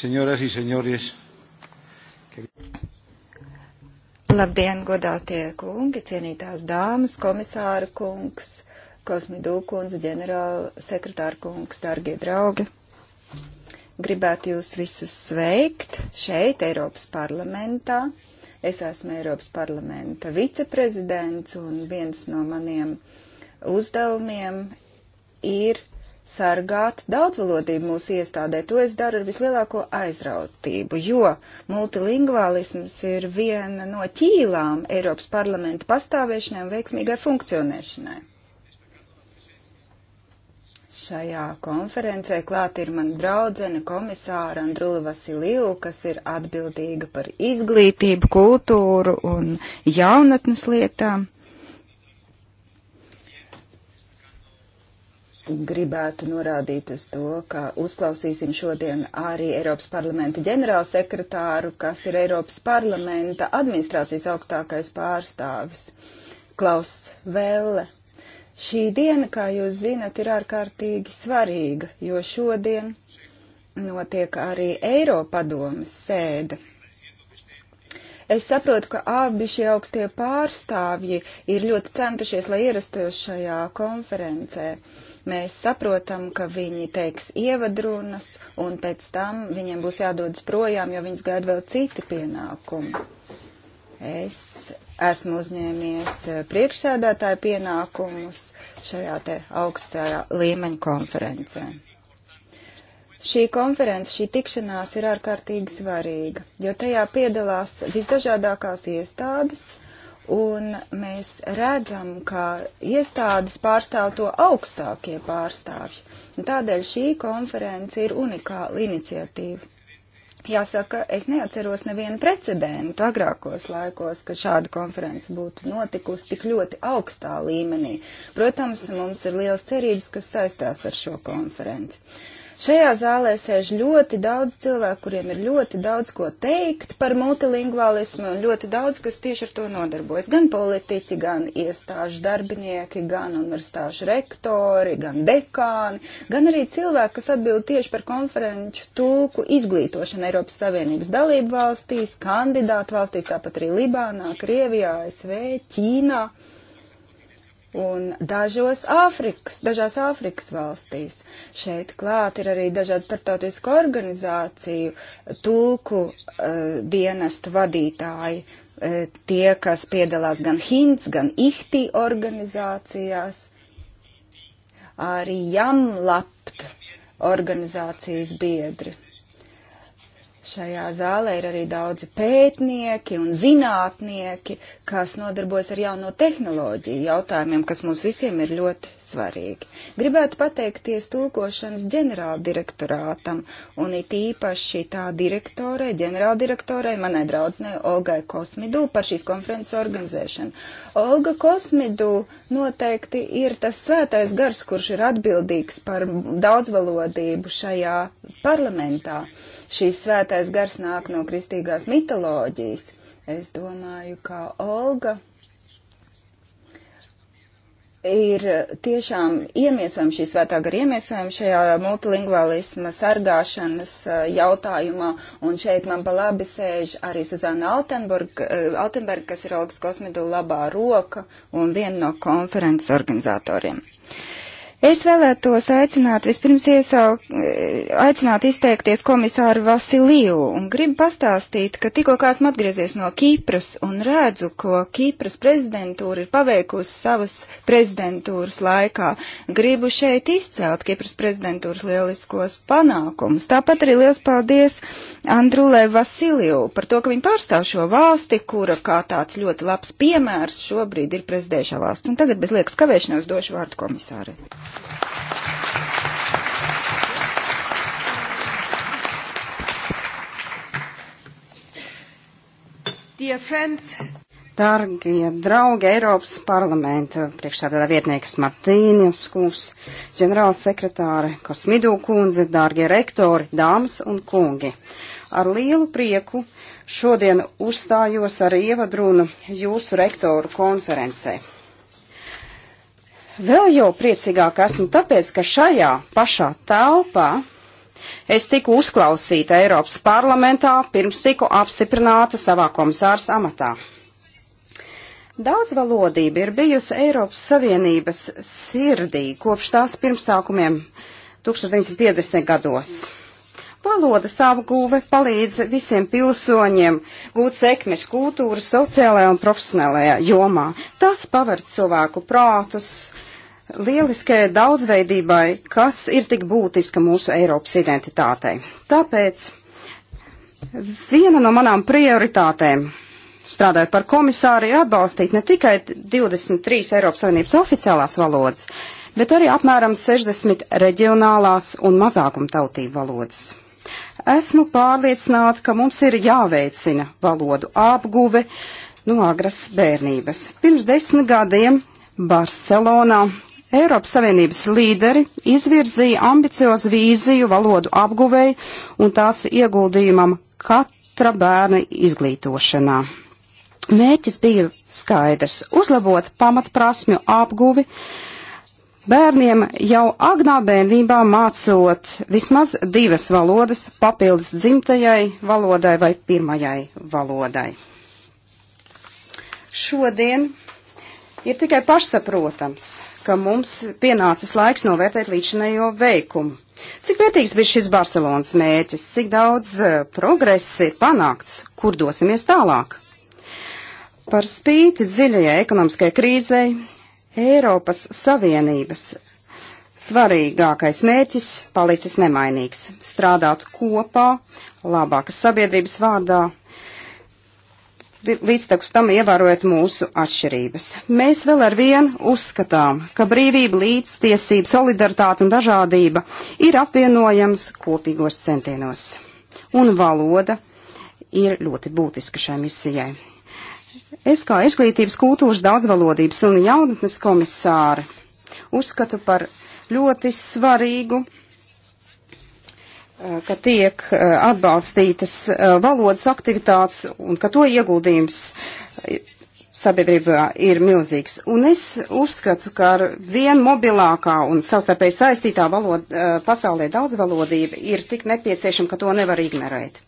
señoras y señores. Labdien, godātie kungi, cienītās dāmas, komisāra kungs, kosmidū kundze, ģenerāla sekretāra kungs, dārgie draugi. Gribētu jūs visus sveikt šeit, Eiropas parlamentā. Es esmu Eiropas parlamenta viceprezidents un viens no maniem uzdevumiem ir sargāt daudzvalodību mūsu iestādē. To es daru ar vislielāko aizrautību, jo multilingvālisms ir viena no ķīlām Eiropas parlamenta pastāvēšanai un veiksmīgai funkcionēšanai. Šajā konferencē klāt ir man draudzene komisāra Andrula Vasiliju, kas ir atbildīga par izglītību, kultūru un jaunatnes lietām. gribētu norādīt uz to, ka uzklausīsim šodien arī Eiropas parlamenta ģenerālsekretāru, kas ir Eiropas parlamenta administrācijas augstākais pārstāvis, Klaus Velle. Šī diena, kā jūs zinat, ir ārkārtīgi svarīga, jo šodien notiek arī Eiropadomas sēde. Es saprotu, ka abi šie augstie pārstāvji ir ļoti centušies, lai ierastos šajā konferencē. Uh, Mēs saprotam, ka viņi teiks ievadrunas, un pēc tam viņiem būs jādodas projām, jo viņus gaida vēl citi pienākumi. Es esmu uzņēmies eh, priekšsēdētāju pienākumus šajā te augstajā līmeņa konferencē. Šī konference, šī tikšanās ir ārkārtīgi svarīga, jo tajā piedalās visdažādākās iestādes un mēs redzam, ka iestādes pārstāv to augstākie pārstāvji. Un tādēļ šī konference ir unikāla iniciatīva. Jāsaka, es neatceros nevienu precedentu agrākos laikos, ka šāda konference būtu notikusi tik ļoti augstā līmenī. Protams, mums ir liels cerības, kas saistās ar šo konferenci. Uh, Šajā zālē sēž ļoti daudz cilvēku, kuriem ir ļoti daudz ko teikt par multilingvālismu un ļoti daudz, kas tieši ar to nodarbojas. Gan politiķi, gan iestāžu darbinieki, gan universitāšu rektori, gan dekāni, gan arī cilvēki, kas atbild tieši par konferenču tulku izglītošanu Eiropas Savienības dalību valstīs, kandidātu valstīs, tāpat arī Libānā, Krievijā, ASV, Ķīnā un dažos Āfrikas, dažās Āfrikas valstīs. Šeit klāt ir arī dažādu startautisku organizāciju, tulku uh, dienestu vadītāji, uh, tie, kas piedalās gan Hints, gan Ihti organizācijās, arī Jamlapt organizācijas biedri. Šajā zālē ir arī daudzi pētnieki un zinātnieki, kas nodarbojas ar jauno tehnoloģiju jautājumiem, kas mums visiem ir ļoti svarīgi. Gribētu pateikties tulkošanas ģenerāldirektorātam un it īpaši tā direktorai, ģenerāldirektorai, manai draudzenei Olgai Kosmidu par šīs konferences organizēšanu. Olga Kosmidu noteikti ir tas svētais gars, kurš ir atbildīgs par daudzvalodību šajā parlamentā. Šīs svētais gars nāk no kristīgās mitoloģijas. Es domāju, ka Olga ir tiešām iemiesojama šī svētā gara iemiesojama šajā multilingvālisma sargāšanas jautājumā. Un šeit man pa labi sēž arī Suzana Altenburg, Altenberg, kas ir Olgas Kosmidu labā roka un viena no konferences organizatoriem. Uh, Es vēlētos aicināt, vispirms iesauk, eh, aicināt izteikties komisāru Vasiliju un gribu pastāstīt, ka tikko kā esmu atgriezies no Kīpras un redzu, ko Kīpras prezidentūra ir paveikusi savas prezidentūras laikā. Gribu šeit izcelt Kīpras prezidentūras lieliskos panākumus. Tāpat arī liels paldies Andrulē Vasiliju par to, ka viņi pārstāv šo valsti, kura kā tāds ļoti labs piemērs šobrīd ir prezidēšā valsts. Un tagad bez liekas kavēšanās došu vārdu komisārai. Dārgie draugi, Eiropas parlamenta priekšsādādā vietnieks Martīnijas kungs, ģenerālsekretāre Kosmidū kundze, dārgie rektori, dāmas un kungi. Ar lielu prieku šodien uzstājos ar ievadrunu jūsu rektoru konferencē. Vēl jau priecīgāk esmu tāpēc, ka šajā pašā telpā Es tiku uzklausīta Eiropas parlamentā, pirms tiku apstiprināta savā komisārs amatā. Daudzvalodība ir bijusi Eiropas Savienības sirdī kopš tās pirmsākumiem 1950. gados. Valodas apguve palīdz visiem pilsoņiem gūt sekmes kultūras, sociālajā un profesionālajā jomā. Tas paver cilvēku prātus, uh, lieliskajai daudzveidībai, kas ir tik būtiska mūsu Eiropas identitātei. Tāpēc viena no manām prioritātēm, strādājot par komisāri, ir atbalstīt ne tikai 23 Eiropas Savienības oficiālās valodas, bet arī apmēram 60 reģionālās un mazākumtautību valodas. Esmu pārliecināta, ka mums ir jāveicina valodu apguve no agras bērnības. Pirms desmit gadiem Barcelonā Eiropas Savienības līderi izvirzīja ambiciozu vīziju valodu apguvēju un tās ieguldījumam katra bērna izglītošanā. Mēķis bija skaidrs - uzlabot pamatprasmju apguvi, bērniem jau agrā bērnībā mācot vismaz divas valodas papildus dzimtajai valodai vai pirmajai valodai. Šodien ir tikai pašsaprotams, ka mums pienācis laiks novērtēt līdzinējo veikumu. Cik vērtīgs bija šis Barcelonas mēķis, cik daudz eh, progress ir panākts, kur dosimies tālāk? Par spīti dziļajai ekonomiskajai krīzei, Eiropas Savienības svarīgākais mērķis palicis nemainīgs - strādāt kopā, labākas sabiedrības vārdā līdztekus tam ievērojot mūsu atšķirības. Mēs vēl ar vienu uzskatām, ka brīvība, līdztiesība, solidaritāte un dažādība ir apvienojams kopīgos centienos. Un valoda ir ļoti būtiska šai misijai. Es kā izglītības kultūras daudzvalodības un jaunatnes komisāri uzskatu par ļoti svarīgu Eh, ka tiek eh, atbalstītas eh, valodas aktivitātes un ka to ieguldījums sabiedrībā ir milzīgs. Un es uzskatu, ka ar vien mobilākā un savstarpēji saistītā valoda, pasaulē daudzvalodība ir tik nepieciešama, ka to nevar ignorēt.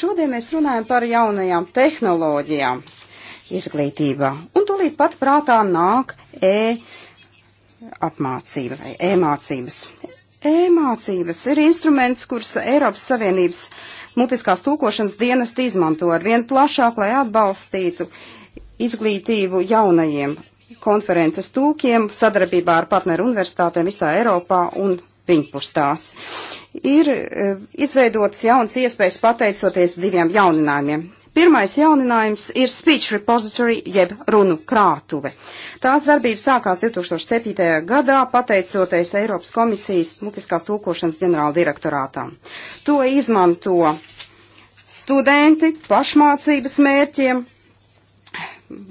Šodien mēs runājam par jaunajām tehnoloģijām izglītībā. Un tūlīt pat prātā nāk e apmācība vai e-mācības. E-mācības ir instruments, kurus Eiropas Savienības mutiskās tūkošanas dienas izmanto ar vien plašāk, lai atbalstītu izglītību jaunajiem konferences tūkiem sadarbībā ar partneru universitātēm visā Eiropā un viņpus tās. Ir eh, izveidotas jaunas iespējas pateicoties diviem jauninājumiem. Pirmais jauninājums ir Speech Repository jeb runu krātuve. Tās darbības sākās 2007. gadā pateicoties Eiropas komisijas mutiskās tūkošanas ģenerāla direktorātām. To izmanto studenti pašmācības mērķiem,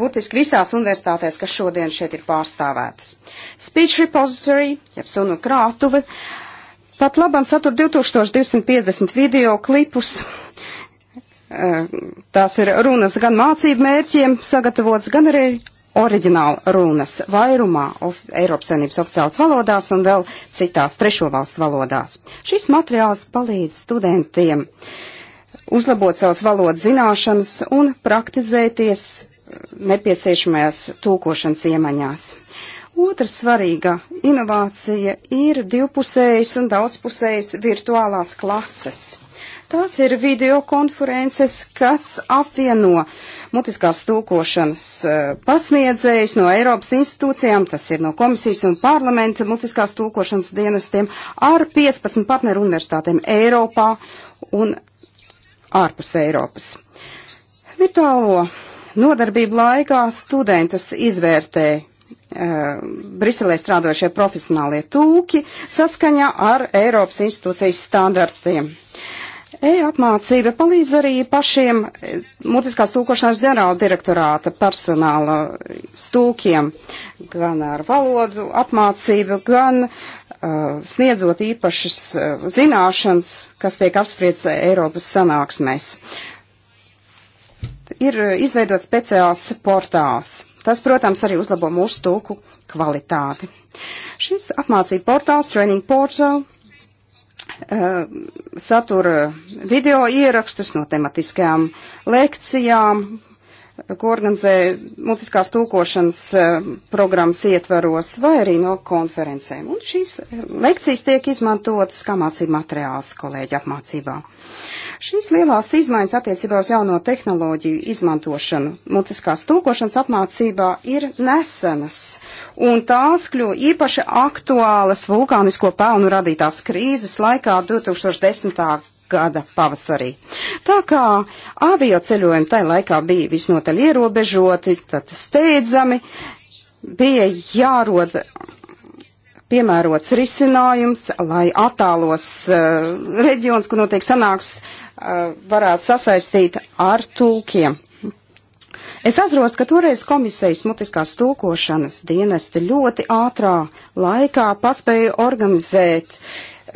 būtiski visās universitātēs, kas šodien šeit ir pārstāvētas. Speech repository, jeb sunu krātuve, pat labam satur 2250 video klipus Tās ir runas gan mācību mērķiem sagatavots, gan arī oriģināla runas vairumā of, Eiropas Savienības oficiālās valodās un vēl citās trešo valstu valodās. Šis materiāls palīdz studentiem uzlabot savas valodas zināšanas un praktizēties nepieciešamajās tūkošanas iemaņās. Otra svarīga inovācija ir divpusējas un daudzpusējas virtuālās klases Tās ir videokonferences, kas apvieno mutiskās tūkošanas eh, pasniedzējus no Eiropas institūcijām, tas ir no komisijas un parlamenta mutiskās tūkošanas dienestiem, ar 15 partneru universitātēm Eiropā un ārpus Eiropas. Virtuālo nodarbību laikā studentus izvērtē eh, Briselē strādošie profesionālie tūki saskaņā ar Eiropas institūcijas standartiem. E-apmācība palīdz arī pašiem e, mutiskās tūkošanas ģenerāla direktorāta personāla stūkiem, gan ar valodu apmācību, gan uh, sniedzot īpašas uh, zināšanas, kas tiek apspriests Eiropas sanāksmēs. Ir izveidots speciāls portāls. Tas, protams, arī uzlabo mūsu tūku kvalitāti. Šis apmācība portāls, Training Portal, Eh, satura video ierakstus no tematiskajām lekcijām, ko organizē mutiskās tūkošanas eh, programmas ietvaros vai arī no konferencēm. Un šīs lekcijas tiek izmantotas kā mācība materiāls kolēģi apmācībā. Šīs lielās izmaiņas attiecībā uz jauno tehnoloģiju izmantošanu mutiskās tūkošanas apmācībā ir nesenas, un tās kļuva īpaši aktuālas vulkānisko pelnu radītās krīzes laikā 2010 gada pavasarī. Tā kā avioceļojumi tajā laikā bija visnotaļ ierobežoti, tad steidzami bija jārod piemērots risinājums, lai attālos uh, reģions, kur notiek sanāks Uh, varētu sasaistīt ar tulkiem. Es atceros, ka toreiz komisijas mutiskās tūkošanas dienesti ļoti ātrā laikā paspēja organizēt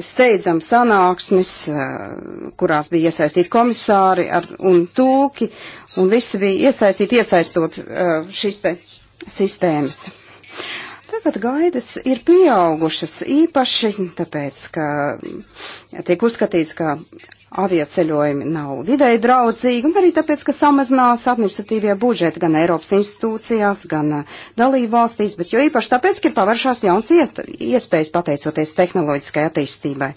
steidzam sanāksmes, uh, kurās bija iesaistīti komisāri ar, un tūki, un visi bija iesaistīti iesaistot uh, šīs te sistēmas. Tagad gaidas ir pieaugušas īpaši, tāpēc, ka tiek uzskatīts, ka Avioceļojumi nav videi draudzīgi, un arī tāpēc, ka samazinās administratīvie budžeti gan Eiropas institūcijās, gan uh, dalību valstīs, bet jo īpaši tāpēc, ka ir pavaršās jauns iespējas pateicoties tehnoloģiskai attīstībai.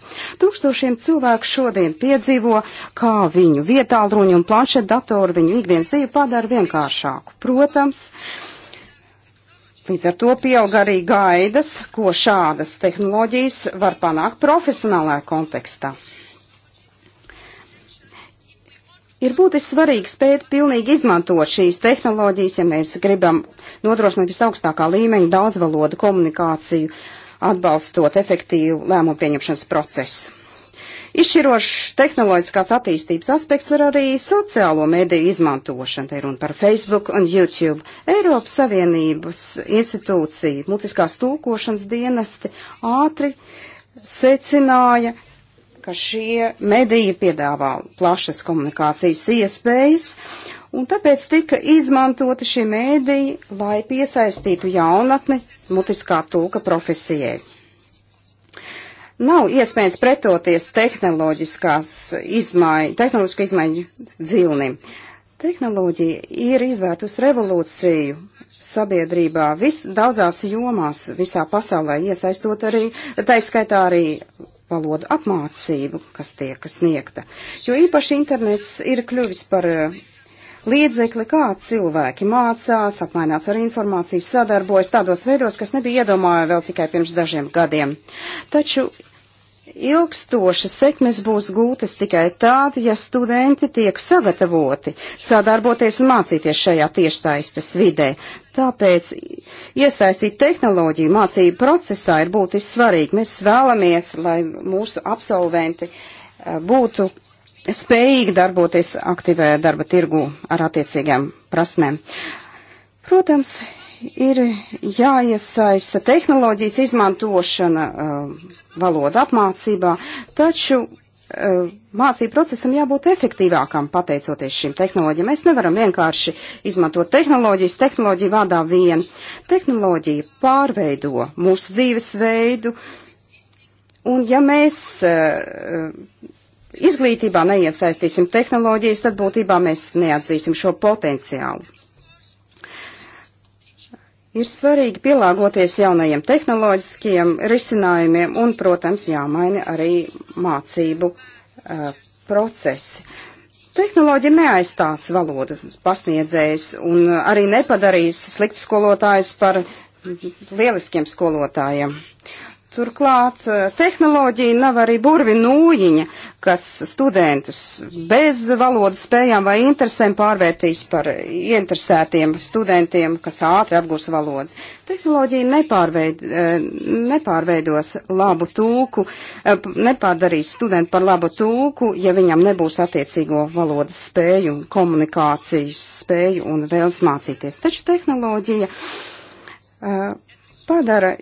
Tūkstošiem cilvēku šodien piedzīvo, kā viņu vietālruņu un planšetdatoru viņu ikdienas dzīvi padara vienkāršāku. Protams, Līdz ar to pieaug arī gaidas, ko šādas tehnoloģijas var panākt profesionālajā kontekstā. Ir būtiski svarīgi spēt pilnīgi izmantot šīs tehnoloģijas, ja mēs gribam nodrošināt visaugstākā līmeņa daudzvalodu komunikāciju, atbalstot efektīvu lēmumu pieņemšanas procesu. Izšķirošs tehnoloģiskās attīstības aspekts ir arī sociālo mediju izmantošana. Te ir runa par Facebook un YouTube. Eiropas Savienības institūcija, mutiskās tūkošanas dienesti ātri secināja, ka šie mediji piedāvā plašas komunikācijas iespējas, un tāpēc tika izmantoti šie mēdīji, lai piesaistītu jaunatni mutiskā tūka profesijai. Nav iespējams pretoties tehnoloģiskās izmaiņu, tehnoloģisku izmaiņu vilnim. Tehnoloģija ir izvērtus revolūciju sabiedrībā vis, daudzās jomās visā pasaulē, iesaistot arī, taiskaitā arī valodu apmācību, kas tiek sniegta. Jo īpaši internets ir kļuvis par eh, liedzekli, kā cilvēki mācās, apmainās ar informāciju, sadarbojas tādos veidos, kas nebija iedomājami vēl tikai pirms dažiem gadiem. Taču ilgstošas sekmes būs gūtas tikai tad, ja studenti tiek sagatavoti sadarboties un mācīties šajā tiešsaistes vidē. Tāpēc iesaistīt tehnoloģiju mācību procesā ir būtiski svarīgi. Mēs vēlamies, lai mūsu absolventi eh, būtu spējīgi darboties aktīvajā darba tirgu ar attiecīgām prasmēm. Protams, ir jāiesaista tehnoloģijas izmantošana eh, valoda apmācībā, taču Eh, mācību procesam jābūt efektīvākam pateicoties šim tehnoloģijam. Mēs nevaram vienkārši izmantot tehnoloģijas, tehnoloģija vādā vien. Tehnoloģija pārveido mūsu dzīvesveidu, un ja mēs uh, izglītībā neiesaistīsim tehnoloģijas, tad būtībā mēs neatzīsim šo potenciālu. Ir svarīgi pielāgoties jaunajiem tehnoloģiskiem risinājumiem un, protams, jāmaina arī mācību uh, procesi. Tehnoloģija neaizstās valodu pasniedzējus un arī nepadarīs sliktu skolotājus par lieliskiem skolotājiem. Turklāt eh, tehnoloģija nav arī burvi nūjiņa, kas studentus bez valodas spējām vai interesēm pārvērtīs par ieinteresētiem studentiem, kas ātri apgūs valodas. Tehnoloģija nepārveid, eh, nepārveidos labu tūku, eh, nepārdarīs studentu par labu tūku, ja viņam nebūs attiecīgo valodas spēju, komunikācijas spēju un vēlas mācīties. Taču tehnoloģija. Uh, padara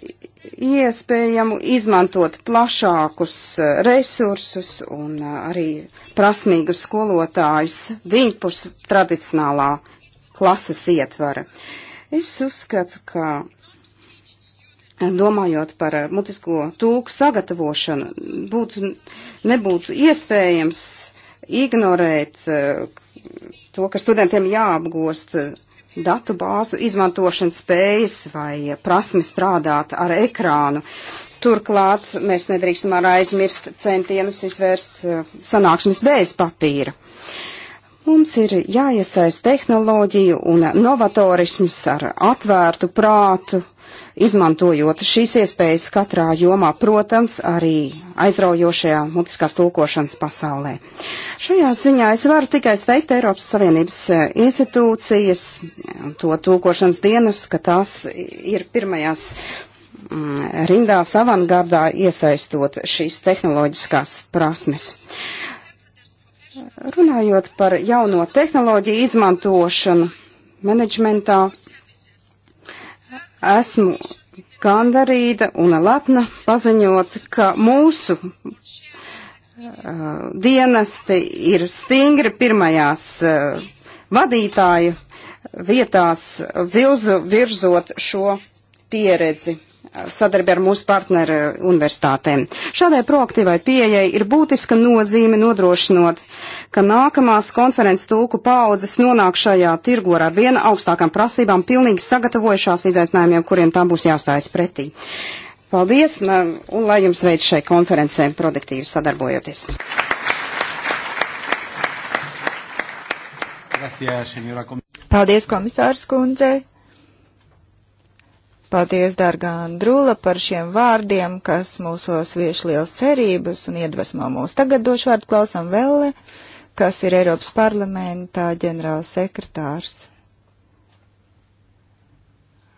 iespējamu izmantot plašākus e, resursus un e, arī prasmīgus skolotājus viņpus tradicionālā klases ietvara. Es uzskatu, ka domājot par e, mutisko tūku sagatavošanu, būtu, nebūtu iespējams ignorēt to, ka studentiem jāapgost datu bāzu izmantošanas spējas vai prasmi strādāt ar ekrānu. Turklāt mēs nedrīkstam arī aizmirst centienus izvērst eh, sanāksmes bez papīra. Uh, Mums ir jāiesaist tehnoloģiju un novatorismus ar atvērtu prātu, izmantojot šīs iespējas katrā jomā, protams, arī aizraujošajā mutiskās tulkošanas pasaulē. Šajā ziņā es varu tikai sveikt Eiropas Savienības eh, institūcijas, to tulkošanas dienas, ka tās ir pirmajās mm, rindās avangardā iesaistot šīs tehnoloģiskās prasmes. Uh, Runājot par jauno tehnoloģiju izmantošanu menedžmentā, esmu gandarīta un lepna paziņot, ka mūsu uh, dienesti ir stingri pirmajās uh, vadītāju vietās vilzu, virzot šo pieredzi sadarbi ar mūsu partneru universitātēm. Šādai proaktīvai pieejai ir būtiska nozīme nodrošinot, ka nākamās konferences tulku paudzes nonāk šajā tirgu ar viena augstākām prasībām, pilnīgi sagatavojušās izaicinājumiem, kuriem tā būs jāstājas pretī. Paldies un lai jums veids šai konferencē produktīvi sadarbojoties. Paldies, komisārs kundze. Paldies, dārgā Andrula, par šiem vārdiem, kas mūsos vieš liels cerības un iedvesmo mūs. Tagad došu vārdu klausam Velle, kas ir Eiropas parlamentā ģenerāls sekretārs.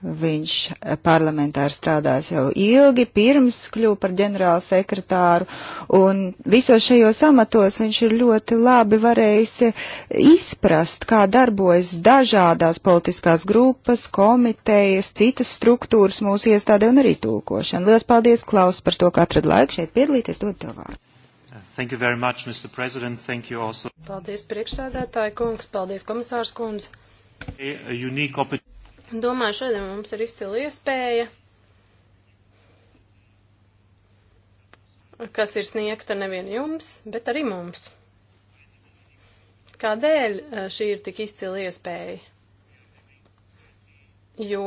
Viņš parlamentā ir strādājis jau ilgi, pirms kļuva par ģenerālu sekretāru, un visos šajos amatos viņš ir ļoti labi varējis izprast, kā darbojas dažādās politiskās grupas, komitejas, citas struktūras mūsu iestādē un arī tūkošana. Lielas paldies, Klaus, par to, ka atrad laiku šeit piedalīties, dod tev vārdu. Thank you very much, Mr. President. Thank you also. Paldies, priekšsēdētāji kungs, paldies, komisārs kungs. A unique opportunity Domāju, šodien mums ir izcila iespēja, kas ir sniegta nevien jums, bet arī mums. Kādēļ eh, šī ir tik izcila iespēja? Jo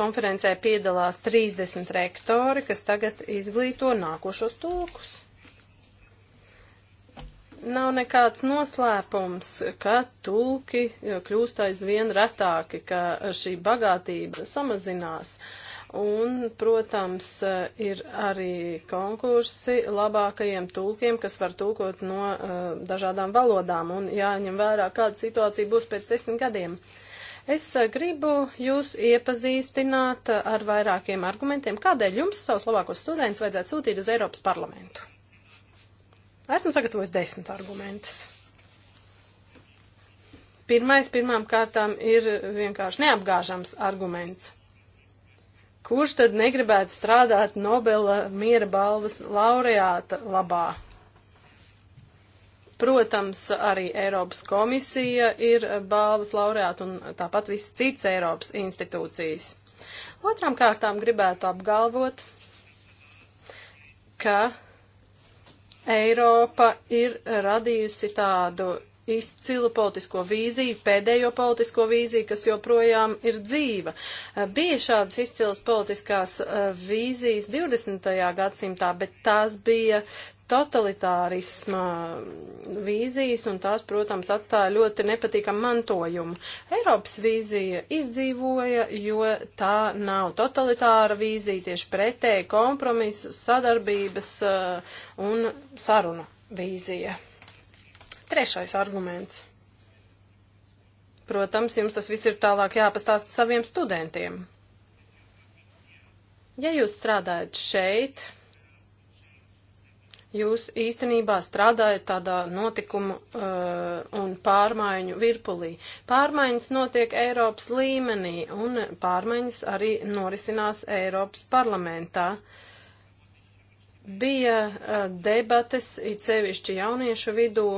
konferencē piedalās 30 rektori, kas tagad izglīto nākošos tūkus. Nav nekāds noslēpums, ka tulki kļūst aizvien retāki, ka šī bagātība samazinās. Un, protams, ir arī konkursi labākajiem tulkiem, kas var tulkot no uh, dažādām valodām un jāņem vērā, kāda situācija būs pēc desmit gadiem. Es eh, gribu jūs iepazīstināt eh, ar vairākiem argumentiem, kādēļ jums savus labākos studentus vajadzētu sūtīt uz Eiropas parlamentu. Esmu sagatavojis desmit argumentus. Pirmais, pirmām kārtām, ir vienkārši neapgāžams arguments. Kurš tad negribētu strādāt Nobela miera balvas laureāta labā? Protams, arī Eiropas komisija ir balvas laureāta un tāpat viss cits Eiropas institūcijas. Otram kārtām gribētu apgalvot, ka Eiropa ir radījusi tādu izcilu politisko vīziju, pēdējo politisko vīziju, kas joprojām ir dzīva. Eh, bija šādas izcilas politiskās eh, vīzijas 20. gadsimtā, bet tās bija totalitārisma mm, vīzijas, un tās, protams, atstāja ļoti nepatīkamu mantojumu. Eiropas vīzija izdzīvoja, jo tā nav totalitāra vīzija, tieši pretēji kompromisu, sadarbības eh, un saruna vīzija. Trešais arguments. Protams, jums tas viss ir tālāk jāpastāst saviem studentiem. Ja jūs strādājat šeit, jūs īstenībā strādājat tādā notikumu uh, un pārmaiņu virpulī. Pārmaiņas notiek Eiropas līmenī un pārmaiņas arī norisinās Eiropas parlamentā. Bija uh, debates, it sevišķi jauniešu vidū,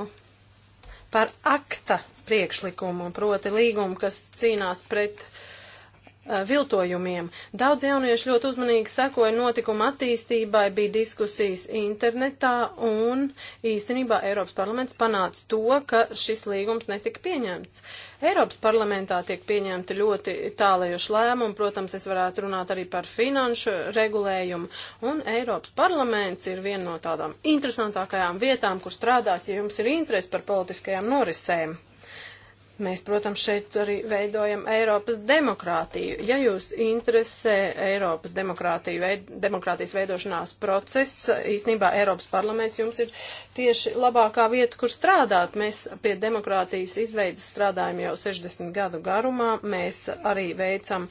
par akta priekšlikumu, proti līgumu, kas cīnās pret uh, Uh, viltojumiem. Daudz jauniešu ļoti uzmanīgi sekoja notikuma attīstībai, bija diskusijas internetā un īstenībā Eiropas parlaments panāca to, ka šis līgums netika pieņemts. Eiropas parlamentā tiek pieņemti ļoti tālajoši lēmumi, protams, es varētu runāt arī par finanšu regulējumu, un Eiropas parlaments ir viena no tādām interesantākajām vietām, kur strādāt, ja jums ir interesi par politiskajām norisēm. Mēs, protams, šeit arī veidojam Eiropas demokrātiju. Ja jūs interesē Eiropas demokrātiju, veid, demokrātijas veidošanās process, īstenībā Eiropas parlaments jums ir tieši labākā vieta, kur strādāt. Mēs pie demokrātijas izveidas strādājam jau 60 gadu garumā. Mēs arī veicam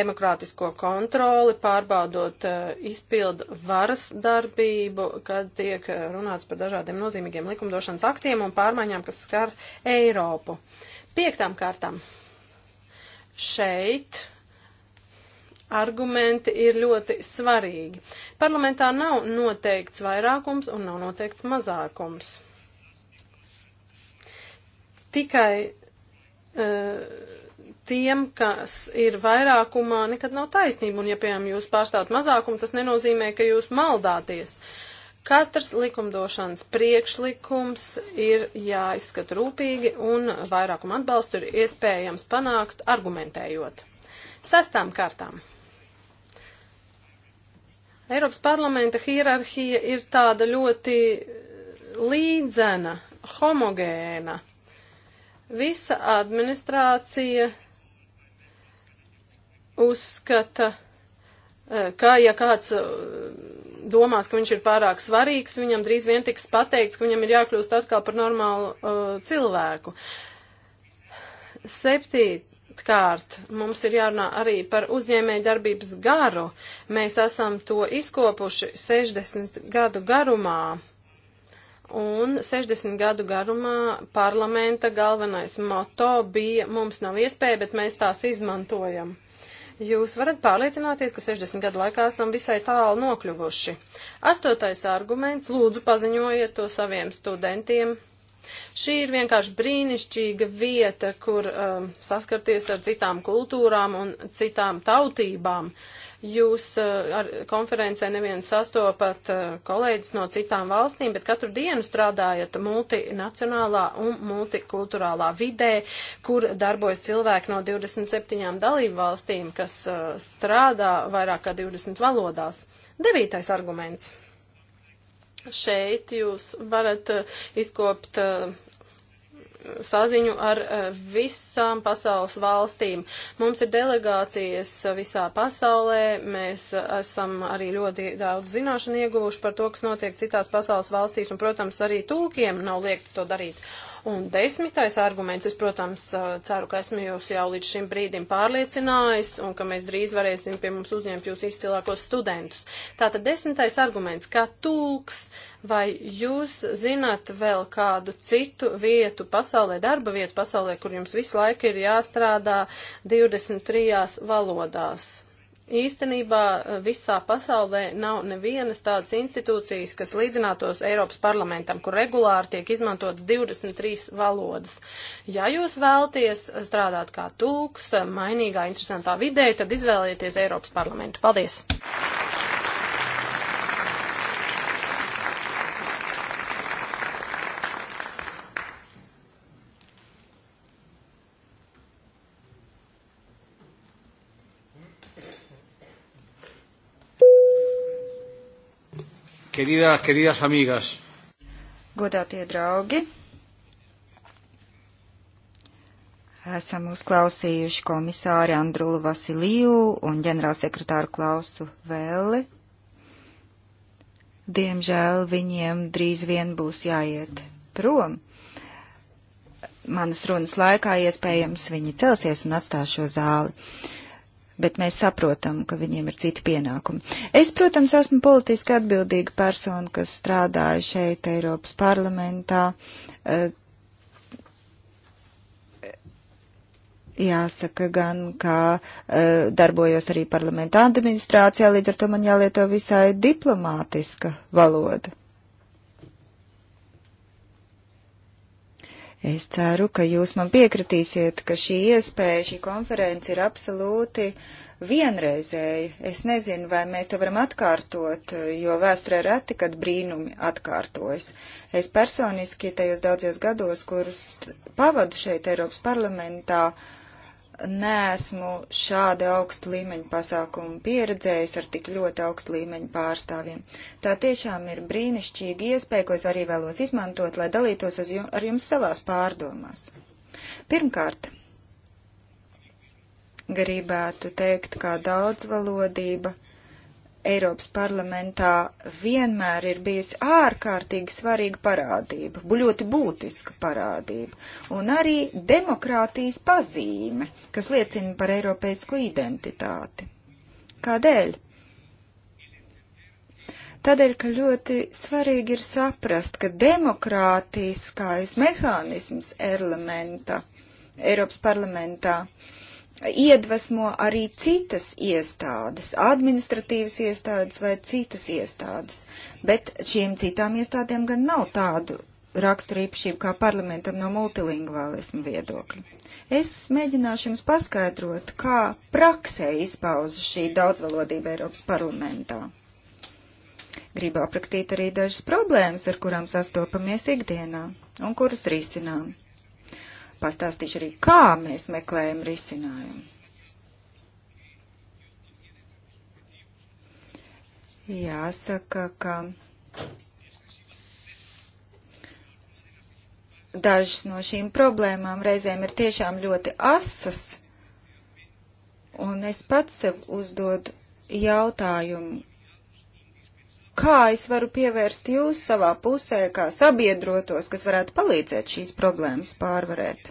demokrātisko kontroli, pārbaudot eh, izpildu varas darbību, kad tiek eh, runāts par dažādiem nozīmīgiem likumdošanas aktiem un pārmaiņām, kas skar Eiropu. Thank you. Piektām kārtām. Šeit argumenti ir ļoti svarīgi. Parlamentā nav noteikts vairākums un nav noteikts mazākums. Tikai uh, tiem, kas ir vairākumā, nekad nav taisnība. Un, ja, piemēram, jūs pārstāvat mazākumu, tas nenozīmē, ka jūs maldāties. Uh, Katrs likumdošanas priekšlikums ir jāizskata rūpīgi un vairākumu atbalstu ir iespējams panākt argumentējot. Sestām kārtām. Eiropas parlamenta hierarhija ir tāda ļoti līdzena, homogēna. Visa administrācija uzskata, Eh, ka ja kāds eh, domās, ka viņš ir pārāk svarīgs, viņam drīz vien tiks pateikts, ka viņam ir jākļūst atkal par normālu uh, cilvēku. Septītkārt, mums ir jārunā arī par uzņēmēju darbības garu. Mēs esam to izkopuši 60 gadu garumā. Un 60 gadu garumā parlamenta galvenais moto bija mums nav iespēja, bet mēs tās izmantojam. Jūs varat pārliecināties, ka 60 gadu laikā esam visai tālu nokļuvuši. Astotais arguments - lūdzu paziņojiet to saviem studentiem. Šī ir vienkārši brīnišķīga vieta, kur um, saskarties ar citām kultūrām un citām tautībām. Uh, Jūs uh, ar konferencē nevien sastopat uh, kolēģis no citām valstīm, bet katru dienu strādājat multinacionālā un multikulturālā vidē, kur darbojas cilvēki no 27 dalību valstīm, kas uh, strādā vairāk kā 20 valodās. Devītais arguments šeit jūs varat izkopt saziņu ar e, visām pasaules valstīm. Mums ir delegācijas e, visā pasaulē, mēs e, esam arī ļoti daudz zināšanu ieguvuši par to, kas notiek citās pasaules valstīs, un, protams, arī tūkiem nav liekts to darīt. Un desmitais arguments, es, protams, ceru, ka esmu jūs jau līdz šim brīdim pārliecinājis un ka mēs drīz varēsim pie mums uzņemt jūs izcilākos studentus. Tātad desmitais arguments, kā tulks, vai jūs zināt vēl kādu citu vietu pasaulē, darba vietu pasaulē, kur jums visu laiku ir jāstrādā 23 valodās? Īstenībā eh, visā pasaulē nav nevienas tādas institūcijas, kas līdzinātos Eiropas parlamentam, kur regulāri tiek izmantotas 23 valodas. Ja jūs vēlties strādāt kā tulks eh, mainīgā interesantā vidē, tad izvēlieties Eiropas parlamentu. Paldies! Queridas, queridas amigas. Godātie draugi, esam uzklausījuši komisāri Andrulu Vasiliju un ģenerālsekretāru Klausu Vēli. Diemžēl viņiem drīz vien būs jāiet prom manas runas laikā iespējams viņi celsies un atstās šo zāli bet mēs saprotam, ka viņiem ir citi pienākumi. Es, protams, esmu politiski atbildīga persona, kas strādāju šeit Eiropas parlamentā. Eh, jāsaka gan, ka uh, darbojos arī parlamenta administrācijā, līdz ar to man jālieto visai diplomātiska valoda. Es ceru, ka jūs man piekritīsiet, ka šī iespēja, šī konference ir absolūti vienreizēja. Es nezinu, vai mēs to varam atkārtot, jo vēsturē reti, kad brīnumi atkārtojas. Es personiski tajos daudzos gados, kurus pavadu šeit Eiropas parlamentā, uh, neesmu šāda augsta līmeņa pasākumu pieredzējis ar tik ļoti augsta līmeņa pārstāvjiem. Tā tiešām ir brīnišķīga iespēja, ko es arī vēlos izmantot, lai dalītos jums, ar jums savās pārdomās. Pirmkārt, gribētu teikt, kā daudzvalodība Eiropas parlamentā vienmēr ir bijusi ārkārtīgi svarīga parādība, ļoti būtiska parādība, un arī demokrātijas pazīme, kas liecina par eiropeisku identitāti. Kādēļ? Tādēļ, ka ļoti svarīgi ir saprast, ka demokrātiskais mehānisms parlamenta, Eiropas parlamentā iedvesmo arī citas iestādes, administratīvas iestādes vai citas iestādes, bet šīm citām iestādēm gan nav tādu raksturīpašību kā parlamentam no multilingvālismu viedokļa. Es mēģināšu jums paskaidrot, kā praksē izpaužas šī daudzvalodība Eiropas parlamentā. Gribu aprakstīt arī dažas problēmas, ar kurām sastopamies ikdienā un kuras risinām pastāstīšu arī, kā mēs meklējam risinājumu. Jāsaka, ka dažas no šīm problēmām reizēm ir tiešām ļoti asas, un es pats sev uzdodu jautājumu, kā es varu pievērst jūs savā pusē, kā sabiedrotos, kas varētu palīdzēt šīs problēmas pārvarēt.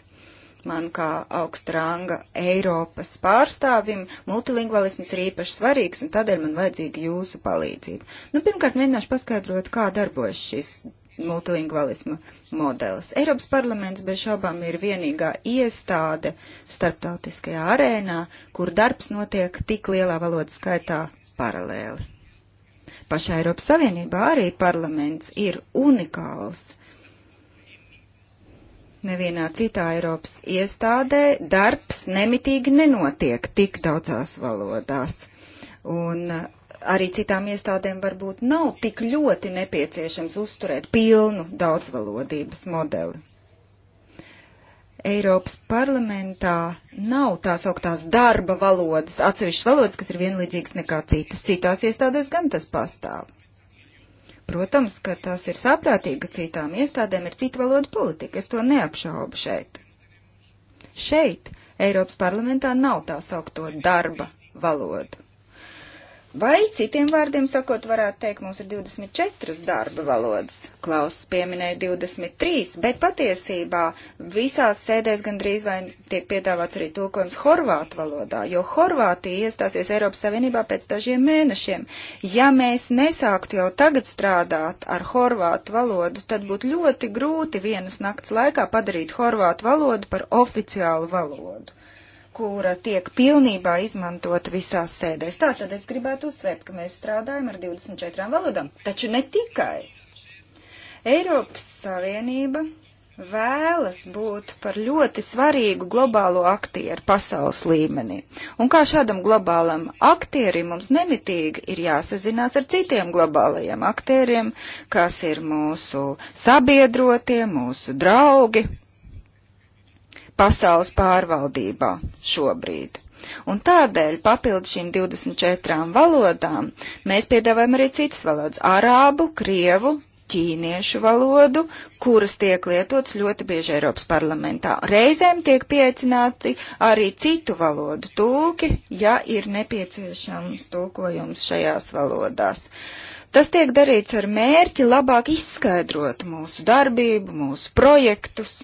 Man kā augstranga Eiropas pārstāvim multilingvalisms ir īpaši svarīgs, un tādēļ man vajadzīga jūsu palīdzība. Nu, pirmkārt, mēģināšu paskaidrot, kā darbojas šis multilingvalisma modelis. Eiropas parlaments bez šaubām ir vienīgā iestāde starptautiskajā arēnā, kur darbs notiek tik lielā valodas skaitā paralēli. Pašā Eiropas Savienībā arī parlaments ir unikāls. Nevienā citā Eiropas iestādē darbs nemitīgi nenotiek tik daudzās valodās. Un uh, arī citām iestādēm varbūt nav tik ļoti nepieciešams uzturēt pilnu daudzvalodības modeli. Eiropas parlamentā nav tās augtās darba valodas, atsevišķas valodas, kas ir vienlīdzīgas nekā citas. Citās iestādēs gan tas pastāv. Protams, ka tas ir saprātīgi, ka citām iestādēm ir cita valoda politika. Es to neapšaubu šeit. Šeit, Eiropas parlamentā, nav tās augto darba valodu. Vai citiem vārdiem sakot, varētu teikt, mums ir 24 darba valodas. Klauss pieminēja 23, bet patiesībā visās sēdēs gandrīz vai tiek piedāvāts arī tulkojums horvātu valodā, jo Horvātija iestāsies Eiropas Savienībā pēc dažiem mēnešiem. Ja mēs nesāktu jau tagad strādāt ar horvātu valodu, tad būtu ļoti grūti vienas nakts laikā padarīt horvātu valodu par oficiālu valodu kura tiek pilnībā izmantot visās sēdēs. Tātad es gribētu uzsvērt, ka mēs strādājam ar 24 valodām, taču ne tikai. Eiropas Savienība vēlas būt par ļoti svarīgu globālo aktieru pasaules līmenī. Un kā šādam globālam aktierim mums nemitīgi ir jāsazinās ar citiem globālajiem aktieriem, kas ir mūsu sabiedrotie, mūsu draugi pasaules pārvaldībā šobrīd. Un tādēļ papildu šīm 24 valodām mēs piedāvājam arī citas valodas - arābu, krievu, ķīniešu valodu, kuras tiek lietots ļoti bieži Eiropas parlamentā. Reizēm tiek pieaicināti arī citu valodu tulki, ja ir nepieciešams tulkojums šajās valodās. Tas tiek darīts ar mērķi labāk izskaidrot mūsu darbību, mūsu projektus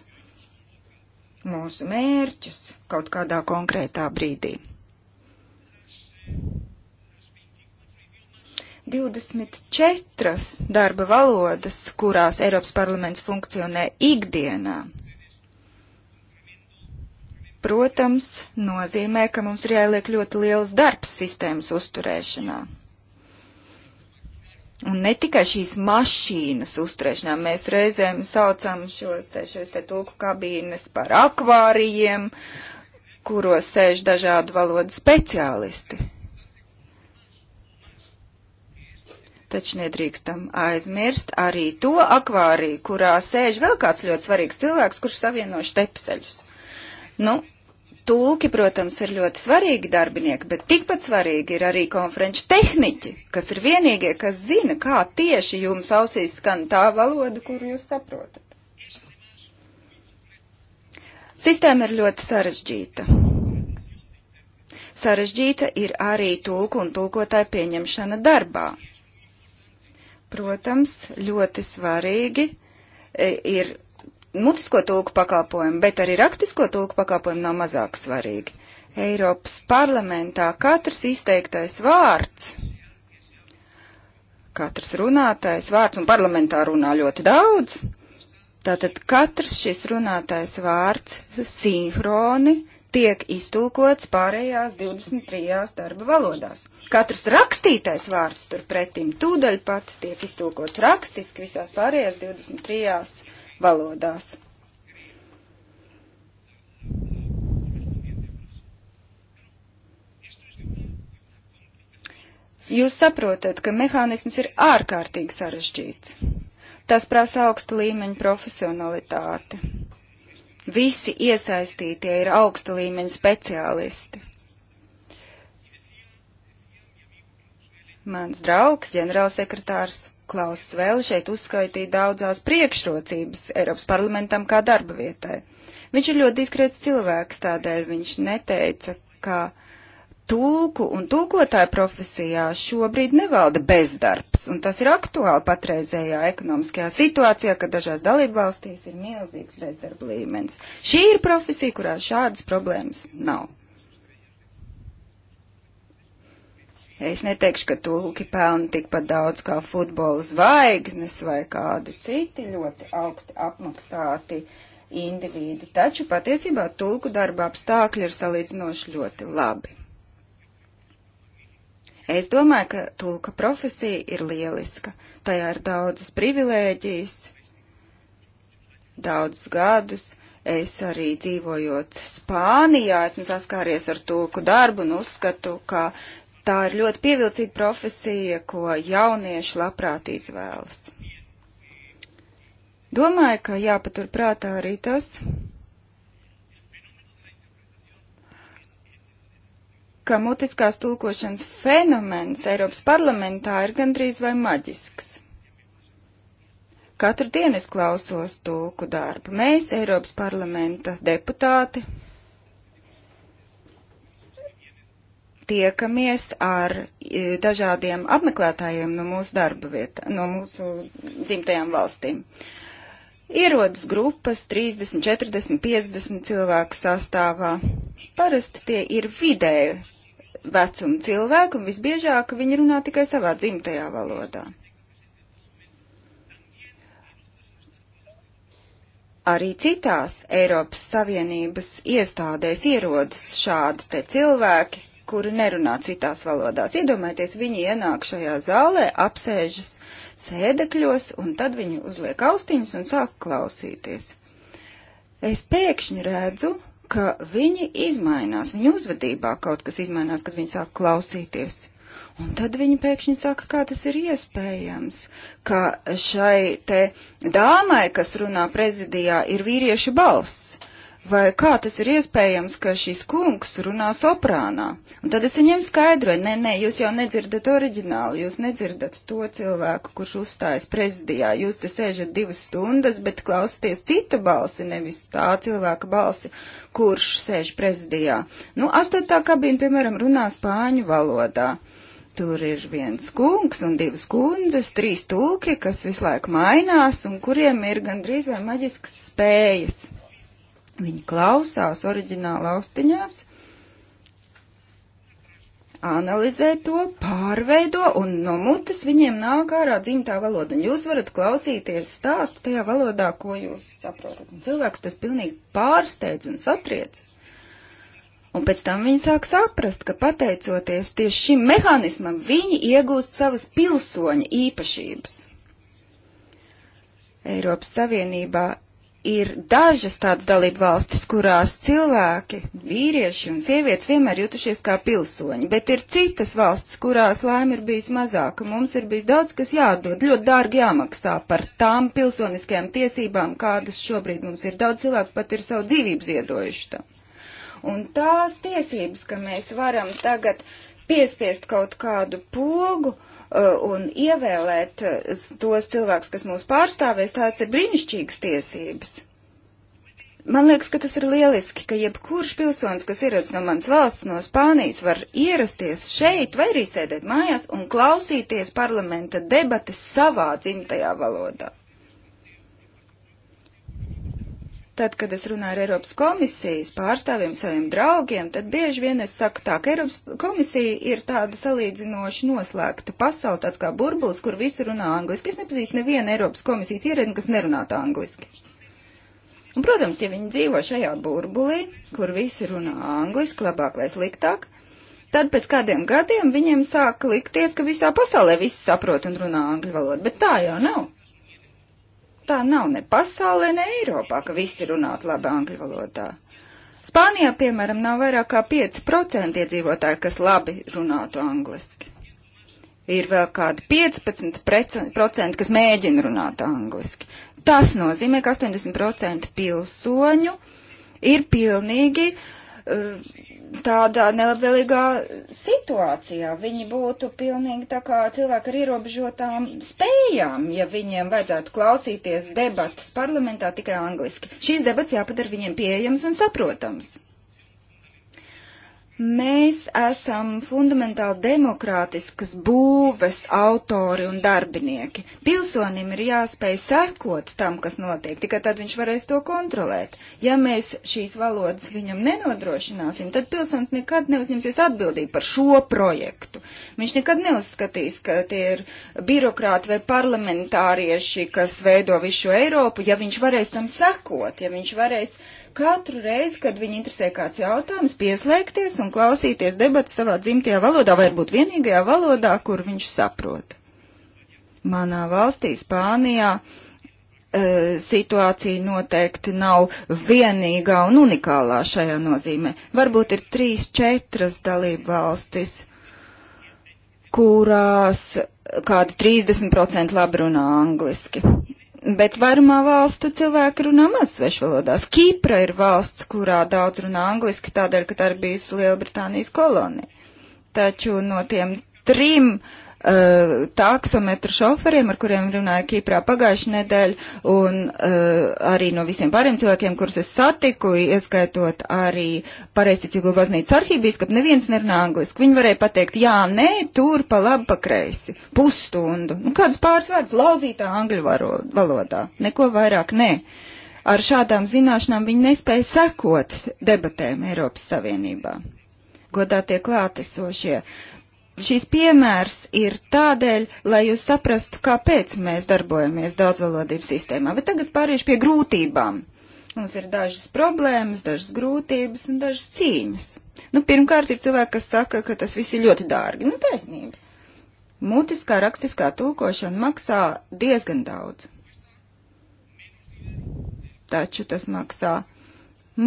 mūsu mērķus kaut kādā konkrētā brīdī. 24 darba valodas, kurās Eiropas parlaments funkcionē ikdienā, protams, nozīmē, ka mums ir jāieliek ļoti liels darbs sistēmas uzturēšanā. Un ne tikai šīs mašīnas uzturēšanā, mēs reizēm saucam šos te, šos te tulku kabīnes par akvārijiem, kuros sēž dažādu valodu speciālisti. Taču nedrīkstam aizmirst arī to akvāriju, kurā sēž vēl kāds ļoti svarīgs cilvēks, kurš savieno štepseļus. Nu, Tulki, protams, ir ļoti svarīgi darbinieki, bet tikpat svarīgi ir arī konferenču tehniķi, kas ir vienīgie, kas zina, kā tieši jums ausīs skan tā valoda, kuru jūs saprotat. Sistēma ir ļoti sarežģīta. Sarežģīta ir arī tulku un tulkotāju pieņemšana darbā. Protams, ļoti svarīgi e, ir mutisko tulku pakāpojumu, bet arī rakstisko tulku pakāpojumu nav mazāk svarīgi. Eiropas parlamentā katrs izteiktais vārds, katrs runātais vārds, un parlamentā runā ļoti daudz, tātad katrs šis runātais vārds sinhroni tiek iztulkots pārējās 23 darba valodās. Katrs rakstītais vārds turpretim tūdaļ pat tiek iztulkots rakstiski visās pārējās 23 valodās. Jūs saprotat, ka mehānisms ir ārkārtīgi sarežģīts. Tas prasa augsta līmeņa profesionalitāti. Visi iesaistītie ir augsta līmeņa speciālisti. Mans draugs, ģenerālsekretārs Klauss vēl šeit uzskaitīja daudzās priekšrocības Eiropas parlamentam kā darba vietai. Viņš ir ļoti diskrēts cilvēks, tādēļ viņš neteica, ka tulku un tulkotāju profesijā šobrīd nevalda bezdarbs, un tas ir aktuāli patreizējā ekonomiskajā situācijā, kad dažās dalību valstīs ir milzīgs bezdarba līmenis. Šī ir profesija, kurā šādas problēmas nav. Es neteikšu, ka tulki pelna tikpat daudz kā futbola zvaigznes vai kādi citi ļoti augsti apmaksāti indivīdi, taču patiesībā tulku darba apstākļi ir salīdzinoši ļoti labi. Es domāju, ka tulka profesija ir lieliska. Tajā ir daudzas privilēģijas, daudzus gadus. Es arī dzīvojot Spānijā, esmu saskāries ar tulku darbu un uzskatu, ka Tā ir ļoti pievilcīga profesija, ko jaunieši labprāt izvēlas. Domāju, ka jāpatur prātā arī tas, ka mutiskās tulkošanas fenomens Eiropas parlamentā ir gandrīz vai maģisks. Katru dienu es klausos tulku darbu. Mēs, Eiropas parlamenta deputāti, tiekamies ar e, dažādiem apmeklētājiem no mūsu darba vieta, no mūsu dzimtajām valstīm. Ierodas grupas 30, 40, 50 cilvēku sastāvā. Parasti tie ir vidēji vecuma cilvēki, un visbiežāk viņi runā tikai savā dzimtajā valodā. Arī citās Eiropas Savienības iestādēs ierodas šādi te cilvēki, kuri nerunā citās valodās. Iedomājieties, viņi ienāk šajā zālē, apsēžas sēdekļos, un tad viņi uzliek austiņas un sāk klausīties. Es pēkšņi redzu, ka viņi izmainās, viņu uzvedībā kaut kas izmainās, kad viņi sāk klausīties. Un tad viņi pēkšņi saka, kā tas ir iespējams, ka šai te dāmai, kas runā prezidijā, ir vīriešu balss vai kā tas ir iespējams, ka šis kungs runā soprānā? Un tad es viņiem skaidroju, nē, nē, jūs jau nedzirdat oriģinālu, jūs nedzirdat to cilvēku, kurš uzstājas prezidijā, jūs te sēžat divas stundas, bet klausieties cita balsi, nevis tā cilvēka balsi, kurš sēž prezidijā. Nu, astotā kabīna, piemēram, runā spāņu valodā. Tur ir viens kungs un divas kundzes, trīs tulki, kas visu laiku mainās un kuriem ir gandrīz vai maģiskas spējas. Viņi klausās oriģināla austiņās, analizē to, pārveido, un no mutes viņiem nāk ārā dzimtā valoda. Un jūs varat klausīties stāstu tajā valodā, ko jūs saprotat. Un cilvēks tas pilnīgi pārsteidz un satriec. Un pēc tam viņi sāk saprast, ka pateicoties tieši šim mehānismam, viņi iegūst savas pilsoņa īpašības. Eiropas Savienībā ir dažas tādas dalību valstis, kurās cilvēki, vīrieši un sievietes vienmēr jutušies kā pilsoņi, bet ir citas valstis, kurās laime ir bijusi mazāka. Mums ir bijis daudz, kas jādod, ļoti dārgi jāmaksā par tām pilsoniskajām tiesībām, kādas šobrīd mums ir. Daudz cilvēku pat ir savu dzīvību ziedojuši tam. Un tās tiesības, ka mēs varam tagad piespiest kaut kādu pogu, uh, Uh, un ievēlēt uh, tos cilvēkus, kas mūs pārstāvēs, tās ir brīnišķīgas tiesības. Man liekas, ka tas ir lieliski, ka jebkurš pilsonis, kas ierodas no manas valsts, no Spānijas, var ierasties šeit vai arī sēdēt mājās un klausīties parlamenta debates savā dzimtajā valodā. Tad, kad es runāju ar Eiropas komisijas pārstāvjiem, saviem draugiem, tad bieži vien es saku tā, ka Eiropas komisija ir tāda salīdzinoši noslēgta pasaule, tāds kā burbulis, kur visi runā angliski. Es nepazīstu nevienu Eiropas komisijas ierēdni, kas nerunātu angliski. Un, protams, ja viņi dzīvo šajā burbulī, kur visi runā angliski, labāk vai sliktāk, Tad pēc kādiem gadiem viņiem sāka likties, ka visā pasaulē visi saprot un runā angļu valodu, bet tā jau nav tā nav ne pasaulē, ne Eiropā, ka visi runātu labi angļu valodā. Spānijā, piemēram, nav vairāk kā 5% iedzīvotāji, kas labi runātu angliski. Ir vēl kādi 15%, kas mēģina runāt angliski. Tas nozīmē, ka 80% pilsoņu ir pilnīgi uh, tādā nelabvēlīgā situācijā. Viņi būtu pilnīgi tā kā cilvēki ar ierobežotām spējām, ja viņiem vajadzētu klausīties debatas parlamentā tikai angliski. Šīs debatas jāpadara viņiem pieejams un saprotams. Mēs esam fundamentāli demokrātiskas būves autori un darbinieki. Pilsonim ir jāspēj sekot tam, kas notiek, tikai tad viņš varēs to kontrolēt. Ja mēs šīs valodas viņam nenodrošināsim, tad pilsons nekad neuzņemsies atbildību par šo projektu. Viņš nekad neuzskatīs, ka tie ir birokrāti vai parlamentārieši, kas veido visu Eiropu, ja viņš varēs tam sekot, ja viņš varēs katru reizi, kad viņu interesē kāds jautājums, pieslēgties un klausīties debatu savā dzimtajā valodā, varbūt vienīgajā valodā, kur viņš saprot. Manā valstī, Spānijā, e, situācija noteikti nav vienīgā un unikālā šajā nozīmē. Varbūt ir trīs, četras dalība valstis, kurās kādi 30% labi runā angliski. Bet varumā valstu cilvēki runā maz svešvalodās. Kīpra ir valsts, kurā daudz runā angliski, tādēļ, ka tā ir bijusi Lielbritānijas kolonija. Taču no tiem trim uh, uh, taksometru šoferiem, ar kuriem runāju Kiprā pagājušajā nedēļā, un uh, arī no visiem pāriem cilvēkiem, kurus es satiku, ieskaitot arī pareizticīgo baznīcas arhībīskapu, neviens nerunā angliski. Viņi varēja pateikt, jā, nē, tur pa labi, pa kreisi, pusstundu, nu kāds pāris vārds lauzītā angļu valodā, neko vairāk nē. Ar šādām zināšanām viņi nespēja sekot debatēm Eiropas Savienībā godā tie klātesošie. Šīs piemērs ir tādēļ, lai jūs saprastu, kāpēc mēs darbojamies daudzvalodības sistēmā. Bet tagad pāriešu pie grūtībām. Mums ir dažas problēmas, dažas grūtības un dažas cīņas. Nu, pirmkārt, ir cilvēki, kas saka, ka tas viss ir ļoti dārgi. Nu, taisnība. Mutiskā rakstiskā tulkošana maksā diezgan daudz. Taču tas maksā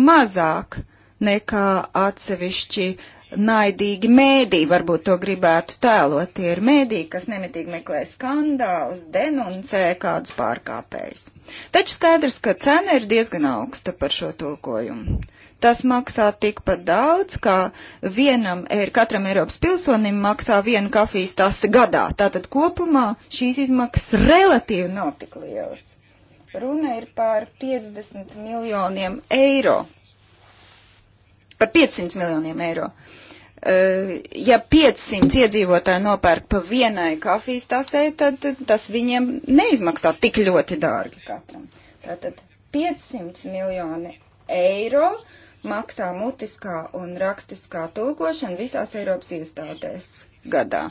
mazāk nekā atsevišķi uh, naidīgi mēdī, varbūt to gribētu tēlot. Tie ir mēdī, kas nemitīgi meklē skandālus, denuncē kādus pārkāpējus. Taču skaidrs, ka cena ir diezgan augsta par šo tulkojumu. Tas maksā tikpat daudz, kā vienam, katram Eiropas pilsonim maksā viena kafijas tasta gadā. Tātad kopumā šīs izmaksas relatīvi nav tik lielas. Runa ir par 50 miljoniem eiro. Par 500 miljoniem eiro. Uh, Eh, ja 500 iedzīvotāji nopērk pa vienai kafijas tasē, tad tas viņiem neizmaksā tik ļoti dārgi katram. Tātad 500 miljoni eiro maksā mutiskā un rakstiskā tulkošana visās Eiropas iestādēs gadā.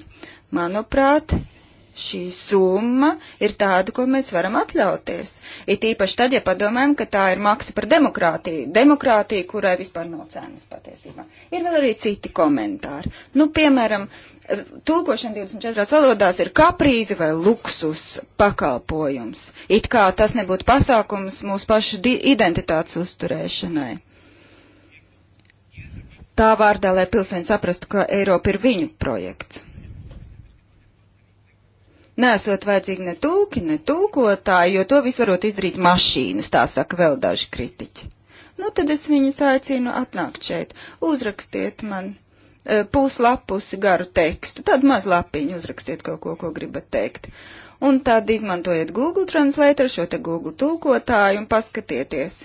Manuprāt, uh, šī summa ir tāda, ko mēs varam atļauties. It īpaši tad, ja padomājam, ka tā ir maksa par demokrātiju. Demokrātija, kurai vispār nav cenas patiesībā. Ir vēl arī citi komentāri. Nu, piemēram, tulkošana 24 valodās ir kaprīze vai luksus pakalpojums. It kā tas nebūtu pasākums mūsu pašu identitātes uzturēšanai. Tā vārdā, lai pilsēņi saprastu, ka Eiropa ir viņu projekts nesot vajadzīgi ne tulki, ne tulkotāji, jo to visu varot izdarīt mašīnas, tā saka vēl daži kritiķi. Nu, tad es viņus aicinu atnākt šeit, uzrakstiet man e, puslapusi garu tekstu, tādu maz lapiņu uzrakstiet kaut ko, ko gribat teikt. Un tad izmantojiet Google Translator, šo te Google tulkotāju un paskatieties,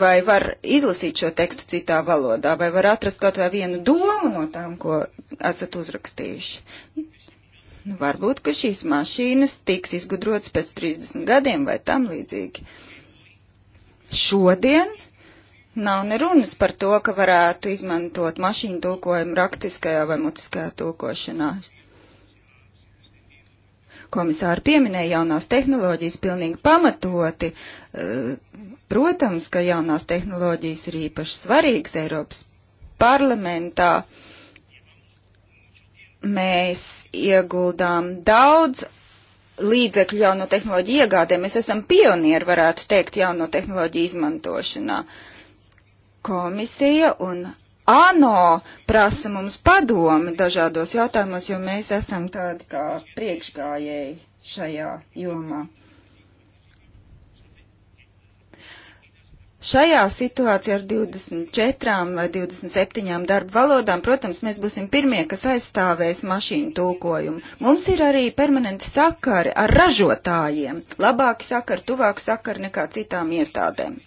vai var izlasīt šo tekstu citā valodā, vai var atrast kaut vai vienu domu no tām, ko esat uzrakstījuši. Nu, varbūt, ka šīs mašīnas tiks izgudrotas pēc 30 gadiem vai tam līdzīgi. Šodien nav nerunas par to, ka varētu izmantot mašīnu tulkojumu raktiskajā vai mutiskajā tulkošanā. Komisāri pieminēja jaunās tehnoloģijas pilnīgi pamatoti. Eh, protams, ka jaunās tehnoloģijas ir īpaši svarīgas Eiropas parlamentā. Uh, Mēs ieguldām daudz līdzekļu jauno tehnoloģiju iegādē. Mēs esam pionieri, varētu teikt, jauno tehnoloģiju izmantošanā. Komisija un ANO prasa mums padomi dažādos jautājumos, jo mēs esam tādi kā priekšgājēji šajā jomā. Šajā situācijā ar 24 vai 27 darba valodām, protams, mēs būsim pirmie, kas aizstāvēs mašīnu tulkojumu. Mums ir arī permanenti sakari ar ražotājiem, labāki sakari, tuvāki sakari nekā citām iestādēm.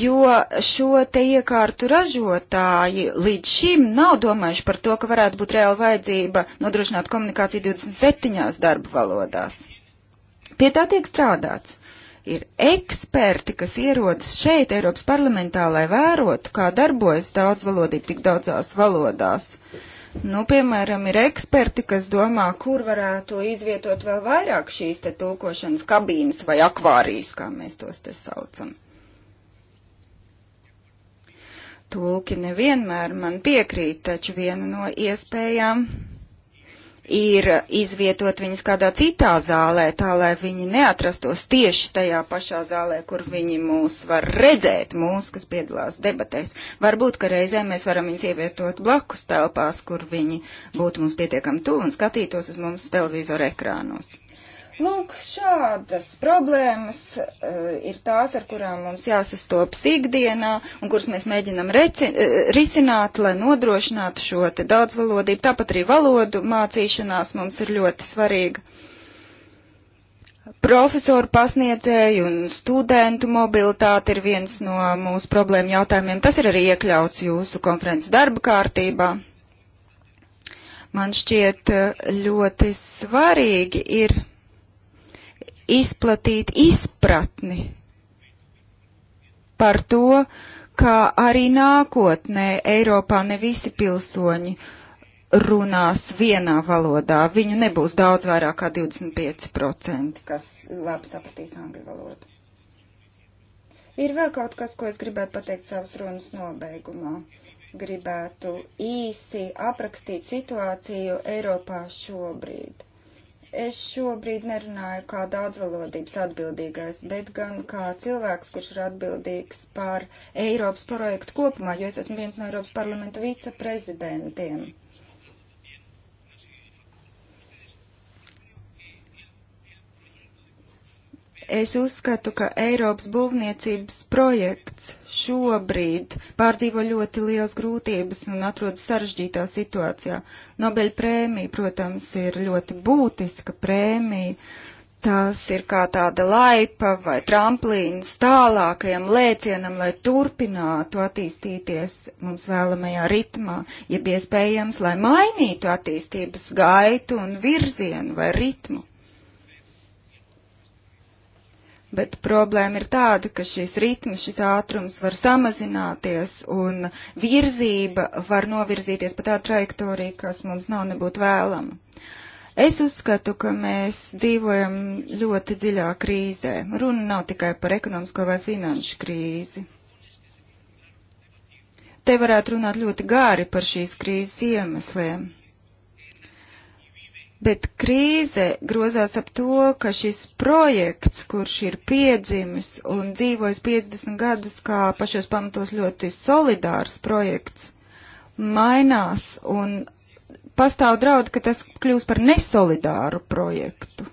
Jo šo te iekārtu ražotāji līdz šim nav domājuši par to, ka varētu būt reāla vajadzība nodrošināt komunikāciju 27 darba valodās. Pie tā tiek strādāts ir eksperti, kas ierodas šeit, Eiropas parlamentā, lai vērotu, kā darbojas daudzvalodība tik daudzās valodās. Nu, piemēram, ir eksperti, kas domā, kur varētu izvietot vēl vairāk šīs te tulkošanas kabīnes vai akvārijas, kā mēs tos te saucam. Tulki nevienmēr man piekrīt, taču viena no iespējām ir izvietot viņus kādā citā zālē, tā lai viņi neatrastos tieši tajā pašā zālē, kur viņi mūs var redzēt, mūs, kas piedalās debatēs. Varbūt, ka reizē mēs varam viņus ievietot blakus telpās, kur viņi būtu mums pietiekami tuvu un skatītos uz mums televizoru ekrānos. Lūk, šādas problēmas uh, ir tās, ar kurām mums jāsastopas ikdienā un kuras mēs mēģinam reci, uh, risināt, lai nodrošinātu šo te daudzvalodību. Tāpat arī valodu mācīšanās mums ir ļoti svarīga profesoru pasniedzēju un studentu mobilitāte ir viens no mūsu problēmu jautājumiem. Tas ir arī iekļauts jūsu konferences darba kārtībā. Man šķiet e, ļoti svarīgi ir izplatīt izpratni par to, ka arī nākotnē Eiropā ne visi pilsoņi runās vienā valodā. Viņu nebūs daudz vairāk kā 25%, kas labi sapratīs angļu valodu. Ir vēl kaut kas, ko es gribētu pateikt savas runas nobeigumā. Gribētu īsi aprakstīt situāciju Eiropā šobrīd. Es šobrīd nerunāju kā daudzvalodības atbildīgais, bet gan kā cilvēks, kurš ir atbildīgs par Eiropas projektu kopumā, jo es esmu viens no Eiropas parlamenta viceprezidentiem. Es uzskatu, ka Eiropas būvniecības projekts šobrīd pārdzīvo ļoti liels grūtības un atrodas sarežģītā situācijā. Nobeļa prēmija, protams, ir ļoti būtiska prēmija. Tas ir kā tāda laipa vai tramplīns tālākajam lēcienam, lai turpinātu attīstīties mums vēlamajā ritmā, ja iespējams, lai mainītu attīstības gaitu un virzienu vai ritmu. Bet problēma ir tāda, ka šis ritms, šis ātrums var samazināties un virzība var novirzīties pa tādu trajektoriju, kas mums nav nebūtu vēlama. Es uzskatu, ka mēs dzīvojam ļoti dziļā krīzē. Runa nav tikai par ekonomisko vai finanšu krīzi. Te varētu runāt ļoti gāri par šīs krīzes iemesliem. Bet krīze grozās ap to, ka šis projekts, kurš ir piedzimis un dzīvojis 50 gadus kā pašos pamatos ļoti solidārs projekts, mainās un pastāv draudi, ka tas kļūs par nesolidāru projektu.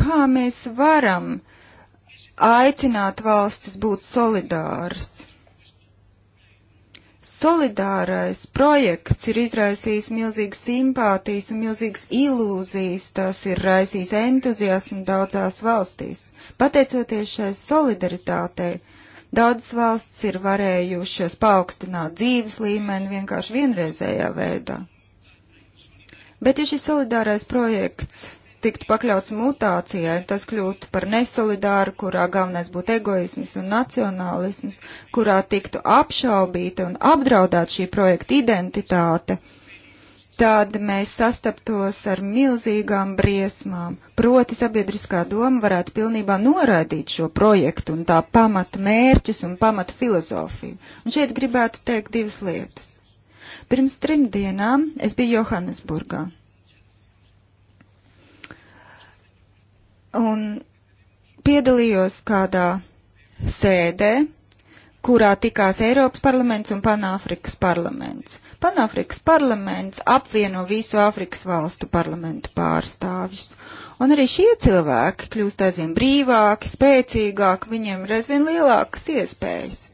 Kā mēs varam aicināt valstis būt solidāras? solidārais projekts ir izraisījis milzīgas simpātijas un milzīgas ilūzijas, tas ir raisījis entuziasmu daudzās valstīs. Pateicoties šai solidaritātei, daudzas valsts ir varējušas paaugstināt dzīves līmeni vienkārši vienreizējā veidā. Bet ja šis solidārais projekts tiktu pakļauts mutācijai, tas kļūtu par nesolidāru, kurā galvenais būtu egoisms un nacionālisms, kurā tiktu apšaubīta un apdraudēta šī projekta identitāte, tad mēs sastaptos ar milzīgām briesmām. Proti sabiedriskā doma varētu pilnībā noraidīt šo projektu un tā pamata mērķus un pamata filozofiju. Un šeit gribētu teikt divas lietas. Pirms trim dienām es biju Johannesburgā un piedalījos kādā sēdē, kurā tikās Eiropas parlaments un Panāfrikas parlaments. Panāfrikas parlaments apvieno visu Āfrikas valstu parlamentu pārstāvjus. Un arī šie cilvēki kļūst aizvien brīvāki, spēcīgāki, viņiem ir aizvien lielākas iespējas.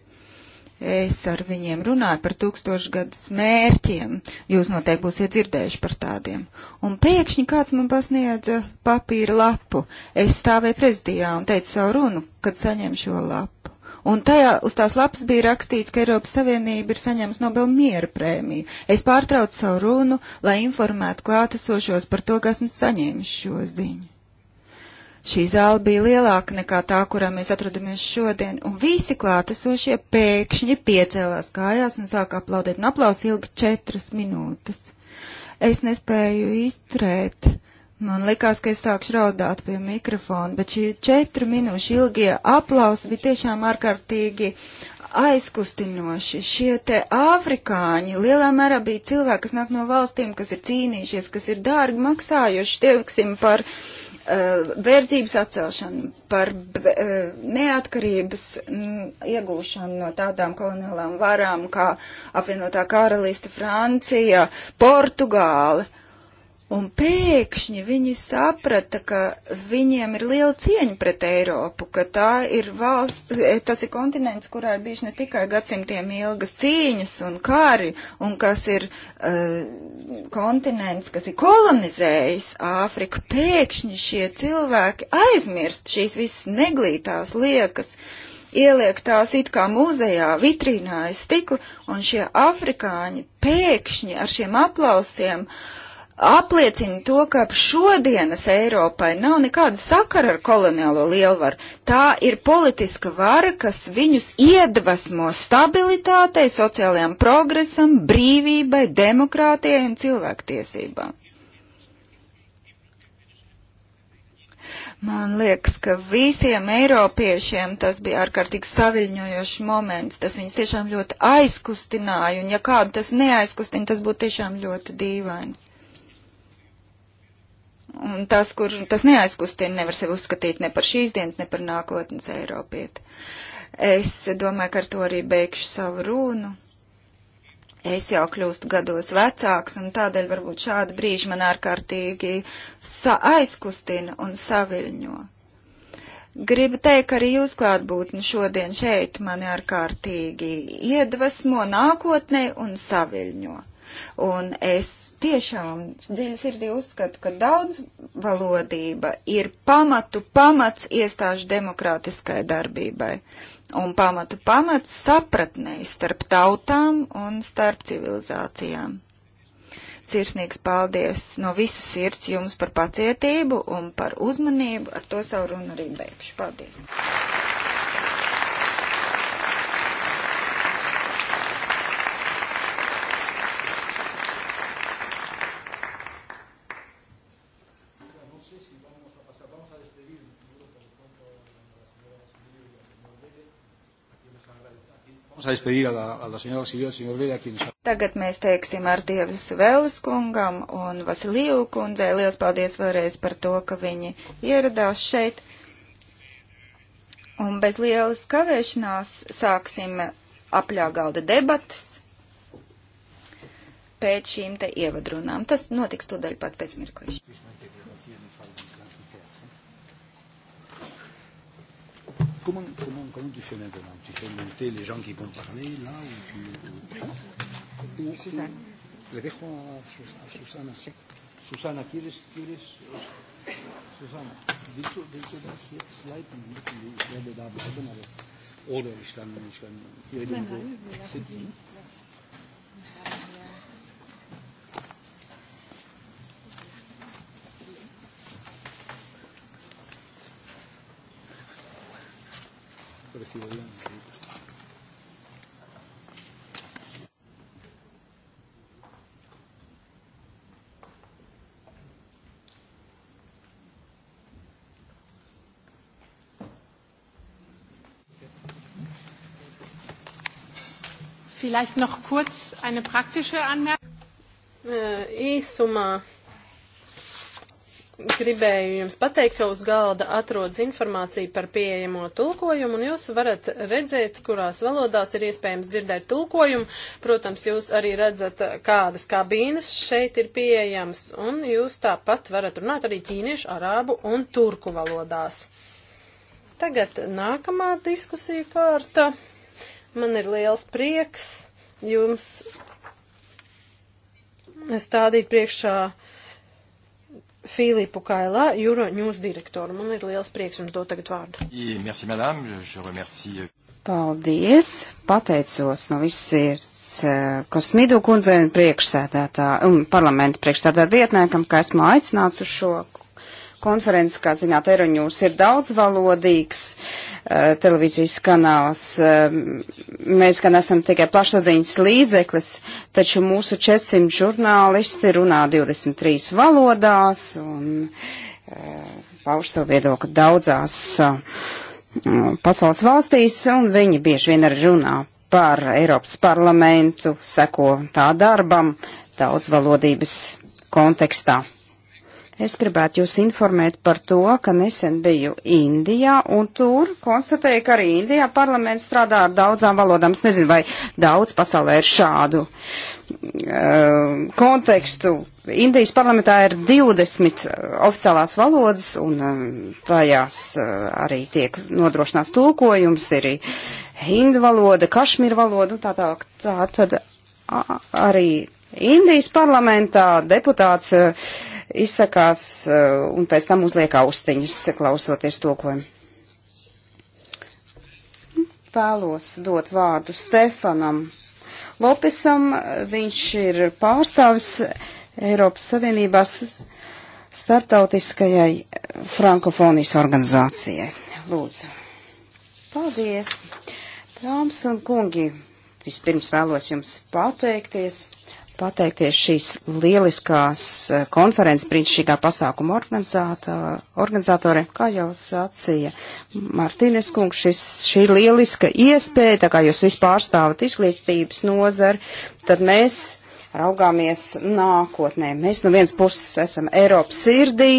Es ar viņiem runāju par tūkstošgadus mērķiem. Jūs noteikti būsiet dzirdējuši par tādiem. Un pēkšņi kāds man pasniedza papīra lapu. Es stāvēju prezidijā un teicu savu runu, kad saņem šo lapu. Un tajā uz tās lapas bija rakstīts, ka Eiropas Savienība ir saņēmusi Nobel miera prēmiju. Es pārtraucu savu runu, lai informētu klātesošos par to, kas man saņēma šo ziņu. Šī zāle bija lielāka nekā tā, kurā mēs atrodamies šodien, un visi klātesošie pēkšņi piecēlās kājās un sāka aplaudēt, un aplaus ilga četras minūtes. Es nespēju izturēt. Man likās, ka es sākšu raudāt pie mikrofona, bet šī četru minūšu ilgie aplausi bija tiešām ārkārtīgi aizkustinoši. Šie te afrikāņi lielā mērā bija cilvēki, kas nāk no valstīm, kas ir cīnījušies, kas ir dārgi maksājuši, tieksim par uh, Uh, vērtības atcelšanu, par uh, neatkarības mm, iegūšanu no tādām koloniālām varām kā apvienotā karaliste, Francija, Portugāla. Un pēkšņi viņi saprata, ka viņiem ir liela cieņa pret Eiropu, ka tā ir valsts, e, tas ir kontinents, kurā ir bijuši ne tikai gadsimtiem ilgas cīņas un kari, un kas ir uh, kontinents, kas ir kolonizējis Āfriku. Pēkšņi šie cilvēki aizmirst šīs visas neglītās liekas, ieliek tās it kā muzejā, vitrīnā aiz stikla, un šie afrikāņi pēkšņi ar šiem aplausiem. Uh, apliecina to, ka šodienas Eiropai nav nekāda sakara ar koloniālo lielvaru. Tā ir politiska vara, kas viņus iedvesmo stabilitātei, sociālajam progresam, brīvībai, demokrātijai un cilvēktiesībām. Man liekas, ka visiem eiropiešiem tas bija ārkārtīgi saviņojošs moments. Tas viņus tiešām ļoti aizkustināja, un ja kādu tas neaizkustina, tas būtu tiešām ļoti dīvaini. Un tas, kur tas neaizkustina, nevar sevi uzskatīt ne par šīs dienas, ne par nākotnes Eiropieti. Es domāju, ka ar to arī beigšu savu runu. Es jau kļūstu gados vecāks, un tādēļ varbūt šādi brīži man ārkārtīgi aizkustina un saviļņo. Gribu teikt, ka arī jūs klātbūtni šodien šeit mani ārkārtīgi iedvesmo nākotnē un saviļņo. Un es tiešām dziļi sirdī uzskatu, ka daudz valodība ir pamatu pamats iestāžu demokrātiskai darbībai un pamatu pamats sapratnei starp tautām un starp civilizācijām. Sirsnīgs paldies no visas sirds jums par pacietību un par uzmanību. Ar to savu runu arī beigšu. Paldies! Tagad mēs teiksim ar Dievas Vēles kungam un Vasiliju kundzei. Lielas paldies vēlreiz par to, ka viņi ieradās šeit. Un bez lielas kavēšanās sāksim apļā galda debatas pēc šīm te ievadrunām. Tas notiks tūdaļ pat pēc mirklīša. Comment, comment, comment tu fais maintenant Tu fais monter les gens qui vont parler là ou tu, ou, ou, Susana. Le dejo a, a Susana. Sí. Susana, ¿quieres, quieres Susana, willst du, willst du das jetzt leiten? Ich werde da bleiben, aber oder ich kann, ich kann hier irgendwo sitzen. Vielleicht noch kurz eine praktische Anmerkung. Äh, īsumā gribēju jums pateikt, ka uz galda atrodas informācija par pieejamo tulkojumu, un jūs varat redzēt, kurās valodās ir iespējams dzirdēt tulkojumu. Protams, jūs arī redzat, kādas kabīnes šeit ir pieejamas, un jūs tāpat varat runāt arī ķīniešu, arābu un turku valodās. Tagad nākamā diskusija kārta. Man ir liels prieks jums stādīt priekšā uh, Filipu Kailā, Juro ņūs direktoru. Man ir liels prieks jums dot tagad vārdu. Merci, madame. Je remercie. Paldies. Pateicos no viss sirds eh, Kosmidu kundzei un priekšsēdētā, un parlamenta priekšsēdētā vietniekam, ka esmu aicināts uz šo konferences, kā zināt, Eroņūs ir daudzvalodīgs eh, televīzijas kanāls. Eh, mēs gan esam tikai plašsaziņas līdzeklis, taču mūsu 400 žurnālisti runā 23 valodās un eh, pauž savu viedokli daudzās pasaules valstīs, un viņi bieži vien arī runā par Eiropas parlamentu, seko tā darbam daudzvalodības kontekstā. Es gribētu jūs informēt par to, ka nesen biju Indijā un tur konstatēju, ka arī Indijā parlaments strādā ar daudzām valodām. Es nezinu, vai daudz pasaulē ir šādu uh, kontekstu. Indijas parlamentā ir 20 uh, oficiālās valodas un um, tajās uh, arī tiek nodrošināts tulkojums, ir hindu valoda, kašmīra valoda un tā tālāk. Tā tad arī Indijas parlamentā deputāts uh, izsakās eh, un pēc tam uzliek austiņas, klausoties tulkojumu. Vēlos dot vārdu Stefanam Lopesam. Viņš ir pārstāvis Eiropas Savienībās startautiskajai frankofonijas organizācijai. Lūdzu. Paldies. Dāmas un kungi, vispirms vēlos jums pateikties pateikties šīs lieliskās eh, konferences brīnišķīgā pasākuma organizātore, kā jau sacīja Martīnes kungs, šis, šī lieliska iespēja, tā kā jūs visi pārstāvat izglītības nozari, tad mēs raugāmies nākotnē. Mēs no nu vienas puses esam Eiropas sirdī,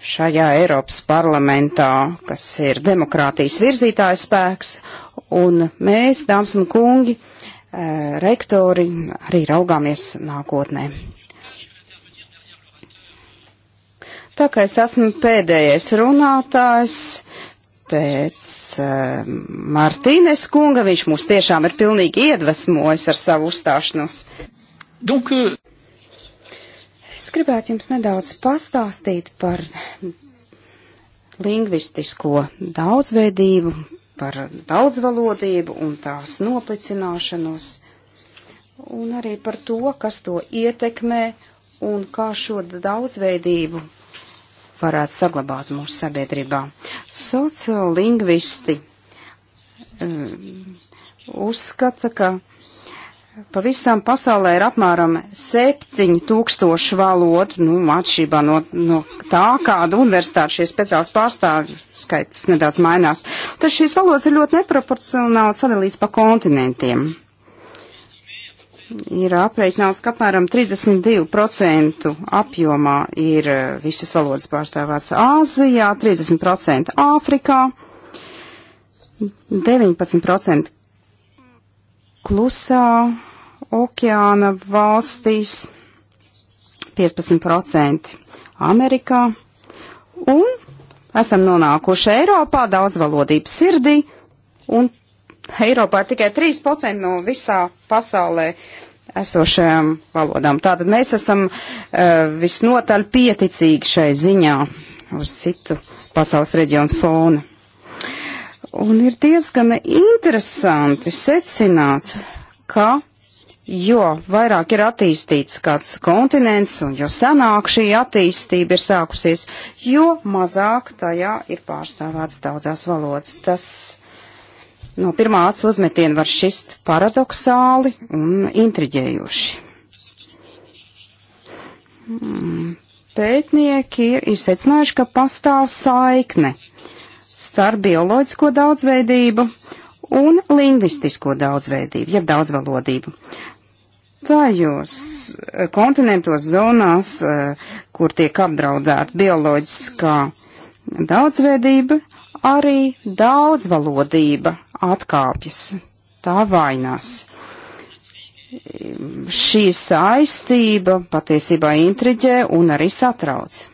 šajā Eiropas parlamentā, kas ir demokrātijas virzītājs spēks, un mēs, dāmas un kungi, Eh, rektori arī raugāmies nākotnē. Tā kā es esmu pēdējais runātājs pēc uh, Martīnes kunga, viņš mūs tiešām ir pilnīgi iedvesmojis ar savu uzstāšanos. Donc, uh... Es gribētu jums nedaudz pastāstīt par lingvistisko daudzveidību, par daudzvalodību un tās noplicināšanos, un arī par to, kas to ietekmē un kā šo daudzveidību varētu saglabāt mūsu sabiedrībā. Sociolingvisti um, uzskata, ka Pavisam pasaulē ir apmēram 7000 valodu, nu, atšķirībā no, no tā, kāda universitāte šie speciāls pārstāvji skaits nedaudz mainās. Tad šīs valodas ir ļoti neproporcionāli sadalīts pa kontinentiem. Ir aprēķināts, ka apmēram 32% apjomā ir eh, visas valodas pārstāvāts Āzijā, 30% Āfrikā, 19% klusā okeāna valstīs, 15% Amerikā, un esam nonākuši Eiropā daudzvalodības sirdī, un Eiropā ir tikai 3% no visā pasaulē esošajām valodām. Tātad mēs esam uh, visnotaļ pieticīgi šai ziņā uz citu pasaules reģionu fonu. Un ir diezgan interesanti secināt, ka jo vairāk ir attīstīts kāds kontinents un jo senāk šī attīstība ir sākusies, jo mazāk tajā ir pārstāvēts daudzās valodas. Tas no pirmā acu uzmetiena var šist paradoxāli un intriģējoši. Mm, pētnieki ir izsecinājuši, ka pastāv saikne starp bioloģisko daudzveidību un lingvistisko daudzveidību, jeb daudzvalodību tajos eh, kontinentos zonās, eh, kur tiek apdraudēta bioloģiskā daudzveidība, arī daudzvalodība atkāpjas, tā vainās. Šī saistība patiesībā intriģē un arī satrauc.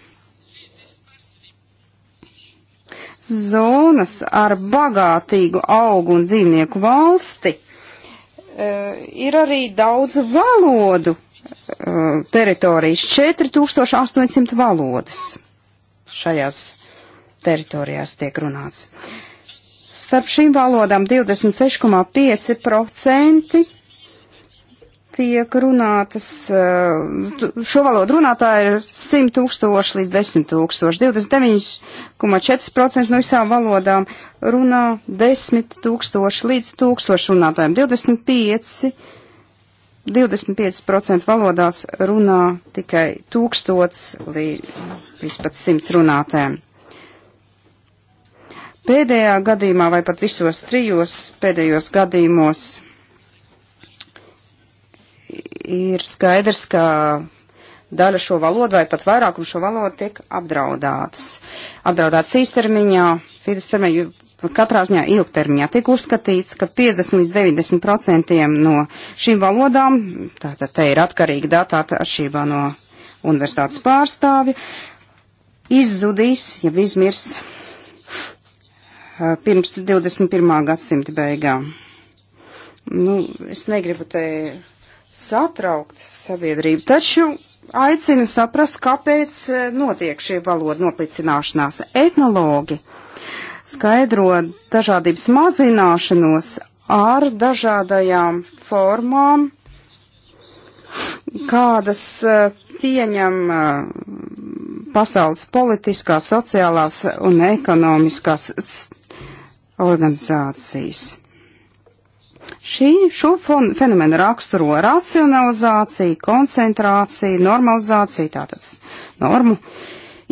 Zonas ar bagātīgu augu un dzīvnieku valsti E, ir arī daudz valodu e, teritorijas, 4800 valodas šajās teritorijās tiek runāts. Starp šīm valodām 26,5% tiek runātas, eh, šo valodu runātāji ir 100 tūkstoši līdz 10 tūkstoši. 29,4% no visām valodām runā 10 tūkstoši līdz 1000 runātājiem. 25, 25% valodās runā tikai 1000 līdz pat 100 runātājiem. Pēdējā gadījumā vai pat visos trijos pēdējos gadījumos ir skaidrs, ka daļa šo valodu vai pat vairākumu šo valodu tiek apdraudātas. Apdraudātas īstermiņā, vidustermiņā, katrā ziņā ilgtermiņā tiek uzskatīts, ka 50 līdz 90 procentiem no šīm valodām, tātad te ir atkarīga data atšķirībā no universitātes pārstāvi, izzudīs, ja izmirs pirms 21. gadsimta beigām. Nu, es negribu te satraukt sabiedrību, taču aicinu saprast, kāpēc e, notiek šie valodu noplicināšanās. Etnologi skaidro dažādības mazināšanos ar dažādajām formām, kādas e, pieņem e, pasaules politiskās, sociālās un ekonomiskās organizācijas. Šī, šo fenomenu raksturo racionalizācija, koncentrācija, normalizācija, tātad normu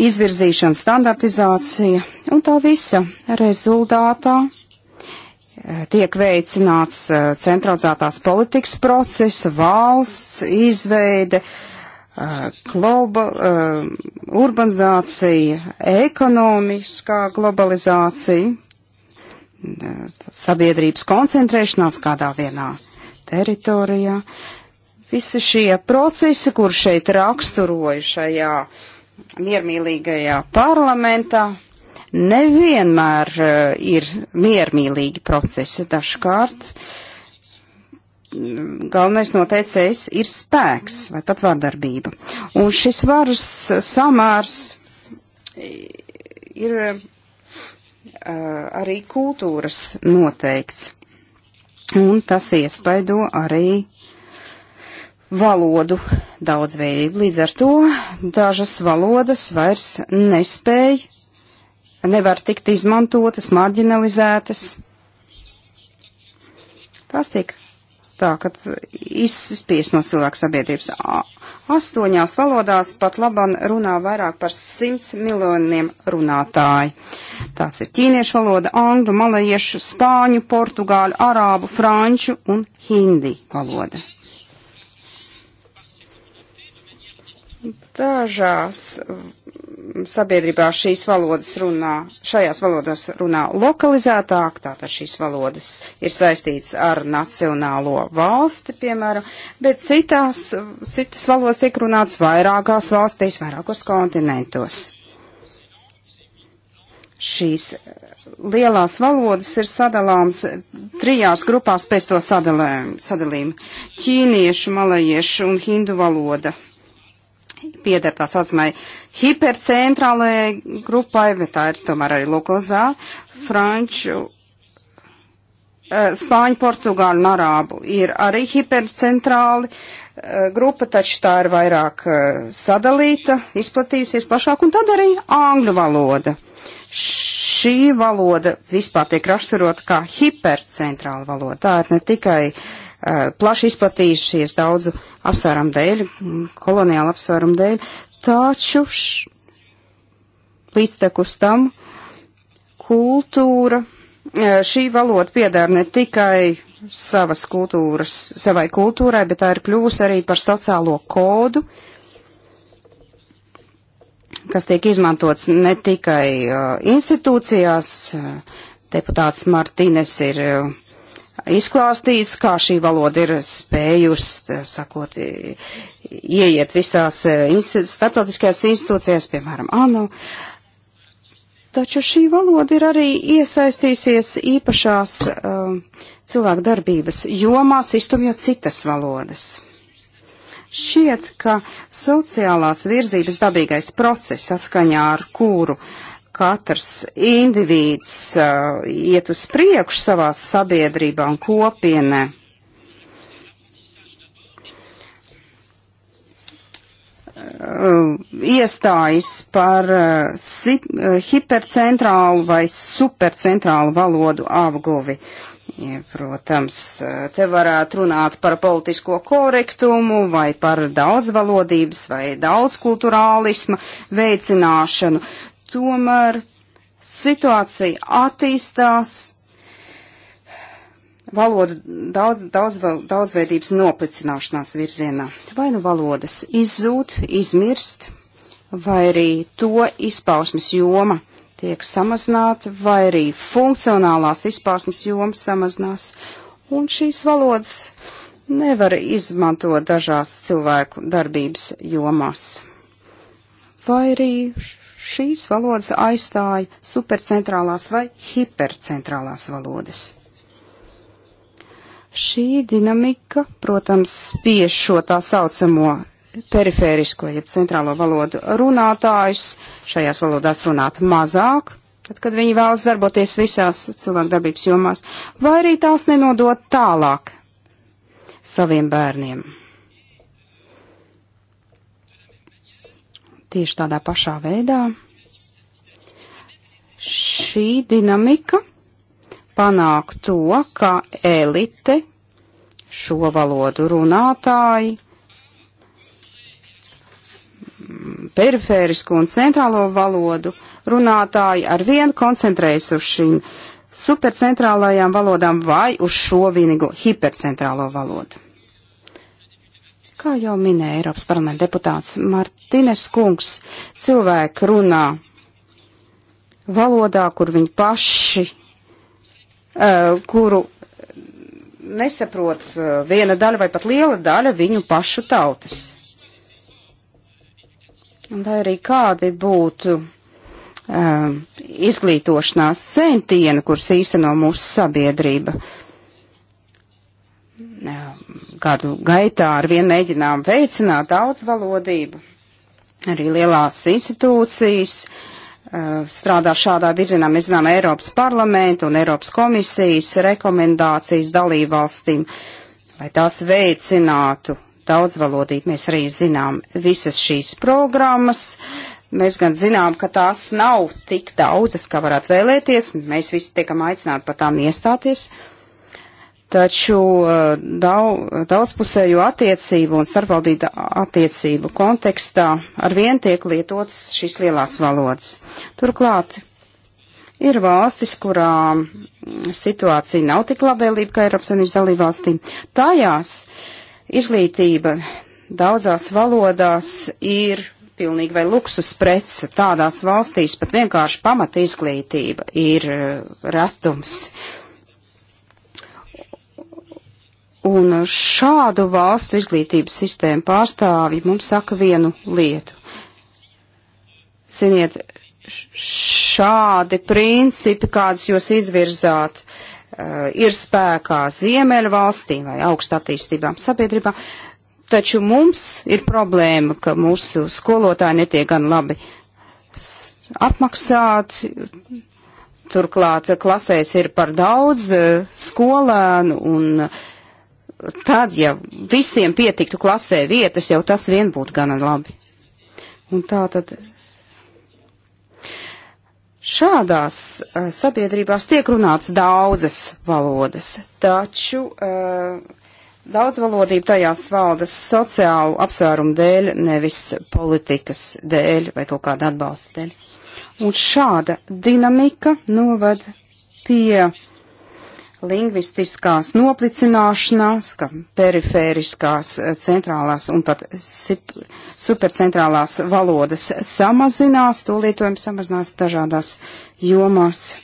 izvirzīšana, standartizācija, un tā visa rezultātā e, tiek veicināts e, centralizētās politikas procesa, valsts izveide, e, globa, urbanizācija, ekonomiskā globalizācija, sabiedrības koncentrēšanās kādā vienā teritorijā. Visi šie procesi, kur šeit raksturoju šajā miermīlīgajā parlamentā, nevienmēr uh, ir miermīlīgi procesi. Dažkārt mm, galvenais noteicējs ir spēks vai pat vardarbība. Un šis varas samārs ir Eh, arī kultūras noteikts. Un tas iespaido arī valodu daudzveidību. Līdz ar to dažas valodas vairs nespēja, nevar tikt izmantotas, marginalizētas. Tās tiek tā, ka izspies no cilvēku sabiedrības. Astoņās valodās pat laban runā vairāk par simts miljoniem runātāju. Tās ir ķīniešu valoda, angļu, malajiešu, spāņu, portugāļu, arābu, franču un hindi valoda. Dažās sabiedrībā šīs valodas runā, šajās valodās runā lokalizētāk, tātad šīs valodas ir saistīts ar nacionālo valsti, piemēram, bet citās, citas valodas tiek runāts vairākās valstīs, vairākos kontinentos. Šīs lielās valodas ir sadalāms trijās grupās pēc to sadalēm, sadalījumu - ķīniešu, malajiešu un hindu valoda pieder tā saucamai hipercentrālajai grupai, bet tā ir tomēr arī Lukozā, Franču, eh, Spāņu, Portugāļu un Arābu ir arī hipercentrāli eh, grupa, taču tā ir vairāk eh, sadalīta, izplatījusies plašāk, un tad arī angļu valoda. Šī valoda vispār tiek raksturota kā hipercentrāla valoda. Tā ir ne tikai uh, Eh, plaši izplatījušies daudzu apsvērumu dēļ, koloniālu apsvērumu dēļ, taču š, līdztekus tam kultūra, eh, šī valoda piedara ne tikai savas kultūras, savai kultūrai, bet tā ir kļūst arī par sociālo kodu, kas tiek izmantots ne tikai uh, institūcijās, deputāts Martīnes ir uh, izklāstījis, kā šī valoda ir spējusi, sakot, ieiet visās e, starptautiskajās institūcijās, piemēram, ANO. Taču šī valoda ir arī iesaistījusies īpašās um, cilvēku darbības jomās, iztumjot citas valodas. Šķiet, ka sociālās virzības dabīgais process, saskaņā ar kūru uh, katrs indivīds uh, iet uz priekšu savā sabiedrībā un kopienē. Uh, iestājas par uh, si, uh, hipercentrālu vai supercentrālu valodu apguvi. Ja, protams, uh, te varētu runāt par politisko korektumu vai par daudzvalodības vai daudzkulturālisma veicināšanu. Tomēr situācija attīstās, valoda daudz, daudz, daudzveidības noplicināšanās virzienā. Vai nu valodas izzūd, izmirst, vai arī to izpausmes joma tiek samazināta, vai arī funkcionālās izpausmes joma samazinās, un šīs valodas nevar izmantot dažās cilvēku darbības jomās. Vai arī šīs valodas aizstāja supercentrālās vai hipercentrālās valodas. Šī dinamika, protams, spiež šo tā saucamo perifērisko, jeb centrālo valodu runātājus, šajās valodās runāt mazāk, tad, kad viņi vēlas darboties visās cilvēku darbības jomās, vai arī tās nenodot tālāk saviem bērniem. tieši tādā pašā veidā. Šī dinamika panāk to, ka elite, šo valodu runātāji, perifērisku un centrālo valodu runātāji ar vienu koncentrējas uz šīm supercentrālajām valodām vai uz šo vienīgo hipercentrālo valodu. Kā jau minēja Eiropas parlamenta deputāts Martines Kungs, cilvēki runā valodā, kur viņi paši, uh, kuru nesaprot uh, viena daļa vai pat liela daļa viņu pašu tautas. Un lai arī kādi būtu uh, izglītošanās centieni, kurus īsteno mūsu sabiedrība. Uh, gadu gaitā ar vien mēģinām veicināt daudz valodību. Arī lielās institūcijas uh, strādā šādā virzienā. Mēs zinām Eiropas parlamentu un Eiropas komisijas rekomendācijas dalībvalstīm, lai tās veicinātu daudzvalodību. Mēs arī zinām visas šīs programmas. Mēs gan zinām, ka tās nav tik daudzas, kā varētu vēlēties. Mēs visi tiekam aicināti par tām iestāties. Uh, Taču eh, daudz, daudzpusēju attiecību un starpvaldību attiecību kontekstā ar vien tiek lietotas šīs lielās valodas. Turklāt ir valstis, kurām situācija nav tik labvēlība kā Eiropas Savienības dalībvalstīm. Tajās izglītība daudzās valodās ir pilnīgi vai luksus prece. Tādās valstīs pat vienkārši pamat izglītība ir eh, retums. Uh, Un šādu valstu izglītības sistēmu pārstāvji mums saka vienu lietu. Ziniet, šādi principi, kādus jūs izvirzāt, eh, ir spēkā Ziemeļu valstīm vai augst attīstībām sabiedrībām, taču mums ir problēma, ka mūsu skolotāji netiek gan labi apmaksāti, turklāt klasēs ir par daudz eh, skolēnu un uh, tad, ja visiem pietiktu klasē vietas, jau tas vien būtu gana labi. Un tā tad šādās uh, sabiedrībās tiek runāts daudzas valodas, taču uh, daudzvalodība tajās valdas sociālu apsvērumu dēļ, nevis politikas dēļ vai kaut kāda atbalsta dēļ. Un šāda dinamika novad pie uh, lingvistiskās noplicināšanās, ka perifēriskās, eh, centrālās un pat supercentrālās valodas samazinās, to lietojumu samazinās dažādās jomās.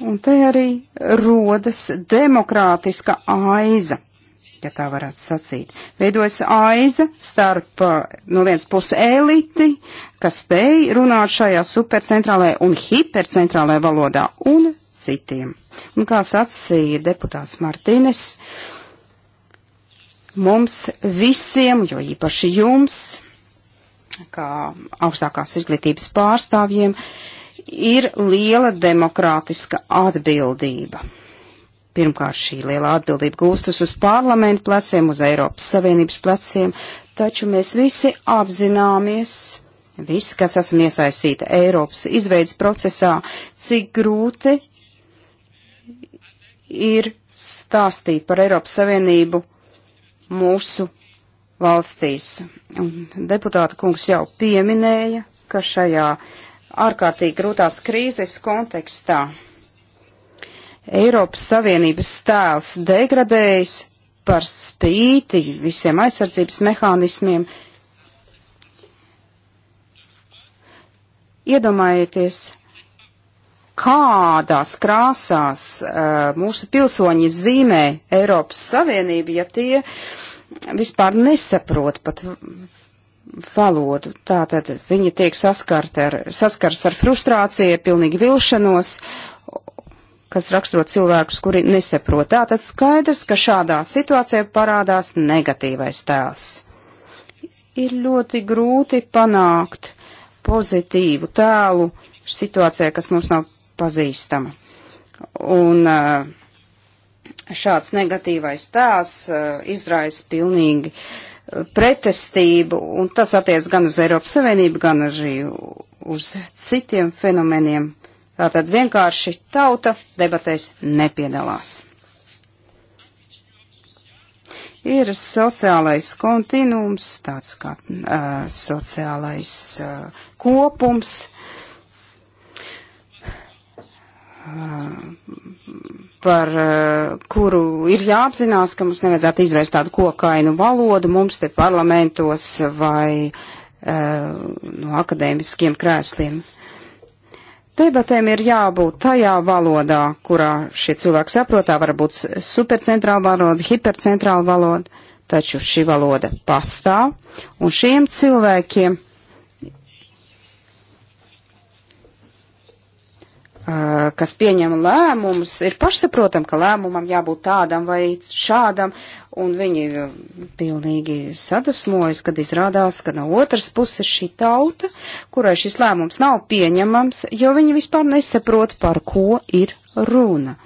Un te arī rodas demokrātiska aiza, ja tā varētu sacīt. Veidojas aiza starp eh, no vienas puses eliti, kas spēj runāt šajā supercentrālajā un hipercentrālajā valodā, un citiem. Un kā sacīja deputāts Martīnes, mums visiem, jo īpaši jums, kā augstākās izglītības pārstāvjiem, ir liela demokrātiska atbildība. Pirmkārt, šī lielā atbildība gūstas uz parlamentu pleciem, uz Eiropas Savienības pleciem, taču mēs visi apzināmies, visi, kas esam iesaistīti Eiropas izveidas procesā, cik grūti ir stāstīt par Eiropas Savienību mūsu valstīs. Deputāta kungs jau pieminēja, ka šajā ārkārtīgi grūtās krīzes kontekstā Eiropas Savienības tēls degradējas par spīti visiem aizsardzības mehānismiem. Iedomājieties, kādās krāsās uh, mūsu pilsoņi zīmē Eiropas Savienību, ja tie vispār nesaprot pat valodu. Tātad viņi tiek ar, saskars ar frustrāciju, pilnīgi vilšanos, kas raksturo cilvēkus, kuri nesaprot. Tātad skaidrs, ka šādā situācijā parādās negatīvais tēls. Ir ļoti grūti panākt pozitīvu tēlu situācijā, kas mums nav pazīstama. Un eh, šāds negatīvais tēls eh, izraisa pilnīgi eh, pretestību, un tas attiec gan uz Eiropas Savienību, gan arī uz citiem fenomeniem. Tātad vienkārši tauta debatēs nepiedalās. Ir sociālais kontinums, tāds kā uh, sociālais uh, kopums, Ah, par ah, kuru ir jāapzinās, ka mums nevajadzētu izvērst tādu kokainu valodu mums te parlamentos vai ah, no akadēmiskiem krēsliem. Debatēm ir jābūt tajā valodā, kurā šie cilvēki saprotā, varbūt supercentrāla valoda, hipercentrāla valoda, taču šī valoda pastāv, un šiem cilvēkiem kas pieņem lēmumus, ir pašsaprotam, ka lēmumam jābūt tādam vai šādam, un viņi pilnīgi sadusmojas, kad izrādās, ka no otras puses šī tauta, kurai šis lēmums nav pieņemams, jo viņi vispār nesaprot, par ko ir runa.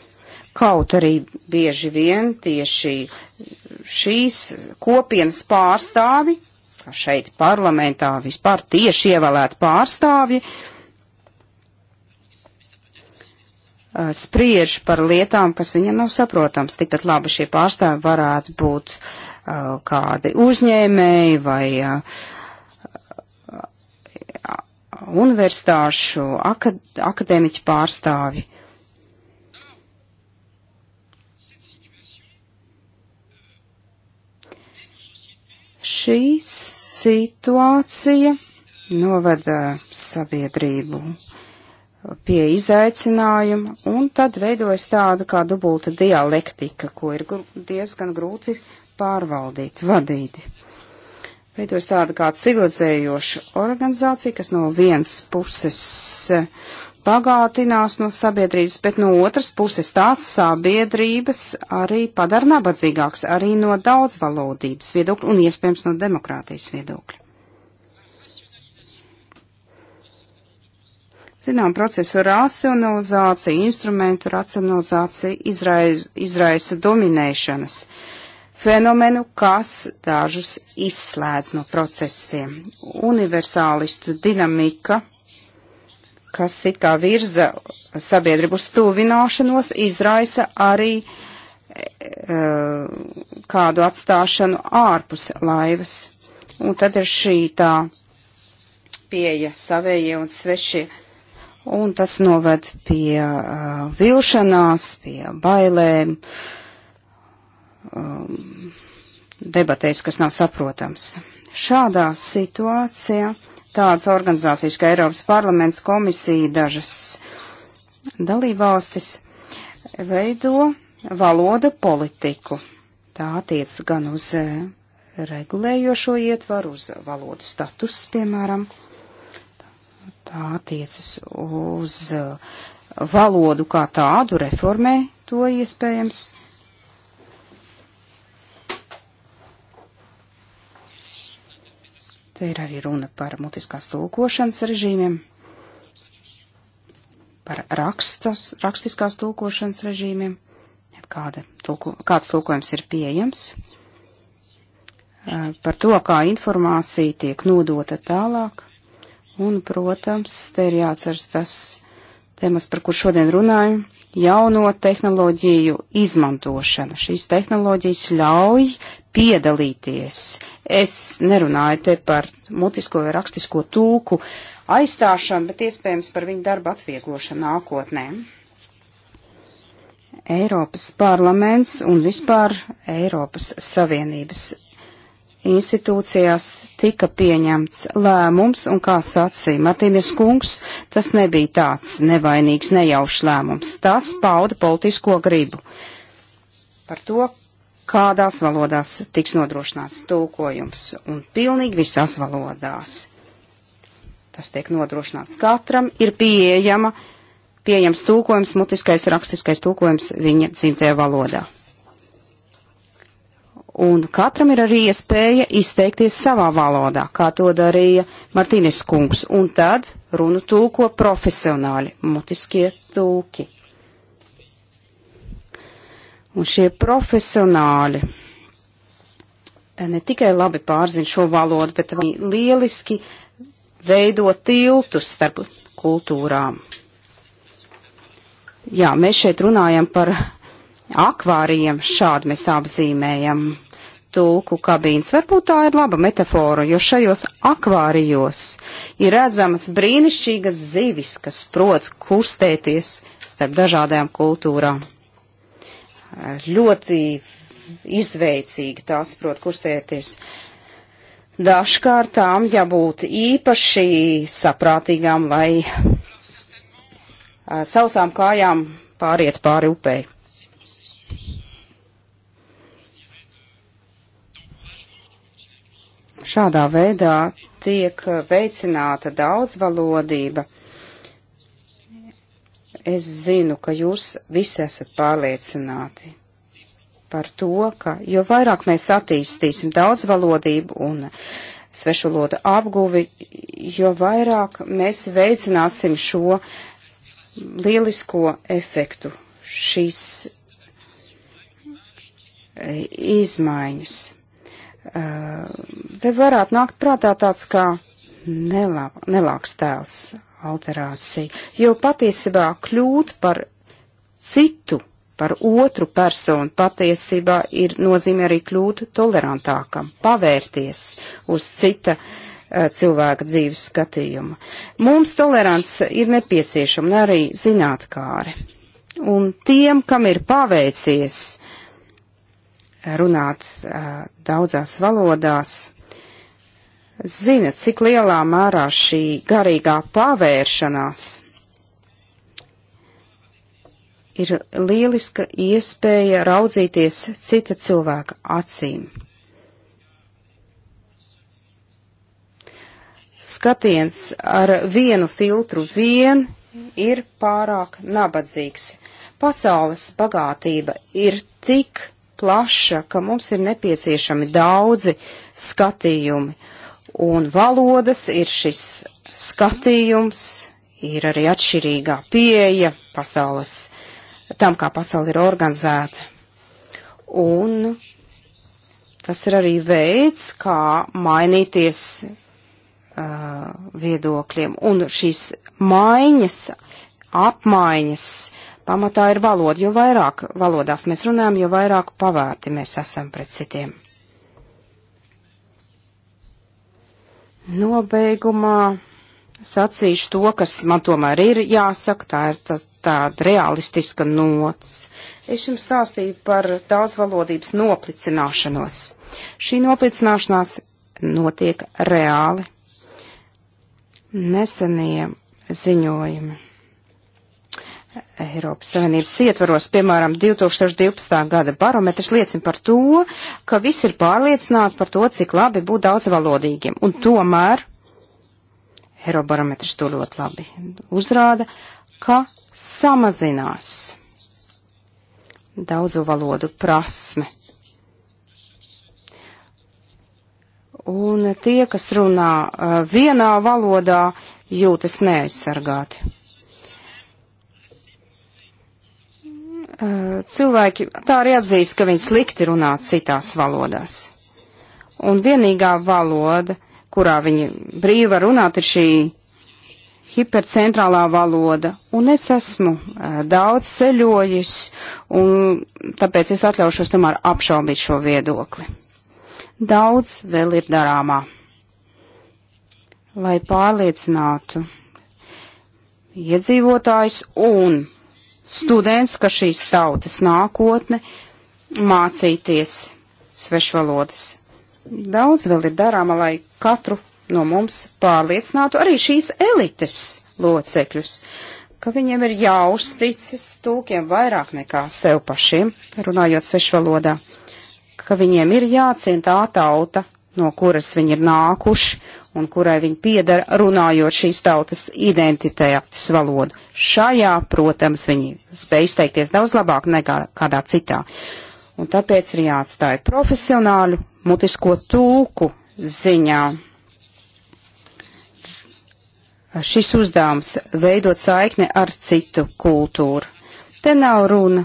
Kaut arī bieži vien tieši šīs kopienas pārstāvi, kā šeit parlamentā vispār tieši ievēlēt pārstāvi, uh, Uh, spriež par lietām, kas viņam nav saprotams. Tikpat labi šie pārstāvi varētu būt uh, kādi uzņēmēji vai uh, universitāšu akad akadēmiķu pārstāvi. Šī situācija novada sabiedrību pie izaicinājuma, un tad veidojas tāda kā dubulta dialektika, ko ir gru, diezgan grūti pārvaldīt, vadīt. Veidojas tāda kā civilizējoša organizācija, kas no vienas puses pagātinās e, no sabiedrības, bet no otras puses tās sabiedrības arī padara nabadzīgāks, arī no daudzvalodības viedokļa un iespējams no demokrātijas viedokļa. Zinām, procesu racionalizācija, instrumentu racionalizācija izraisa, izraisa dominēšanas fenomenu, kas dažus izslēdz no procesiem. Universālistu dinamika, kas it kā virza sabiedrību uz tuvināšanos, izraisa arī e, kādu atstāšanu ārpus laivas. Un tad ir šī tā pieeja savējie un svešie un tas noved pie uh, vilšanās, pie bailēm, um, debatēs, kas nav saprotams. Šādā situācijā tādas organizācijas kā Eiropas parlaments komisija dažas dalībvalstis veido valoda politiku. Tā attiec gan uz eh, regulējošo ietvaru, uz valodu status, piemēram tā tiecas uz uh, valodu kā tādu, reformē to iespējams. Te ir arī runa par mutiskās tulkošanas režīmiem, par rakstas, rakstiskās tulkošanas režīmiem, kāda, tulko, kāds tulkojums ir pieejams uh, par to, kā informācija tiek nodota tālāk. Un, protams, te ir jāatceras tas temats, par kur šodien runājam - jauno tehnoloģiju izmantošana. Šīs tehnoloģijas ļauj piedalīties. Es nerunāju te par mutisko vai rakstisko tūku aizstāšanu, bet iespējams par viņu darbu atvieglošanu nākotnē. Eiropas parlaments un vispār Eiropas Savienības institūcijās tika pieņemts lēmums, un kā sacīja Martīnis Kungs, tas nebija tāds nevainīgs, nejaušs lēmums. Tas pauda politisko gribu par to, kādās valodās tiks nodrošināts tulkojums, un pilnīgi visās valodās. Tas tiek nodrošināts katram, ir pieejama, pieejams tulkojums, mutiskais, rakstiskais tulkojums viņa dzimtajā valodā. Un katram ir arī iespēja izteikties savā valodā, kā to darīja Martīnis kungs. Un tad runu tulko profesionāļi, mutiskie tulki. Un šie profesionāļi eh, ne tikai labi pārzina šo valodu, bet arī lieliski veido tiltus starp kultūrām. Jā, mēs šeit runājam par akvārijiem, šādi mēs apzīmējam tulku kabīnes. Varbūt tā ir laba metafora, jo šajos akvārijos ir redzamas brīnišķīgas zivis, kas prot kustēties starp dažādajām kultūrām. Ļoti izveicīgi tās prot kustēties. Dažkārt tām jābūt īpaši saprātīgām, lai sausām kājām pāriet pāri upei. Šādā veidā tiek veicināta daudzvalodība. Es zinu, ka jūs visi esat pārliecināti par to, ka jo vairāk mēs attīstīsim daudzvalodību un svešvalodu apguvi, jo vairāk mēs veicināsim šo lielisko efektu, šīs e, izmaiņas. Eh, te varētu nākt prātā tāds kā nelā, nelāks tēls alterācija, jo patiesībā kļūt par citu, par otru personu patiesībā ir nozīme arī kļūt tolerantākam, pavērties uz cita eh, cilvēka dzīves skatījuma. Mums tolerants ir nepieciešama arī zinātkāre. Un tiem, kam ir paveicies, runāt uh, daudzās valodās, zina, cik lielā mērā šī garīgā pavēršanās ir lieliska iespēja raudzīties cita cilvēka acīm. Skatiens ar vienu filtru vien ir pārāk nabadzīgs. Pasaules bagātība ir tik plaša, ka mums ir nepieciešami daudzi skatījumi. Un valodas ir šis skatījums, ir arī atšķirīgā pieeja pasaules, tam, kā pasauli ir organizēta. Un tas ir arī veids, kā mainīties uh, viedokļiem. Un šīs maiņas, apmaiņas uh, pamatā ir valoda. Jo vairāk valodās mēs runājam, jo vairāk pavērti mēs esam pret citiem. Nobeigumā sacīšu to, kas man tomēr ir jāsaka, tā ir tā, tāda realistiska nots. Es jums stāstīju par daudzvalodības noplicināšanos. Šī noplicināšanās notiek reāli. Nesenie ziņojumi Eiropas Savienības ietvaros, piemēram, 2012. gada barometrs liecina par to, ka visi ir pārliecināti par to, cik labi būt daudzvalodīgiem. Un tomēr Eirobarometrs to ļoti labi uzrāda, ka samazinās daudzu valodu prasme. Un tie, kas runā uh, vienā valodā, jūtas neaizsargāti. Eh, cilvēki tā arī atzīst, ka viņi slikti runā citās valodās. Un vienīgā valoda, kurā viņi brīvi var runāt, ir šī hipercentrālā valoda. Un es esmu eh, daudz ceļojis, un tāpēc es atļaušos tomēr apšaubīt šo viedokli. Daudz vēl ir darāmā, lai pārliecinātu iedzīvotājs un students, ka šīs tautas nākotne mācīties svešvalodas. Daudz vēl ir darāma, lai katru no mums pārliecinātu arī šīs elites locekļus, ka viņiem ir jāuzticas tūkiem vairāk nekā sev pašiem, runājot svešvalodā, ka viņiem ir jāciena tā tauta, no kuras viņi ir nākuši, un kurai viņi piedara runājot šīs tautas identitātes valodu. Šajā, protams, viņi spēj izteikties daudz labāk nekā kādā citā. Un tāpēc ir jāatstāja profesionāļu mutisko tulku ziņā. Šis uzdevums veidot saikni ar citu kultūru. Te nav runa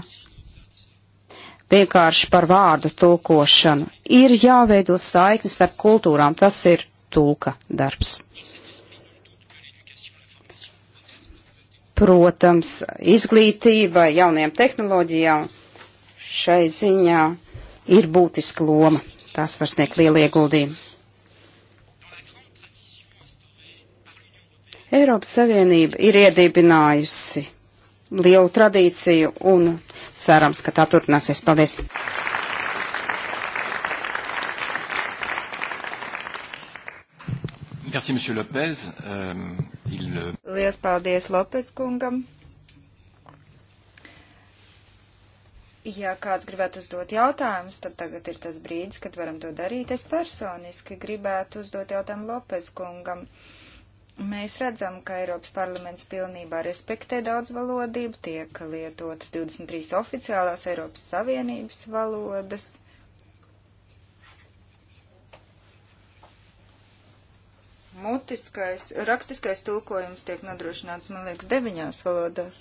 vienkārši par vārdu tulkošanu. Ir jāveido saiknes starp kultūrām, tas ir tulka darbs. Protams, izglītība jaunajām tehnoloģijām šai ziņā ir būtiska loma. Tās var sniegt lielu ieguldījumu. Eiropas Savienība ir iedibinājusi lielu tradīciju un cerams, ka tā turpināsies. Paldies! Merci, monsieur Lopez. Um, il... Euh, Lielas paldies Lopez kungam. Ja kāds gribētu uzdot jautājumus, tad tagad ir tas brīdis, kad varam to darīt. Es personiski gribētu uzdot jautājumu Lopez kungam. Mēs redzam, ka Eiropas parlaments pilnībā respektē daudzvalodību, tiek lietotas 23 oficiālās Eiropas Savienības valodas. mutiskais, rakstiskais tulkojums tiek nodrošināts, man liekas, deviņās valodās.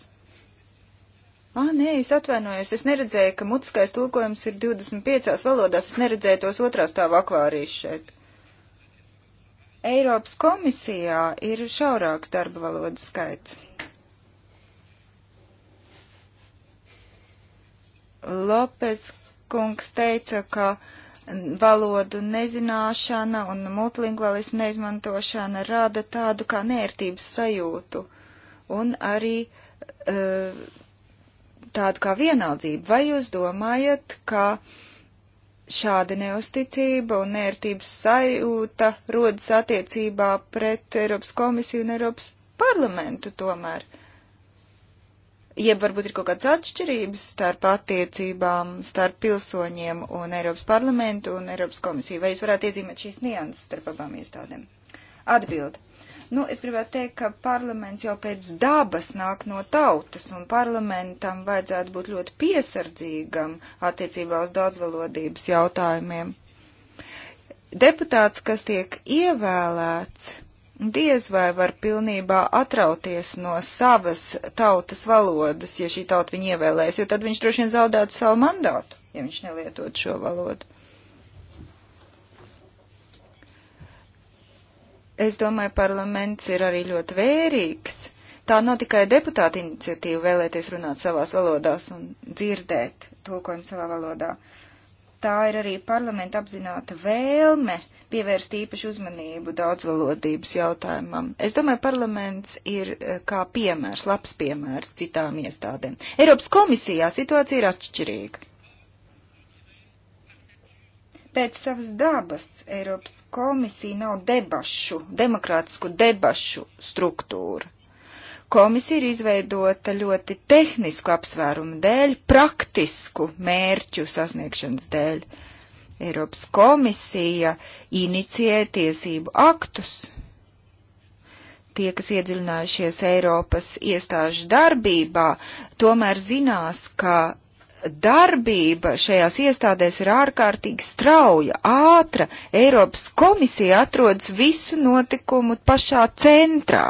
Ā, nē, es atvainojos, es neredzēju, ka mutiskais tulkojums ir 25 valodās, es neredzēju tos otrā stāva akvārijas šeit. Eiropas komisijā ir šaurāks darba valodas skaits. Lopes kungs teica, ka valodu nezināšana un multilingvālismu neizmantošana rada tādu kā nērtības sajūtu un arī uh, tādu kā vienaldzību. Vai jūs domājat, ka šāda neusticība un nērtības sajūta rodas attiecībā pret Eiropas komisiju un Eiropas parlamentu tomēr? Uh, jeb varbūt ir kaut kādas atšķirības starp attiecībām starp pilsoņiem un Eiropas parlamentu un Eiropas komisiju? Vai jūs varētu iezīmēt šīs nianses starp abām iestādēm? Atbild. Nu, es gribētu teikt, ka parlaments jau pēc dabas nāk no tautas, un parlamentam vajadzētu būt ļoti piesardzīgam attiecībā uz daudzvalodības jautājumiem. Deputāts, kas tiek ievēlēts, diez vai var pilnībā atrauties no savas tautas valodas, ja šī tauta viņu ievēlēs, jo tad viņš droši vien zaudētu savu mandātu, ja viņš nelietot šo valodu. Es domāju, parlaments ir arī ļoti vērīgs. Tā nav tikai deputāta iniciatīva vēlēties runāt savās valodās un dzirdēt tulkojumu savā valodā. Tā ir arī parlamenta apzināta vēlme uh, pievērst īpašu uzmanību daudzvalodības jautājumam. Es domāju, parlaments ir eh, kā piemērs, labs piemērs citām iestādēm. Eiropas komisijā situācija ir atšķirīga. Pēc savas dabas Eiropas komisija nav debašu, demokrātisku debašu struktūra. Komisija ir izveidota ļoti tehnisku apsvērumu dēļ, praktisku mērķu sasniegšanas dēļ. Uh, Eiropas komisija inicijē tiesību aktus. Tie, kas iedziļinājušies Eiropas iestāžu darbībā, tomēr zinās, ka darbība šajās iestādēs ir ārkārtīgi strauja, ātra. Eiropas komisija atrodas visu notikumu pašā centrā.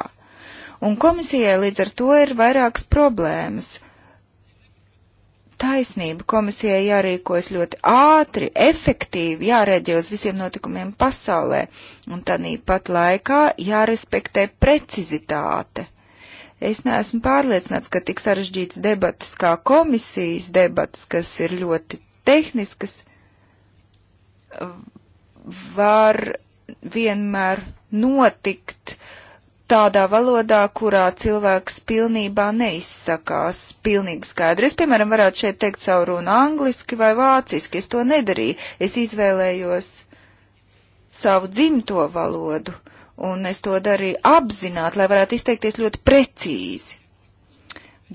Un komisijai līdz ar to ir vairākas problēmas taisnība. Komisijai jārīkojas ļoti ātri, efektīvi, jāreģē uz visiem notikumiem pasaulē, un tādīpat laikā jārespektē precizitāte. Es neesmu pārliecināts, ka tik sarežģīts debatas kā komisijas debatas, kas ir ļoti tehniskas, var vienmēr notikt uh, tādā valodā, kurā cilvēks pilnībā neizsakās pilnīgi skaidri. Es, piemēram, varētu šeit teikt savu runu angliski vai vāciski, es to nedarīju, es izvēlējos savu dzimto valodu, un es to darīju apzināti, lai varētu izteikties ļoti precīzi.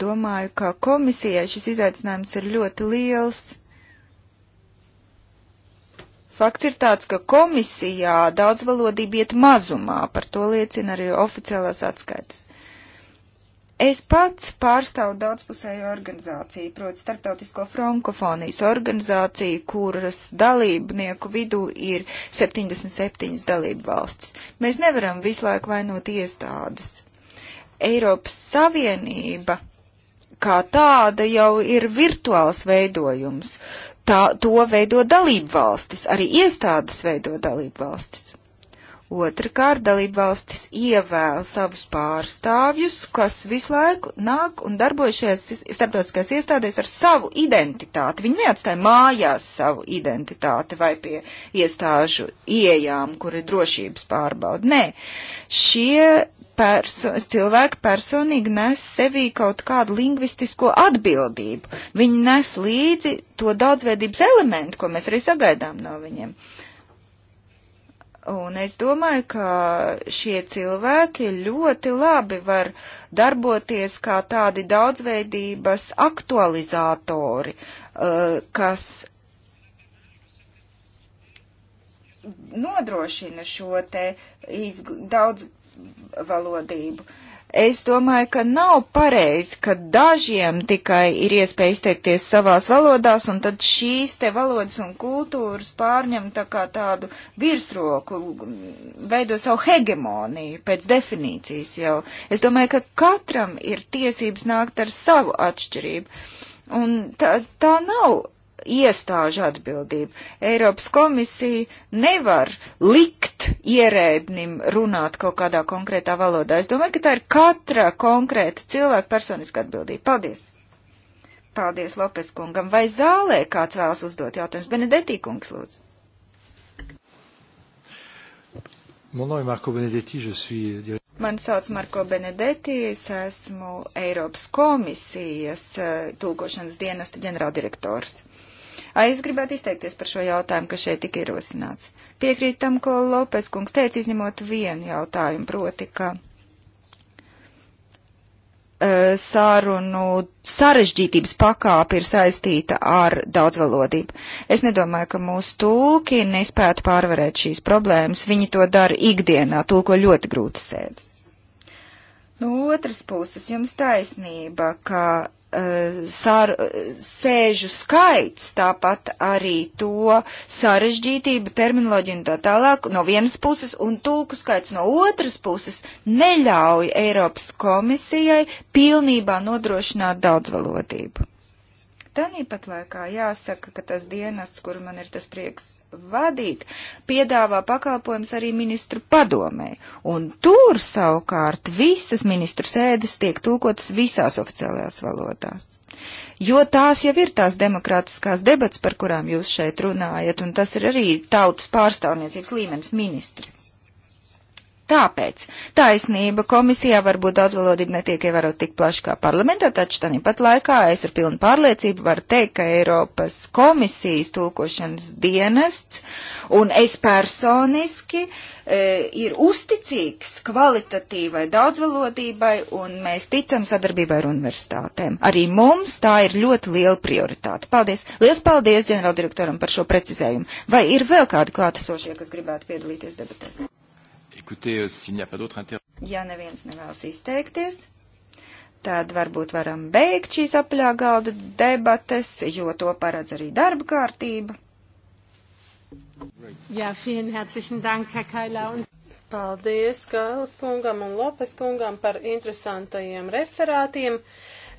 Domāju, ka komisijai šis izaicinājums ir ļoti liels Fakts ir tāds, ka komisijā daudzvalodība iet mazumā, par to liecina arī oficiālās atskaitas. Es pats pārstāvu daudzpusēju organizāciju, proti Startautisko frankofonijas organizāciju, kuras dalībnieku vidū ir 77 dalību valstis. Mēs nevaram visu laiku vainot iestādes. Eiropas Savienība kā tāda jau ir virtuāls veidojums. Uh, tā, to veido dalību valstis, arī iestādes veido dalību valstis. Otrakārt, dalību valstis ievēl savus pārstāvjus, kas visu laiku nāk un darbojas šajās starptautiskajās iestādēs ar savu identitāti. Viņi neatstāja mājās savu identitāti vai pie iestāžu iejām, kur ir drošības pārbauda. Nē, šie perso cilvēki personīgi nes sevī kaut kādu lingvistisko atbildību. Viņi nes līdzi to daudzveidības elementu, ko mēs arī sagaidām no viņiem. Un es domāju, ka šie cilvēki ļoti labi var darboties kā tādi daudzveidības aktualizatori, eh, kas nodrošina šo te izg daudz valodību. Es domāju, ka nav pareizi, ka dažiem tikai ir iespēja izteikties savās valodās, un tad šīs te valodas un kultūras pārņem tā kā tādu virsroku, veido savu hegemoniju pēc definīcijas jau. Es domāju, ka katram ir tiesības nākt ar savu atšķirību. Un tā, tā nav iestāžu atbildība. Eiropas komisija nevar likt ierēdnim runāt kaut kādā konkrētā valodā. Es domāju, ka tā ir katra konkrēta cilvēka personiska atbildība. Paldies! Paldies Lopes kungam. Vai zālē kāds vēlas uzdot jautājumus? Benedetī kungs, lūdzu. Mon nom est Marco Benedetti, je suis Mani sauc Marko Benedetti, es esmu Eiropas komisijas eh, tulkošanas dienesta ģenerāldirektors. Es gribētu izteikties par šo jautājumu, kas šeit tika ierosināts. Piekrīt tam, ko Lopes kungs teica, izņemot vienu jautājumu, proti, ka e, sarunu sarežģītības pakāpe ir saistīta ar daudzvalodību. Es nedomāju, ka mūsu tulki nespētu pārvarēt šīs problēmas. Viņi to dara ikdienā, tulko ļoti grūti sēdes. No otras puses, jums taisnība, ka Eh, sār, sēžu skaits, tāpat arī to sarežģītību, terminoloģiju un tā tālāk no vienas puses un tulku skaits no otras puses neļauj Eiropas komisijai pilnībā nodrošināt daudzvalodību. Tāpat laikā jāsaka, ka tas dienests, kuru man ir tas prieks vadīt, piedāvā pakalpojums arī ministru padomē. Un tur savukārt visas ministru sēdes tiek tulkotas visās oficiālajās valodās. Jo tās jau ir tās demokrātiskās debats, par kurām jūs šeit runājat, un tas ir arī tautas pārstāvniecības līmenis ministri. Tāpēc taisnība komisijā varbūt daudzvalodība netiek ievērot tik plaši kā parlamentā, taču tāpat laikā es ar pilnu pārliecību varu teikt, ka Eiropas komisijas tulkošanas dienests un es personiski e, ir uzticīgs kvalitatīvai daudzvalodībai un mēs ticam sadarbībai ar universitātēm. Arī mums tā ir ļoti liela prioritāte. Paldies! Lielas paldies ģenerāldirektoram par šo precizējumu. Vai ir vēl kādi klātesošie, kas gribētu piedalīties debatēs? Écoutez, euh, s'il n'y a pas d'autre intérêt. Ja neviens nevēlas izteikties, tad varbūt varam beigt šīs apaļā galda debates, jo to paredz arī darba kārtība. Jā, vielen herzlichen Dank, Herr Kaila. Un... Paldies Kālas kungam un Lopes kungam par interesantajiem referātiem.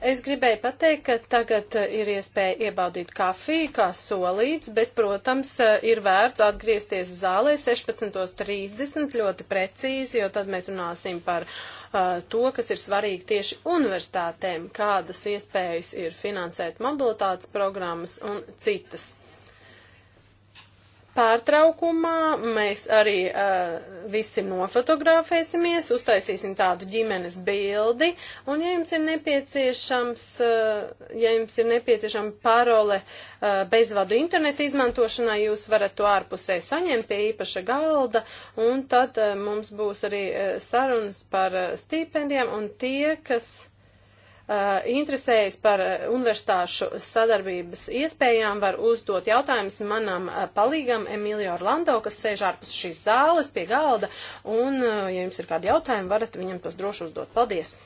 Es gribēju pateikt, ka tagad eh, ir iespēja iebaudīt kafiju, kā solīts, bet, protams, eh, ir vērts atgriezties zālē 16.30 ļoti precīzi, jo tad mēs runāsim par uh, to, kas ir svarīgi tieši universitātēm, kādas iespējas ir finansēt mobilitātes programmas un citas pārtraukumā mēs arī uh, visi nofotografēsimies, uztaisīsim tādu ģimenes bildi, un ja jums ir nepieciešams, uh, ja jums ir nepieciešama parole uh, bezvadu interneta izmantošanai, jūs varat to ārpusē saņemt pie īpaša galda, un tad uh, mums būs arī uh, sarunas par uh, stipendijām, un tie, kas Eh, interesējas par eh, universitāšu sadarbības iespējām, var uzdot jautājumus manam eh, palīgam Emilio Orlando, kas sēž ārpus šīs zāles pie galda, un, ja jums ir kādi jautājumi, varat viņam tos droši uzdot. Paldies!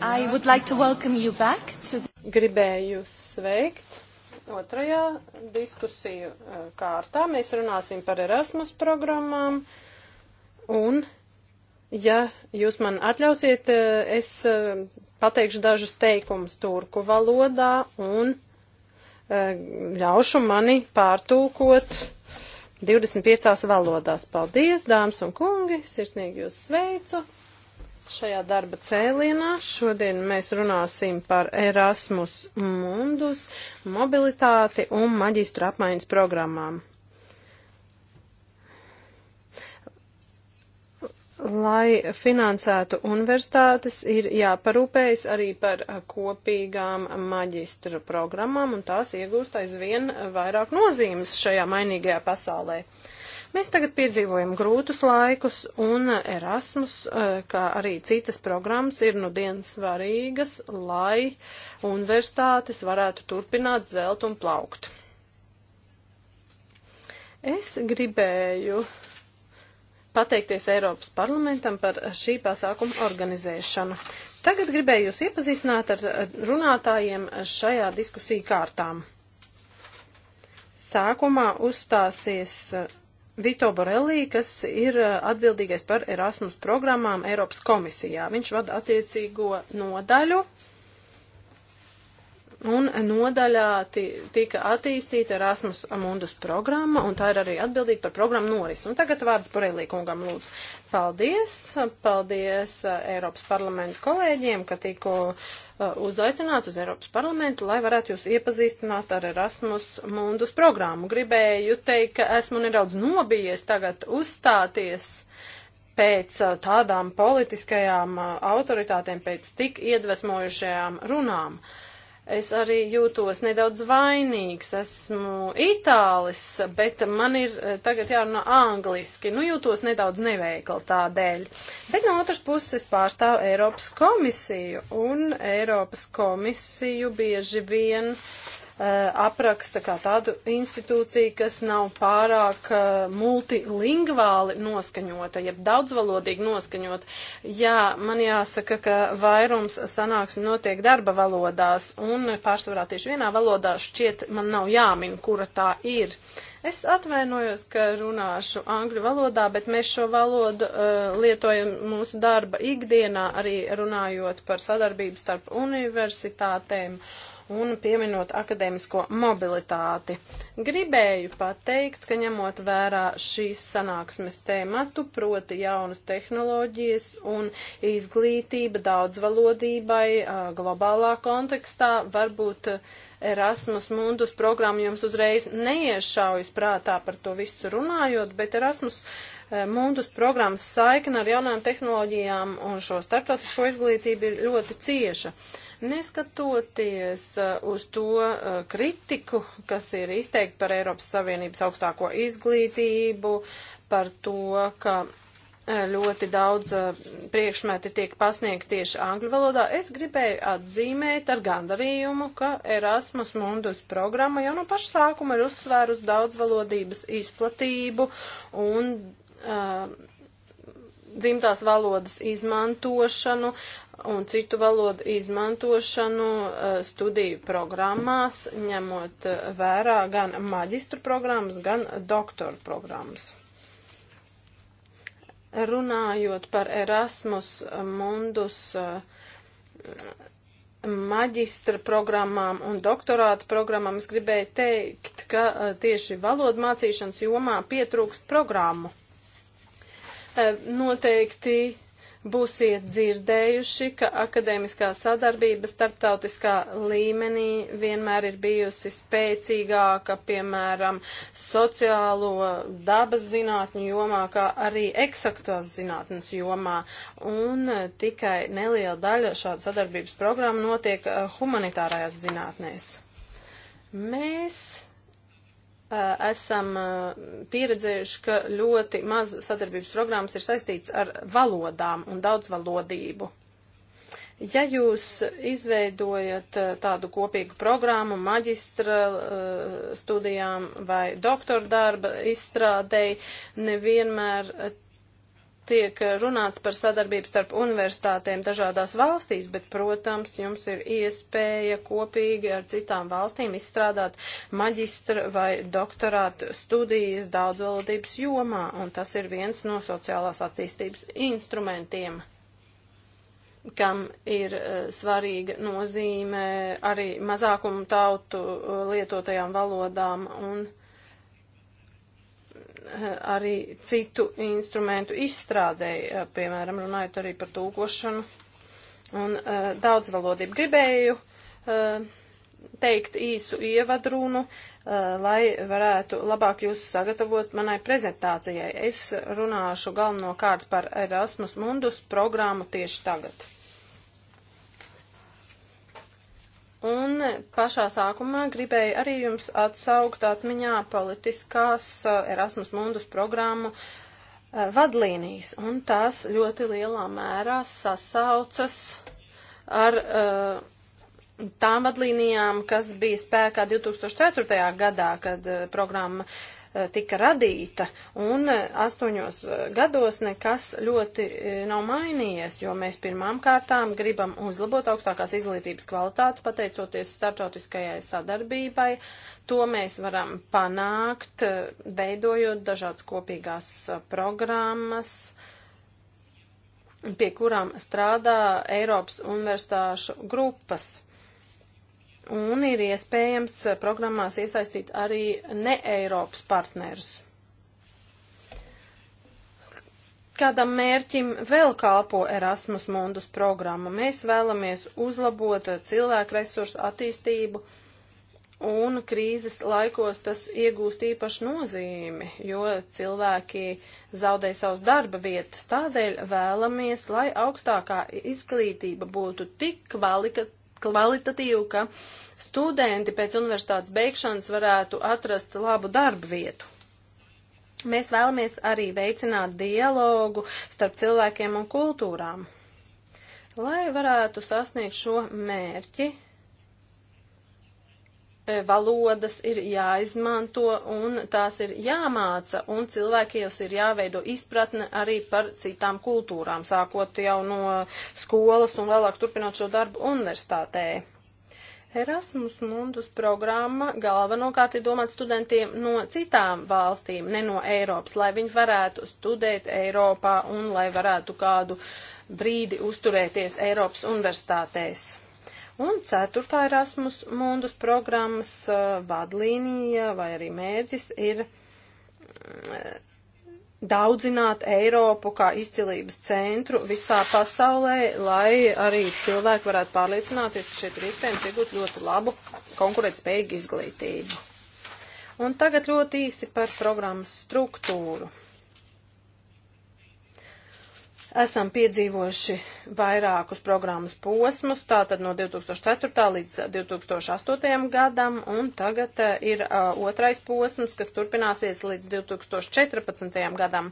I would like to welcome you back to... Gribēju jūs sveikt. Otrajā diskusiju uh, kārtā mēs runāsim par Erasmus programmām. Un, ja jūs man atļausiet, uh, es uh, pateikšu dažus teikumus turku valodā un ļaušu mani pārtūkot 25 valodās. Paldies, dāmas un kungi, sirsnīgi jūs sveicu! šajā darba cēlienā. Šodien mēs runāsim par Erasmus mundus, mobilitāti un maģistra apmaiņas programmām. Lai finansētu universitātes, ir jāparūpējas arī par kopīgām maģistra programmām, un tās iegūst aizvien vairāk nozīmes šajā mainīgajā pasaulē. Uh, Mēs tagad piedzīvojam grūtus laikus, un Erasmus, eh, kā arī citas programmas, ir nu dienas svarīgas, lai universitātes varētu turpināt zelt un plaukt. Es gribēju pateikties Eiropas parlamentam par šī pasākuma organizēšanu. Tagad gribēju jūs iepazīstināt ar runātājiem šajā diskusiju kārtām. Sākumā uzstāsies Vito Borelli, kas ir uh, atbildīgais par Erasmus programmām Eiropas komisijā. Viņš vada attiecīgo nodaļu. Uh, Un nodaļā tika attīstīta Erasmus Mundus programma, un tā ir arī atbildīga par programmu norisi. Un tagad vārds Borelī kungam lūdzu. Paldies, paldies eh, Eiropas parlamentu kolēģiem, ka tikko eh, uzaicināts uz Eiropas parlamentu, lai varētu jūs iepazīstināt ar Erasmus Mundus programmu. Gribēju teikt, ka esmu nedaudz nobijies tagad uzstāties pēc eh, tādām politiskajām autoritātēm, pēc tik iedvesmojušajām runām. Uh, es arī jūtos nedaudz vainīgs. Esmu itālis, bet man ir eh, tagad jārunā angliski. Nu, jūtos nedaudz neveikli tādēļ. Bet no otras puses es pārstāvu Eiropas komisiju, un Eiropas komisiju bieži vien uh, Uh, apraksta kā tādu institūciju, kas nav pārāk uh, multilingvāli noskaņota, jeb daudzvalodīgi noskaņota. Jā, man jāsaka, ka vairums sanāksmi notiek darba valodās, un pārsvarā tieši vienā valodā šķiet man nav jāmin, kura tā ir. Es atvainojos, ka runāšu angļu valodā, bet mēs šo valodu uh, lietojam mūsu darba ikdienā, arī runājot par sadarbību starp universitātēm. Uh, un pieminot akadēmisko mobilitāti. Gribēju pateikt, ka ņemot vērā šīs sanāksmes tēmatu, proti jaunas tehnoloģijas un izglītība daudzvalodībai globālā kontekstā, varbūt Erasmus Mundus programma jums uzreiz neiešaujas prātā par to visu runājot, bet Erasmus uh, Eh, Mundus programmas saikna ar jaunām tehnoloģijām un šo starptautisko izglītību ir ļoti cieša. Neskatoties eh, uz to eh, kritiku, kas ir izteikta par Eiropas Savienības augstāko izglītību, par to, ka ļoti daudz priekšmeti tiek pasniegti tieši angļu valodā. Es gribēju atzīmēt ar gandarījumu, ka Erasmus Mundus programma jau no paša sākuma ir uzsvērus daudzvalodības izplatību un uh, dzimtās valodas izmantošanu un citu valodu izmantošanu uh, studiju programmās, ņemot vērā gan maģistru programmas, gan doktoru programmas. Runājot par Erasmus Mundus uh, maģistra programmām un doktorāta programmām, es gribēju teikt, ka uh, tieši valodu mācīšanas jomā pietrūkst programmu Eh, noteikti būsiet dzirdējuši, ka akadēmiskā sadarbība starptautiskā līmenī vienmēr ir bijusi spēcīgāka, piemēram, sociālo dabas zinātņu jomā, kā arī eksaktās zinātnes jomā. Un eh, tikai neliela daļa šāda sadarbības programma notiek eh, humanitārajās zinātnēs. Mēs esam pieredzējuši, ka ļoti maz sadarbības programmas ir saistīts ar valodām un daudzvalodību. Ja jūs izveidojat tādu kopīgu programmu maģistra studijām vai doktora darba izstrādēji, nevienmēr tiek runāts par sadarbību starp universitātēm dažādās valstīs, bet, protams, jums ir iespēja kopīgi ar citām valstīm izstrādāt maģistra vai doktorātu studijas daudzvalodības jomā, un tas ir viens no sociālās attīstības instrumentiem kam ir uh, svarīga nozīme arī mazākumu tautu uh, lietotajām valodām un uh, arī citu instrumentu izstrādēji, eh, piemēram, runājot arī par tūkošanu un uh, daudzvalodību. Gribēju uh, teikt īsu ievadrunu, lai varētu labāk jūs sagatavot manai prezentācijai. Es runāšu galvenokārt par Erasmus Mundus programmu tieši tagad. Un pašā sākumā gribēju arī jums atsaukt atmiņā politiskās eh, Erasmus Mundus programmu eh, vadlīnijas, un tās ļoti lielā mērā sasaucas ar uh, tām vadlīnijām, kas bija spēkā 2004. gadā, kad uh, programma uh, tika radīta, un e, astoņos e, gados nekas ļoti e, nav mainījies, jo mēs pirmām kārtām gribam uzlabot augstākās izglītības kvalitāti, pateicoties startautiskajai sadarbībai. To mēs varam panākt, veidojot dažādas kopīgās programmas, pie kurām strādā Eiropas universitāšu grupas un ir iespējams programmās iesaistīt arī ne Eiropas partnerus. Kādam mērķim vēl kalpo Erasmus Mundus programma? Mēs vēlamies uzlabot cilvēku resursu attīstību, un krīzes laikos tas iegūst īpašu nozīmi, jo cilvēki zaudē savus darba vietas. Tādēļ vēlamies, lai augstākā izglītība būtu tik kvalitatīva, kvalitatīvu, ka studenti pēc universitātes beigšanas varētu atrast labu darbu vietu. Mēs vēlamies arī veicināt dialogu starp cilvēkiem un kultūrām. Lai varētu sasniegt šo mērķi, E, valodas ir jāizmanto un tās ir jāmāca, un cilvēkiem ir jāveido izpratne arī par citām kultūrām, sākot jau no skolas un vēlāk turpinot šo darbu universitātē. Erasmus Mundus programma galvenokārt ir domāta studentiem no citām valstīm, ne no Eiropas, lai viņi varētu studēt Eiropā un lai varētu kādu brīdi uzturēties Eiropas universitātēs. Un ceturtā Erasmus mundus programmas uh, vadlīnija vai arī mērķis ir uh, daudzināt Eiropu kā izcilības centru visā pasaulē, lai arī cilvēki varētu pārliecināties, ka šeit ir iespējams iegūt ļoti labu konkurētspējīgu izglītību. Un tagad ļoti īsi par programmas struktūru. Esam piedzīvojuši vairākus programmas posmus, tātad no 2004. līdz 2008. gadam, un tagad eh, ir uh, otrais posms, kas turpināsies līdz 2014. gadam.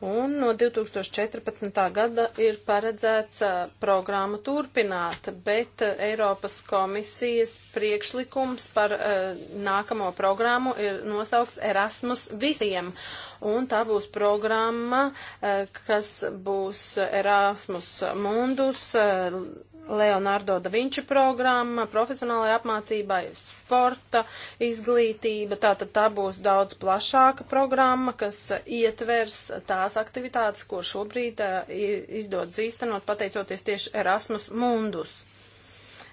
Un no 2014. gada ir paredzēts uh, eh, programmu turpināt, bet uh, Eiropas komisijas priekšlikums par uh, nākamo programmu ir nosaukts Erasmus visiem un tā būs programma, eh, kas būs Erasmus Mundus, eh, Leonardo da Vinci programma, profesionālajai apmācībai, sporta izglītība. Tātad tā būs daudz plašāka programma, kas ietvers tās aktivitātes, ko šobrīd eh, izdodas īstenot pateicoties tieši Erasmus Mundus.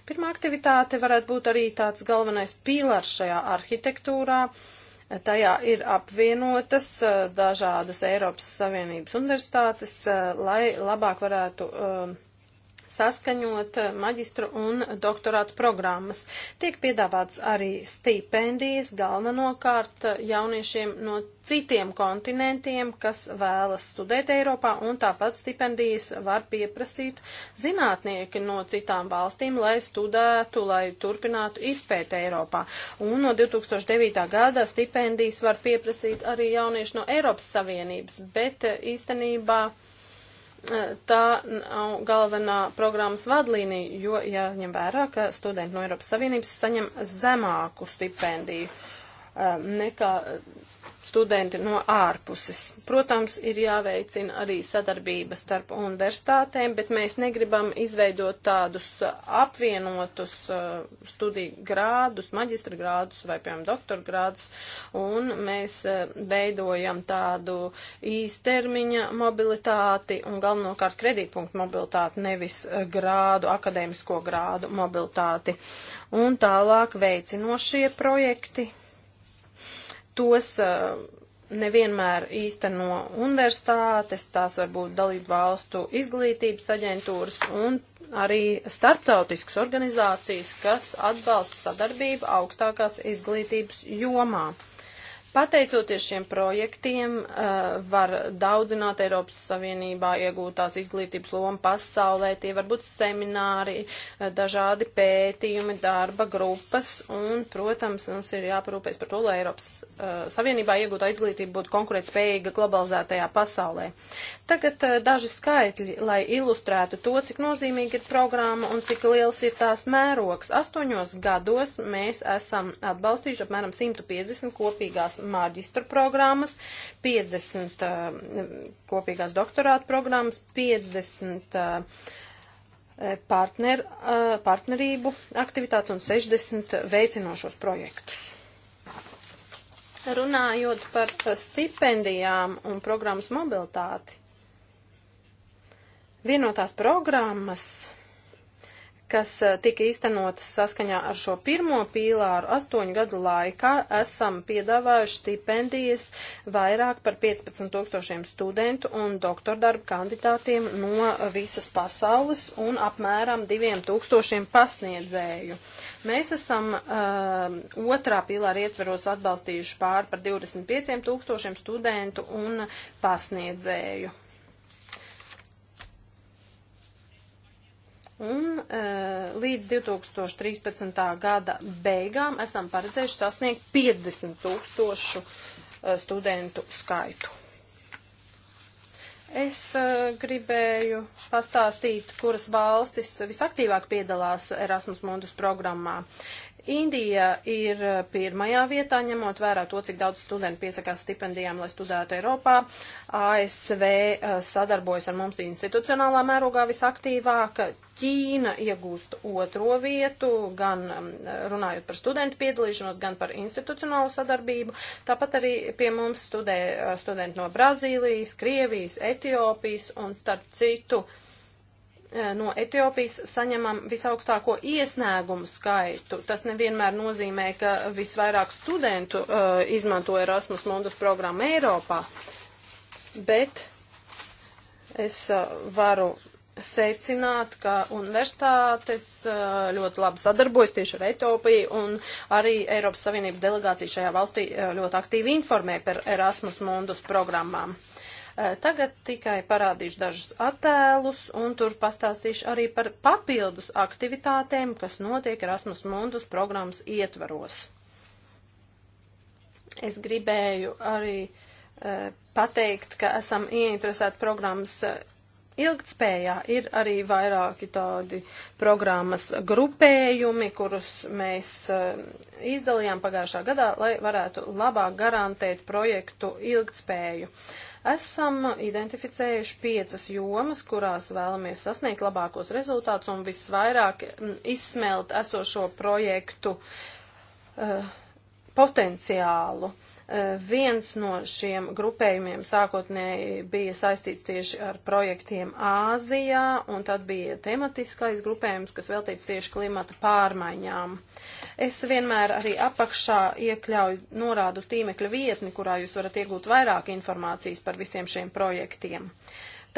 Pirmā aktivitāte varētu būt arī tāds galvenais pīlārs šajā arhitektūrā. Uh, Tajā ir apvienotas dažādas Eiropas Savienības universitātes, lai labāk varētu uh, saskaņot maģistru un doktorātu programmas. Tiek piedāvāts arī stipendijas galvenokārt jauniešiem no citiem kontinentiem, kas vēlas studēt Eiropā, un tāpat stipendijas var pieprasīt zinātnieki no citām valstīm, lai studētu, lai turpinātu izpēt Eiropā. Un no 2009. gada stipendijas var pieprasīt arī jaunieši no Eiropas Savienības, bet īstenībā tā nav galvenā programmas vadlīnija, jo jāņem vērā, ka studenti no Eiropas Savienības saņem zemāku stipendiju. Uh, Um, nekā studenti no ārpuses. Protams, ir jāveicina arī sadarbība starp universitātēm, bet mēs negribam izveidot tādus uh, apvienotus uh, studiju grādus, maģistra grādus vai, piemēram, doktora grādus, un mēs uh, veidojam tādu īstermiņa mobilitāti un galvenokārt kredītpunktu mobilitāti, nevis grādu, akadēmisko grādu mobilitāti. Un tālāk veicinošie projekti tos nevienmēr īsteno universitātes, tās varbūt dalību valstu izglītības aģentūras un arī starptautiskas organizācijas, kas atbalsta sadarbību augstākās izglītības jomā. Pateicoties šiem projektiem, eh, var daudzināt Eiropas Savienībā iegūtās izglītības lomu pasaulē. Tie var būt semināri, eh, dažādi pētījumi, darba grupas. Un, protams, mums ir jāparūpēs par to, lai Eiropas eh, Savienībā iegūtā izglītība būtu konkurētspējīga globalizētajā pasaulē. Tagad daži skaitļi, lai ilustrētu to, cik nozīmīga ir programma un cik liels ir tās mērogs. Astoņos gados mēs esam atbalstījuši apmēram 150 kopīgās maģistra programmas, 50 uh, kopīgās doktorāta programmas, 50 uh, partner, uh, partnerību aktivitātes un 60 veicinošos projektus. Runājot par uh, stipendijām un programmas mobilitāti, vienotās programmas kas eh, tika īstenotas saskaņā ar šo pirmo pīlāru, astoņu gadu laikā esam piedāvājuši stipendijas vairāk par 15 tūkstošiem studentu un doktordarbu kandidātiem no visas pasaules un apmēram 2000 pasniedzēju. Mēs esam uh, otrā pīlāra ietveros atbalstījuši pār par 25 tūkstošiem studentu un pasniedzēju. Un e, līdz 2013. gada beigām esam paredzējuši sasniegt 50 tūkstošu e, studentu skaitu. Es e, gribēju pastāstīt, kuras valstis visaktīvāk piedalās Erasmus Mundus programmā. Indija ir eh, pirmajā vietā, ņemot vērā to, cik daudz studentu piesakās stipendijām, lai studētu Eiropā. ASV eh, sadarbojas ar mums institucionālā mērogā visaktīvāk. Ķīna iegūst otro vietu, gan mm, runājot par studentu piedalīšanos, gan par institucionālu sadarbību. Tāpat arī pie mums studē eh, studenti no Brazīlijas, Krievijas, Etiopijas un starp citu. Uh, Eh, no Etiopijas saņemam visaugstāko iesnēgumu skaitu. Tas nevienmēr nozīmē, ka visvairāk studentu uh, izmanto Erasmus Mundus programmu Eiropā, bet es uh, varu secināt, ka universitātes uh, ļoti labi sadarbojas tieši ar Etiopiju un arī Eiropas Savienības delegācija šajā valstī ļoti aktīvi informē par Erasmus Mundus programmām. Eh, tagad tikai parādīšu dažus attēlus un tur pastāstīšu arī par papildus aktivitātēm, kas notiek Erasmus Mundus programmas ietvaros. Es gribēju arī eh, pateikt, ka esam ieinteresēti programmas eh, Ilgtspējā ir arī vairāki tādi programmas grupējumi, kurus mēs izdalījām pagājušā gadā, lai varētu labāk garantēt projektu ilgtspēju. Esam identificējuši piecas jomas, kurās vēlamies sasniegt labākos rezultātus un visvairāk mm, izsmelt esošo projektu uh, potenciālu. Uh, Eh, viens no šiem grupējumiem sākotnēji bija saistīts tieši ar projektiem Āzijā, un tad bija tematiskais grupējums, kas veltīts tieši klimata pārmaiņām. Es vienmēr arī apakšā iekļauju norādu tīmekļa vietni, kurā jūs varat iegūt vairāk informācijas par visiem šiem projektiem.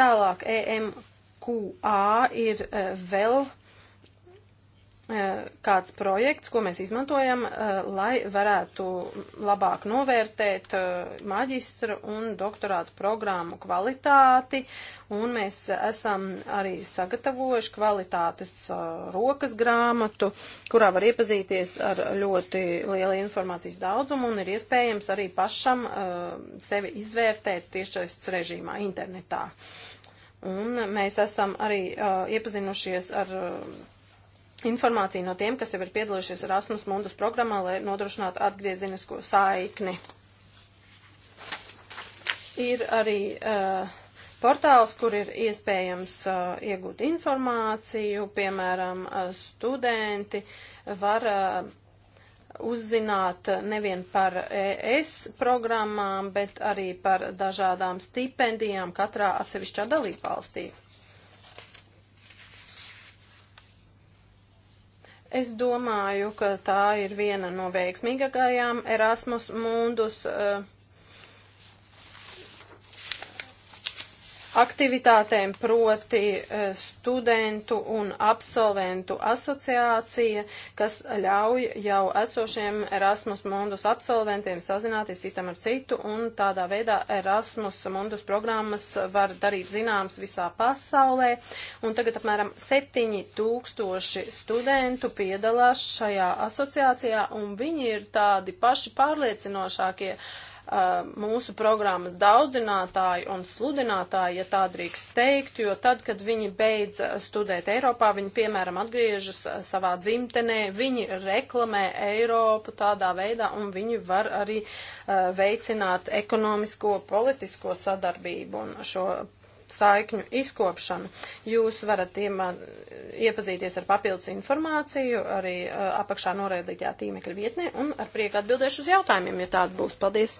Tālāk EMQA ir eh, vēl Eh, kāds projekts, ko mēs izmantojam, eh, lai varētu labāk novērtēt eh, maģistra un doktorātu programmu kvalitāti, un mēs esam arī sagatavojuši kvalitātes rokas grāmatu, kurā var iepazīties ar ļoti lielu informācijas daudzumu, un ir iespējams arī pašam sevi izvērtēt tiešais režīmā internetā. Un mēs esam arī uh, iepazinušies ar uh, informāciju no tiem, kas jau ir piedalījušies Erasmus Mundus programmā, lai nodrošinātu atgriezinisko saikni. Ir arī uh, portāls, kur ir iespējams uh, iegūt informāciju, piemēram, uh, studenti var uh, uzzināt nevien par ES programmām, bet arī par dažādām stipendijām katrā atsevišķā dalībvalstī. valstī. Es domāju, ka tā ir viena no veiksmīgākajām Erasmus mundus. Uh, aktivitātēm, proti eh, studentu un absolventu asociācija, kas ļauj jau esošiem Erasmus Mundus absolventiem sazināties citam ar citu, un tādā veidā Erasmus Mundus programmas var darīt zināms visā pasaulē. Un tagad apmēram 7000 studentu piedalās šajā asociācijā, un viņi ir tādi paši pārliecinošākie. Uh, mūsu programmas daudzinātāji un sludinātāji, ja tā drīkst teikt, jo tad, kad viņi beidz studēt Eiropā, viņi, piemēram, atgriežas savā dzimtenē, viņi reklamē Eiropu tādā veidā un viņi var arī uh, veicināt ekonomisko, politisko sadarbību un šo saikņu izkopšanu. Jūs varat ieman, iepazīties ar papildus informāciju arī apakšā norēdīgajā tīmekļa vietnē un ar prieku atbildēšu uz jautājumiem, ja tāda būs. Paldies!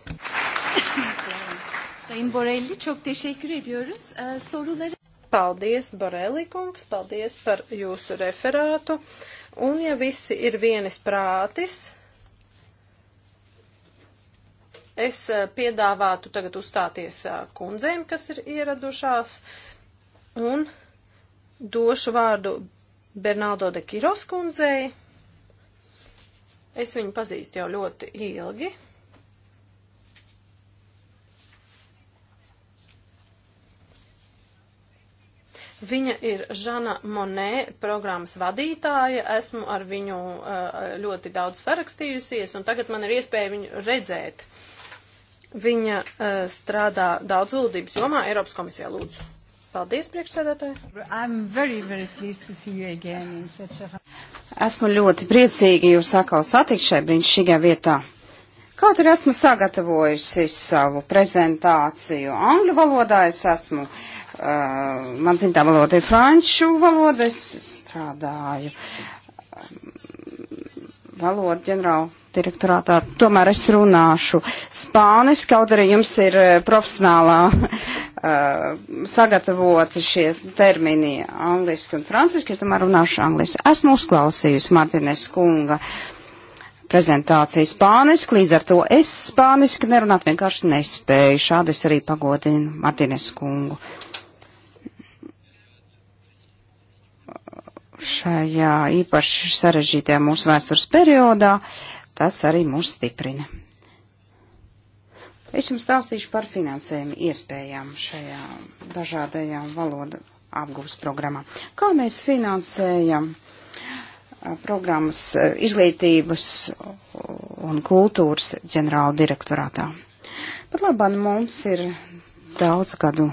Sayın Borelli çok teşekkür ediyoruz. Ee, soruları... Paldies, Borelli kungs, paldies par jūsu referātu. Un ja visi ir vienis prātis, Es eh, piedāvātu tagad uzstāties eh, kundzēm, kas ir ieradušās, un došu vārdu Bernaldo de Kiros kundzei. Es viņu pazīstu jau ļoti ilgi. Viņa ir Žana Monē, programmas vadītāja. Esmu ar viņu eh, ļoti daudz sarakstījusies, un tagad man ir iespēja viņu redzēt. Uh, Viņa uh, strādā daudz valdības jomā Eiropas komisijā lūdzu. Paldies, priekšsēdētāji. Esmu ļoti priecīgi jūs atkal satikt šai brīnišķīgā vietā. Kaut arī esmu sagatavojusi savu prezentāciju angļu valodā, es esmu, uh, man dzimtā valoda ir franču valoda, es strādāju um, ehm, valodu ģenerālu direktorātā. Tomēr es runāšu spāniski, kaut arī jums ir eh, profesionālā uh, sagatavoti šie termini angliski un franciski, tomēr runāšu angliski. Esmu uzklausījusi Martines kunga prezentāciju spāniski, līdz ar to es spāniski nerunāt vienkārši nespēju. Šādi es arī pagodinu Martines kungu. šajā īpaši sarežģītajā mūsu vēstures periodā. Uh, Tas arī mūs stiprina. Es jums stāstīšu par finansējumu iespējām šajā dažādajā valoda apgūves programmā. Kā mēs finansējam programmas izglītības un kultūras ģenerāla direktorātā? Pat labāk mums ir daudz gadu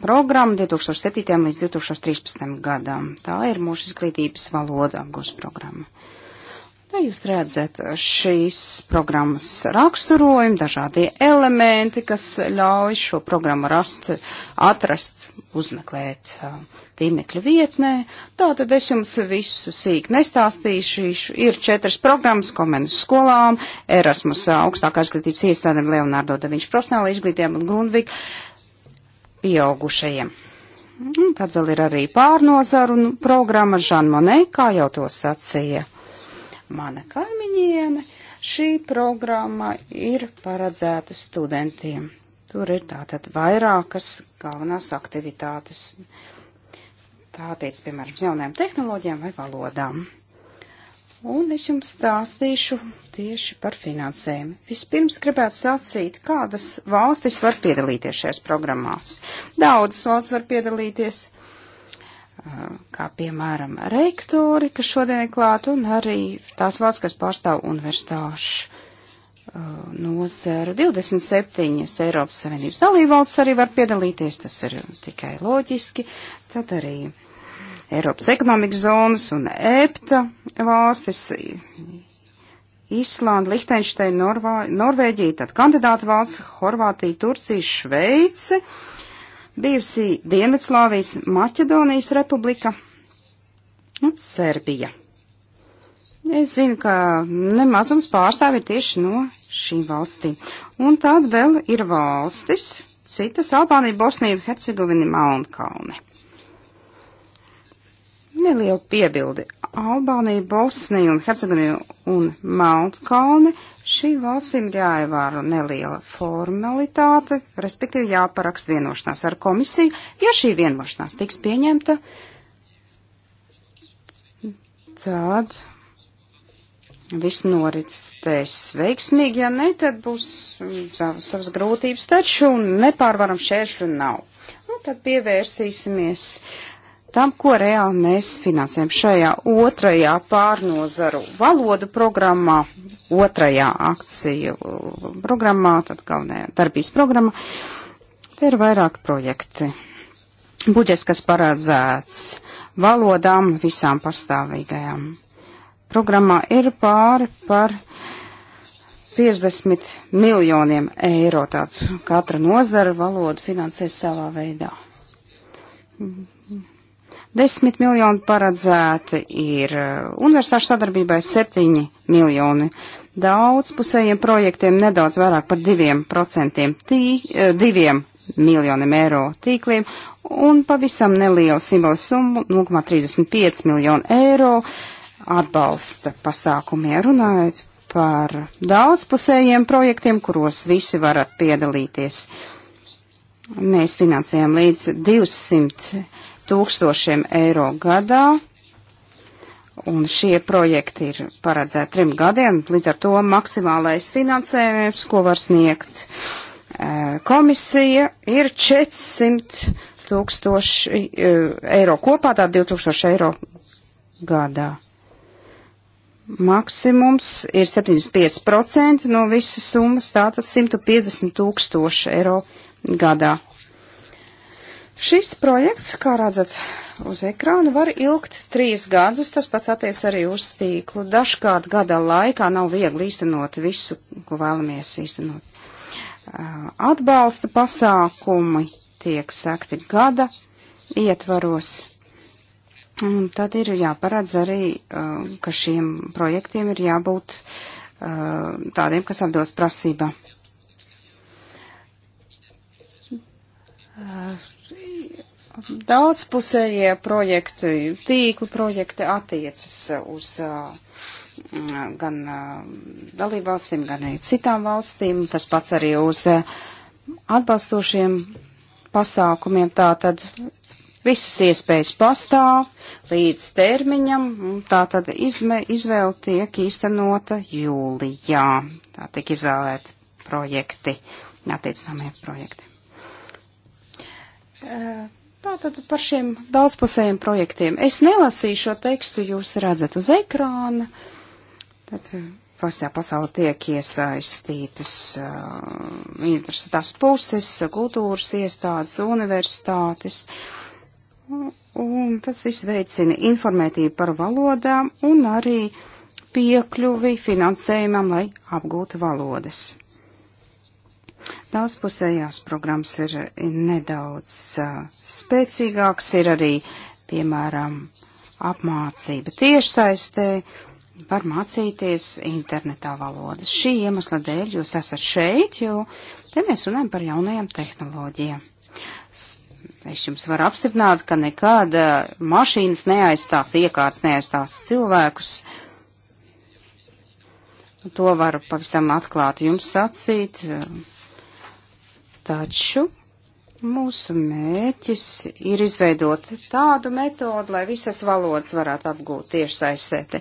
programmu 2007. līdz 2013. gadam. Tā ir mūsu izglītības valoda apgūst programma. Tā jūs redzat šīs programmas raksturojumu, dažādie elementi, kas ļauj šo programmu rast, atrast, uzmeklēt tīmekļa vietnē. Tātad es jums visu sīk nestāstīšu. Ir četras programmas komendus skolām, Erasmus augstākā izglītības iestādēm Leonardo da Vinča profesionāla izglītībām un Grundvika pieaugušajiem. Un tad vēl ir arī pārnozaru nu, programma Žan Monē, kā jau to sacīja mana kaimiņiene. Šī programma ir paredzēta studentiem. Tur ir tātad vairākas galvenās aktivitātes. Tā tiec, piemēram, jaunajām tehnoloģijām vai valodām un es jums stāstīšu tieši par finansējumu. Vispirms gribētu sacīt, kādas valstis var piedalīties šajās programmās. Daudzas valsts var piedalīties, kā piemēram rektori, kas šodien ir klāt, un arī tās valsts, kas pārstāv universitāšu nozaru. 27 Eiropas Savienības dalībvalsts arī var piedalīties, tas ir tikai loģiski. Tad arī Eiropas ekonomikas zonas un EPTA valstis, Islanda, Lihtenšteina, Norvā, Norvēģija, tad kandidāta valsts, Horvātija, Turcija, Šveice, bijusi Dienvidslāvijas Maķedonijas republika un Serbija. Es zinu, ka nemazums pārstāvi ir tieši no šīm valstīm. Un tad vēl ir valstis, citas Albānija, Bosnija, Hercegovina, Melnkalne. Neliela piebildi. Albānija, Bosnija un Hercegovina un Melnkalne šī valstīm ir jāievēro neliela formalitāte, respektīvi jāparakst vienošanās ar komisiju. Ja šī vienošanās tiks pieņemta, tad viss noritēs veiksmīgi, ja ne, tad būs mm, savas, savas grūtības, taču nepārvaram šķēršļu nav. Nu, tad pievērsīsimies tam, ko reāli mēs finansējam šajā otrajā pārnozaru valodu programmā, otrajā akciju programmā, tad galvenajā darbības programmā. Te ir vairāk projekti. Budžets, kas paredzēts valodām visām pastāvīgajām. Programmā ir pāri par 50 miljoniem eiro. Tātad katra nozara valodu finansēs savā veidā 10 miljoni paredzēti ir uh, universitāšu sadarbībai 7 miljoni. Daudzpusējiem projektiem nedaudz vairāk par 2%, tī, 2 uh, miljoniem eiro tīkliem un pavisam nelielu simbolu summu 0,35 miljonu eiro atbalsta pasākumiem runājot par daudzpusējiem projektiem, kuros visi varat piedalīties. Mēs finansējam līdz 200 tūkstošiem eiro gadā. Un šie projekti ir paredzēti trim gadiem, līdz ar to maksimālais finansējums, ko var sniegt eh, komisija, ir 400 tūkstoši eh, eiro kopā, tā 2000 eiro gadā. Maksimums ir 75% no visas summas, tātad 150 tūkstoši eiro gadā. Šis projekts, kā redzat uz ekrāna, var ilgt trīs gadus, tas pats attiec arī uz tīklu. Dažkārt gada laikā nav viegli īstenot visu, ko vēlamies īstenot. Atbalsta pasākumi tiek sekti gada ietvaros. Un tad ir jāparedz arī, ka šiem projektiem ir jābūt tādiem, kas atbilst prasībā. Daudzpusējie projekti, tīklu projekti attiecas uz uh, gan uh, dalībvalstīm, gan arī citām valstīm. Tas pats arī uz uh, atbalstošiem pasākumiem. Tātad visas iespējas pastāv līdz termiņam, tātad izme, izvēle tiek īstenota jūlijā. Tā tiek izvēlēti projekti, attiecināmie projekti. Uh, Tātad par šiem daudzpusējiem projektiem. Es nelasīju šo tekstu, jūs redzat uz ekrāna. Tad visā pasaulē tiek iesaistītas uh, interesantās puses, kultūras iestādes, universitātes. Un, un tas viss veicina informētību par valodām un arī piekļuvi finansējumam, lai apgūtu valodas. Daudzpusējās programmas ir nedaudz uh, spēcīgākas, ir arī, piemēram, apmācība tiešsaistē, var mācīties internetā valodas. Šī iemesla dēļ jūs esat šeit, jo te mēs runājam par jaunajām tehnoloģijām. Es jums varu apstiprināt, ka nekāda mašīnas neaizstās, iekārts neaizstās cilvēkus. To varu pavisam atklāti jums sacīt. Uh, Taču mūsu mērķis ir izveidot tādu metodu, lai visas valodas varētu apgūt tieši saistēti.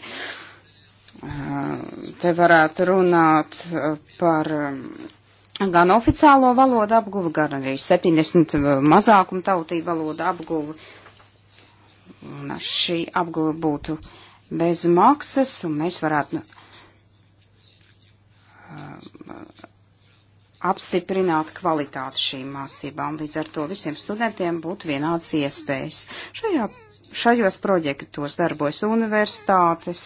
Te varētu runāt par gan oficiālo valodu apguvu, gan arī 70 mazākumu tautību valodu apguvu. Un šī apguva būtu bez maksas, un mēs varētu apstiprināt kvalitāti šīm mācībām. Līdz ar to visiem studentiem būtu vienādas iespējas. Šajā, šajos projektos darbojas universitātes,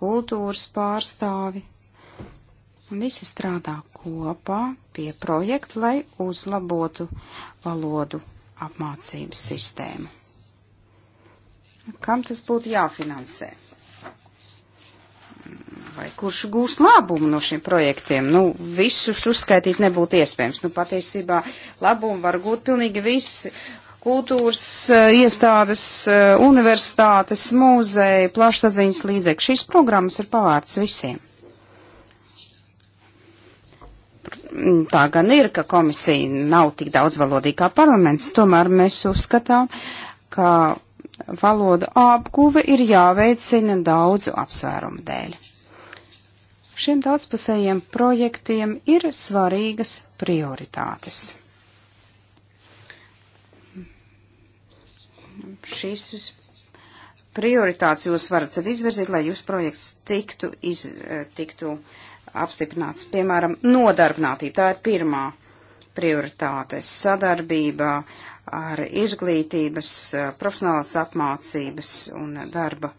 kultūras pārstāvi. Visi strādā kopā pie projekta, lai uzlabotu valodu apmācības sistēmu. Kam tas būtu jāfinansē? vai kurš gūs labumu no šiem projektiem. Nu, visus uzskaitīt nebūtu iespējams. Nu, patiesībā labumu var gūt pilnīgi visi kultūras eh, iestādes, eh, universitātes, mūzeji, plašsaziņas līdzekļi. Šīs programmas ir pavērts visiem. Tā gan ir, ka komisija nav tik daudz valodīga kā parlaments, tomēr mēs uzskatām, ka valodu apguve ir jāveicina daudzu apsvērumu dēļ. Šiem daudzpusējiem projektiem ir svarīgas prioritātes. Šīs prioritātes jūs varat sev izvirzīt, lai jūsu projekts tiktu, iz, eh, tiktu apstiprināts. Piemēram, nodarbinātība. Tā ir pirmā prioritāte. Sadarbība ar izglītības, eh, profesionālās apmācības un darba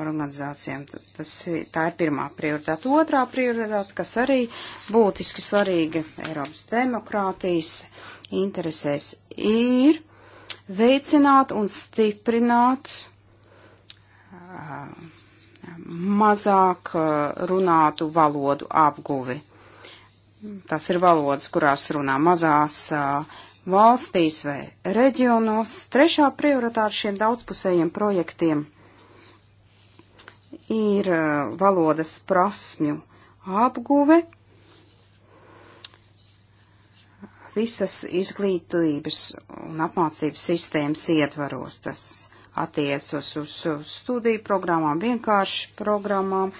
organizācijām. Tas, tā ir pirmā prioritāte. Otrā prioritāte, kas arī būtiski svarīga Eiropas demokrātijas interesēs, ir veicināt un stiprināt uh, mazāk uh, runātu valodu apguvi. Tas ir valodas, kurās runā mazās uh, valstīs vai reģionos. Trešā prioritāte šiem daudzpusējiem projektiem ir uh, valodas prasmju apguve, visas izglītības un apmācības sistēmas ietvaros. Tas attiecas uz, uz studiju programmām, vienkārši programmām.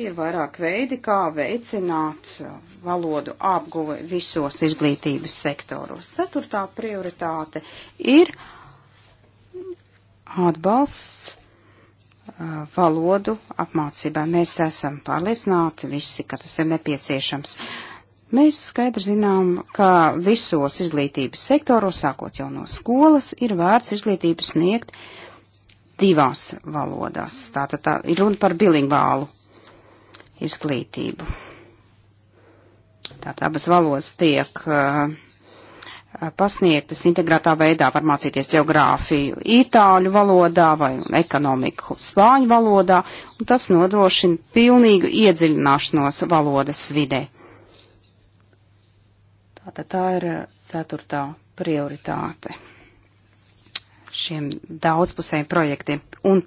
Ir vairāk veidi, kā veicināt uh, valodu apguvi visos izglītības sektoros. Ceturtā prioritāte ir atbalsts valodu apmācībā. Mēs esam pārliecināti visi, ka tas ir nepieciešams. Mēs skaidri zinām, ka visos izglītības sektoros, sākot jau no skolas, ir vērts izglītību sniegt divās valodās. Tātad tā ir runa par bilingvālu izglītību. Tātad abas valodas tiek uh, pasniegtas integrētā veidā, var mācīties geogrāfiju itāļu valodā vai ekonomiku spāņu valodā, un tas nodrošina pilnīgu iedziļināšanos valodas vidē. Tātad tā ir eh, ceturtā prioritāte šiem daudzpusējiem projektiem. Un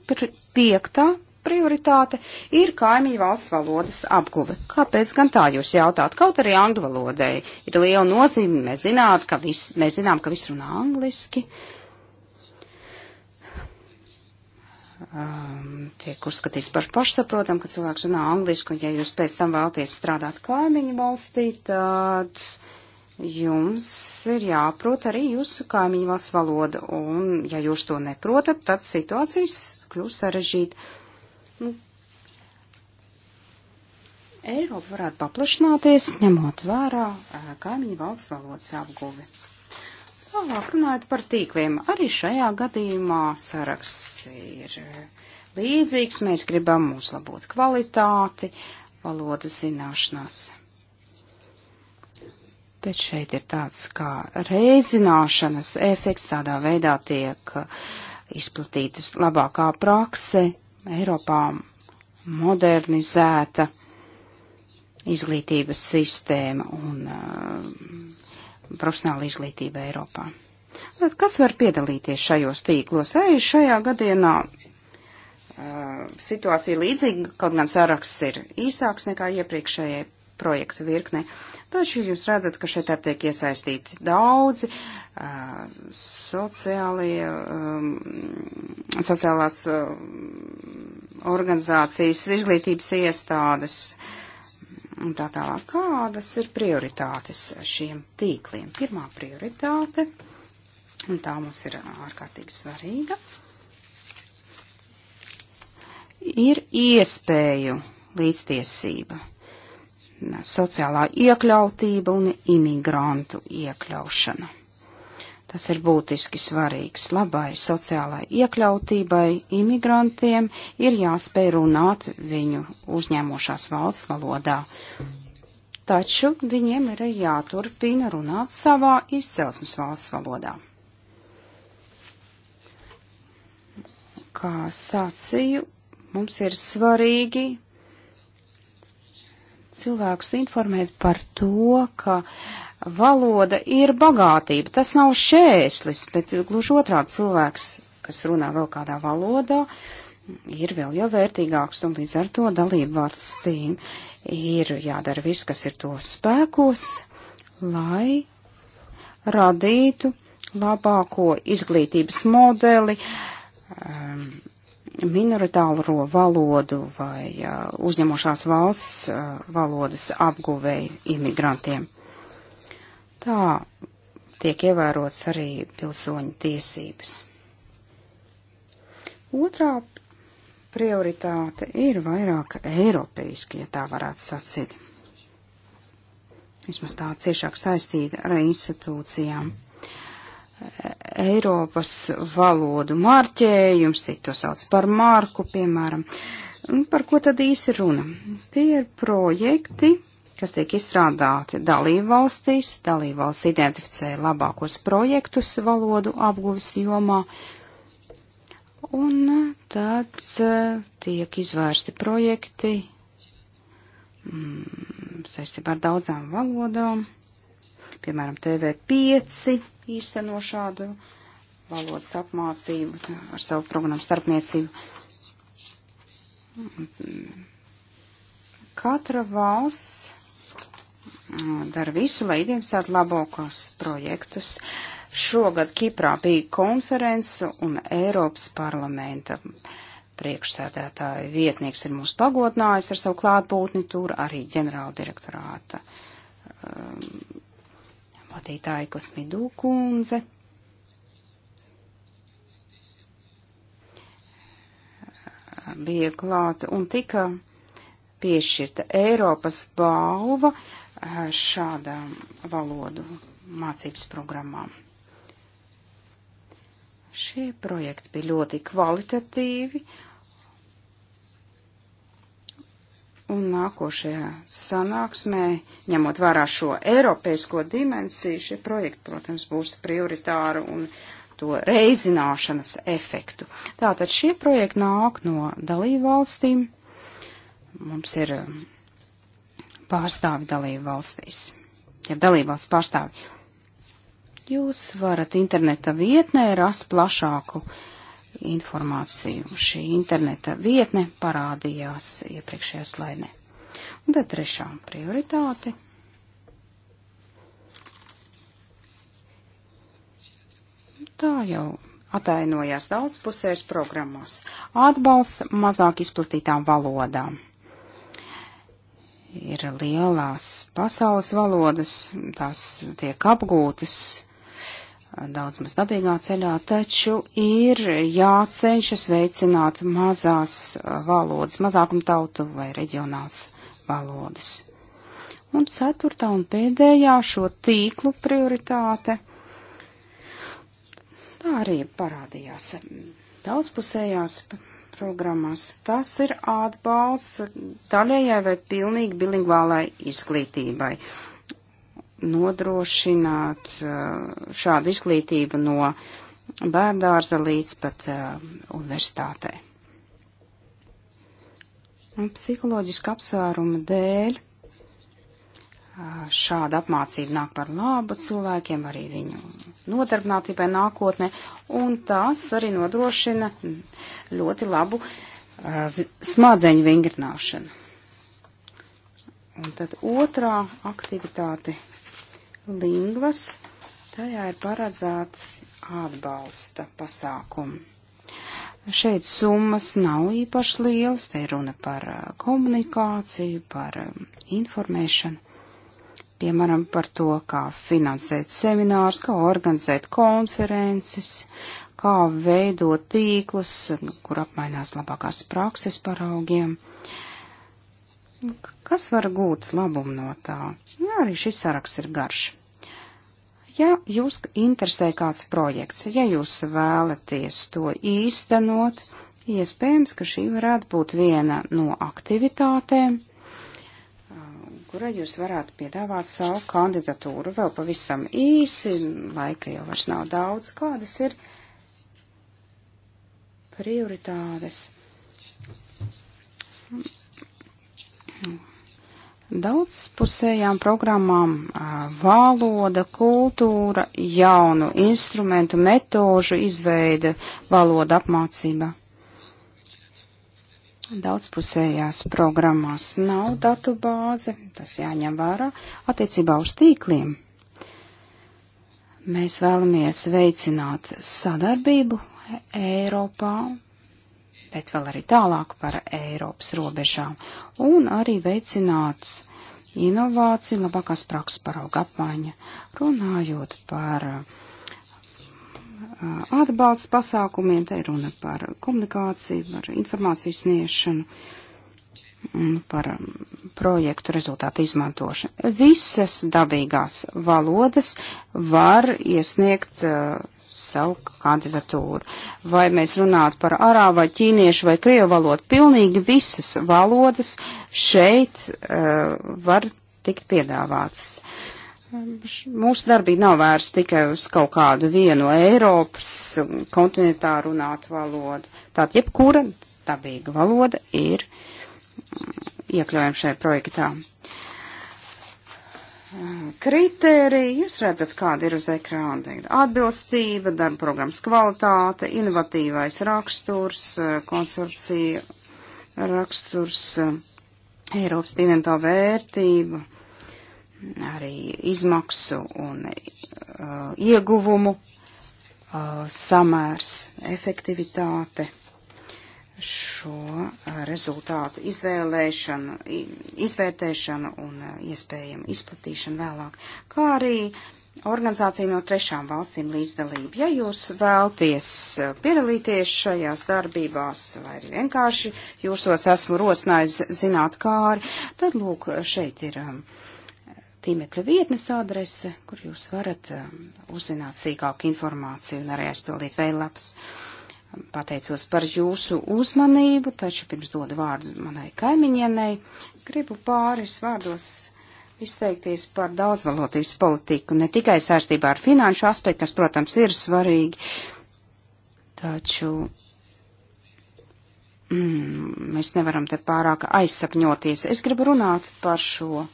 piekta prioritāte ir kaimiņu valsts valodas apguve. Kāpēc gan tā jūs jautāt? Kaut arī angļu valodai ir liela nozīme, mēs, zināt, ka vis, mēs zinām, ka viss runā angliski. Um, tiek uzskatīts par pašsaprotam, ka cilvēks runā angliski, un ja jūs pēc tam vēlties strādāt kaimiņu valstī, tad jums ir jāprot arī jūsu kaimiņu valsts valoda, un ja jūs to neprotat, tad situācijas kļūst sarežģīta. Nu, Eiropa varētu paplašināties, ņemot vērā kaimiņu valsts valodas apguvi. Tālāk runājot par tīkliem, arī šajā gadījumā saraksts ir līdzīgs. Mēs gribam uzlabot kvalitāti, valodas zināšanās. Bet šeit ir tāds kā reizināšanas efekts, tādā veidā tiek izplatītas labākā prakse Eiropā modernizēta izglītības sistēma un uh, profesionāla izglītība Eiropā. Tad kas var piedalīties šajos tīklos? Arī šajā gadienā uh, situācija līdzīga, kaut gan saraksts ir īsāks nekā iepriekšējai projektu virknei. Taču jūs redzat, ka šeit tiek iesaistīti daudzi uh, sociālie, um, sociālās uh, organizācijas, izglītības iestādes un tā tālāk. Kādas ir prioritātes šiem tīkliem? Pirmā prioritāte, un tā mums ir ārkārtīgi svarīga, ir iespēju līdztiesība sociālā iekļautība un imigrantu iekļaušana. Tas ir būtiski svarīgs. Labai sociālai iekļautībai imigrantiem ir jāspēj runāt viņu uzņēmošās valsts valodā. Taču viņiem ir jāturpina runāt savā izcelsmes valsts valodā. Kā sācīju, mums ir svarīgi cilvēkus informēt par to, ka valoda ir bagātība. Tas nav šēslis, bet gluži otrādi cilvēks, kas runā vēl kādā valodā, ir vēl jau vērtīgāks un līdz ar to dalību valstīm ir jādara viss, kas ir to spēkos, lai radītu labāko izglītības modeli, um, minoritāro valodu vai uzņemošās valsts valodas apguvēju imigrantiem. Tā tiek ievērots arī pilsoņu tiesības. Otrā prioritāte ir vairāk eiropeiski, ja tā varētu sacīt. Vismaz tā ciešāk saistīta ar institūcijām. Mm. Eiropas valodu marķējums, cik to sauc par marku, piemēram. Un par ko tad īsti runa? Tie ir projekti, kas tiek izstrādāti dalībvalstīs. Dalībvalsts identificē labākos projektus valodu apguvis jomā. Un tad eh, tiek izvērsti projekti mm, saistībā ar daudzām valodām, piemēram, TV5 īsteno šādu valodas apmācību ar savu programmu starpniecību. Katra valsts mm, dara visu, lai identificētu labākos projektus. Šogad Kiprā bija konference un Eiropas parlamenta priekšsēdētāja vietnieks ir mūs pagodinājis ar savu klātbūtni tur arī ģenerāla direktorāta um, vadītāja Kosmidū kundze. bija klāta un tika piešķirta Eiropas balva eh, šādām valodu mācības programmām. Šie projekti bija ļoti kvalitatīvi Un nākošajā sanāksmē, ņemot vērā šo eiropeisko dimensiju, šie projekti, protams, būs prioritāri un to reizināšanas efektu. Tātad šie projekti nāk no dalību valstīm. Mums ir um, pārstāvi dalību valstīs, ja dalību valsts pārstāvi. Jūs varat interneta vietnē rast plašāku uh, informāciju. Šī interneta vietne parādījās iepriekšējā slaidnē. Un tad trešā prioritāte. Tā jau atainojās daudzpusēs programmās. Atbalsts mazāk izplatītām valodām. Ir lielās pasaules valodas, tās tiek apgūtas daudz maz dabīgā ceļā, taču ir jāceņšas veicināt mazās uh, valodas, mazākuma tautu vai reģionāls valodas. Un ceturtā un pēdējā šo tīklu prioritāte. Tā arī parādījās daudzpusējās programmās. Tas ir atbalsts daļējai vai pilnīgi bilingvālai izglītībai nodrošināt eh, šādu izglītību no bērndārza līdz pat eh, universitātē. Psiholoģiska apsvēruma dēļ eh, šāda apmācība nāk par labu cilvēkiem, arī viņu nodarbinātībai nākotnē, un tās arī nodrošina ļoti labu uh, smadzeņu vingrināšanu. Un tad otrā aktivitāte, lingvas, tajā ir paredzēts atbalsta pasākumi. Šeit summas nav īpaši lielas, te ir runa par uh, komunikāciju, par um, informēšanu, piemēram, par to, kā finansēt seminārus, kā organizēt konferences, kā veidot tīklus, nu, kur apmainās labākās prakses paraugiem. Kas var gūt labumu no tā? Un arī šis saraksts ir garš. Ja jūs interesē kāds projekts, ja jūs vēlaties to īstenot, iespējams, ka šī varētu būt viena no aktivitātēm, kurai jūs varētu piedāvāt savu kandidatūru vēl pavisam īsi, laika jau vairs nav daudz, kādas ir prioritātes daudzpusējām programmām valoda, kultūra, jaunu instrumentu, metožu izveida valoda apmācība. Daudzpusējās programmās nav datu bāze, tas jāņem vērā attiecībā uz tīkliem. Mēs vēlamies veicināt sadarbību Eiropā bet vēl arī tālāk par Eiropas robežām, un arī veicināt inovāciju, labākās prakses parauga apmaiņa, runājot par atbalsta pasākumiem, te ir runa par komunikāciju, par informācijas sniešanu, par projektu rezultātu izmantošanu. Visas dabīgās valodas var iesniegt uh, savu kandidatūru. Vai mēs runātu par arābu vai ķīniešu vai krievu valodu, pilnīgi visas valodas šeit uh, var tikt piedāvātas. Mūsu darbība nav vērsta tikai uz kaut kādu vienu Eiropas kontinentā runātu valodu. Tātad jebkura dabīga valoda ir mm, iekļaujama šajā projektā kritēriji, jūs redzat, kāda ir uz ekrāna. Atbilstība, darba programmas kvalitāte, inovatīvais raksturs, eh, konsorcija raksturs, eh, Eiropas pievienotā vērtība, arī izmaksu un uh, ieguvumu uh, samērs, efektivitāte šo rezultātu izvēlēšanu, izvērtēšanu un iespējamu izplatīšanu vēlāk, kā arī organizācija no trešām valstīm līdzdalību. Ja jūs vēlties piedalīties šajās darbībās, vai arī vienkārši jūsos esmu rosinājis zināt kāri, tad lūk, šeit ir tīmekļa vietnes adrese, kur jūs varat uzzināt sīkāku informāciju un arī aizpildīt vēlapas. lapas. Pateicos par jūsu uzmanību, taču pirms dodu vārdu manai kaimiņienei, gribu pāris vārdos izteikties par daudzvalotības politiku, ne tikai saistībā ar finanšu aspektu, kas, protams, ir svarīgi, taču mm, mēs nevaram te pārāk aizsapņoties. Es gribu runāt par šo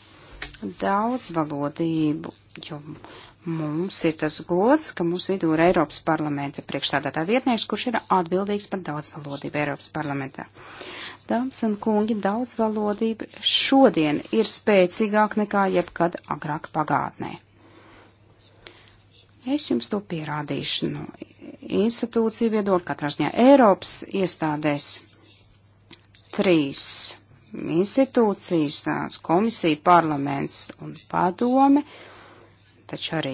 daudzvalodību, jo Mums ir tas gods, ka mūsu vidū ir Eiropas parlamenta priekšstādātā vietnieks, kurš ir atbildīgs par daudzvalodību Eiropas parlamentā. Dāmas un kungi, daudzvalodība šodien ir spēcīgāk nekā jebkad agrāk pagātnē. Es jums to pierādīšu no institūciju viedokļa, katrā ziņā Eiropas iestādēs trīs institūcijas, komisija, parlaments un padome taču arī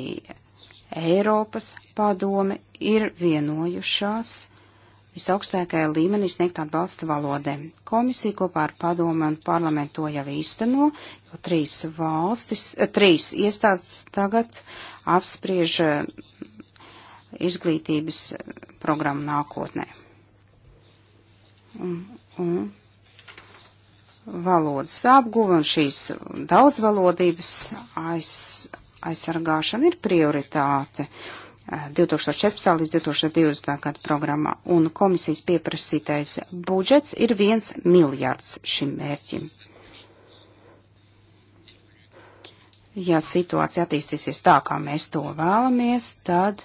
Eiropas padome ir vienojušās visaugstākajā līmenī sniegt atbalsta valodē. Komisija kopā ar padomu un parlamentu to jau īsteno, jo trīs valstis, eh, trīs iestādes tagad apspriež eh, izglītības eh, programmu nākotnē. Un, un valodas apguva un šīs daudzvalodības aiz, aizsargāšana ir prioritāte 2014. Eh, līdz 2020. gada programmā, un komisijas pieprasītais budžets ir viens miljards šim mērķim. Ja situācija attīstīsies tā, kā mēs to vēlamies, tad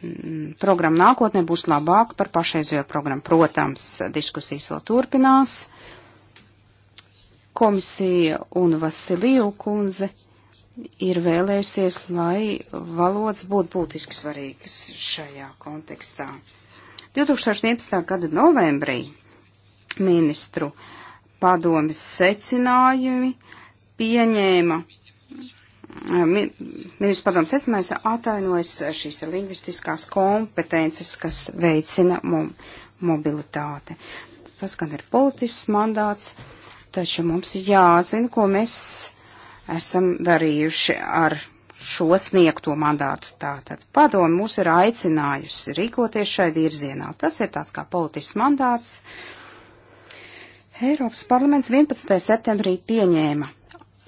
mm, programma nākotnē būs labāka par pašreizējo programmu. Protams, diskusijas vēl turpinās. Komisija un Vasiliju kundze ir vēlējusies, lai valodas būtu būtiski svarīgas šajā kontekstā. 2011. gada novembrī ministru padomis secinājumi pieņēma, eh, mi, ministru padomis secinājums atainojas šīs lingvistiskās kompetences, kas veicina mom, mobilitāti. Tas gan ir politisks mandāts, taču mums jāzina, ko mēs esam darījuši ar šo sniegto mandātu. Tātad padomi mūs ir aicinājusi rīkoties šai virzienā. Tas ir tāds kā politisks mandāts. Eiropas parlaments 11. septembrī pieņēma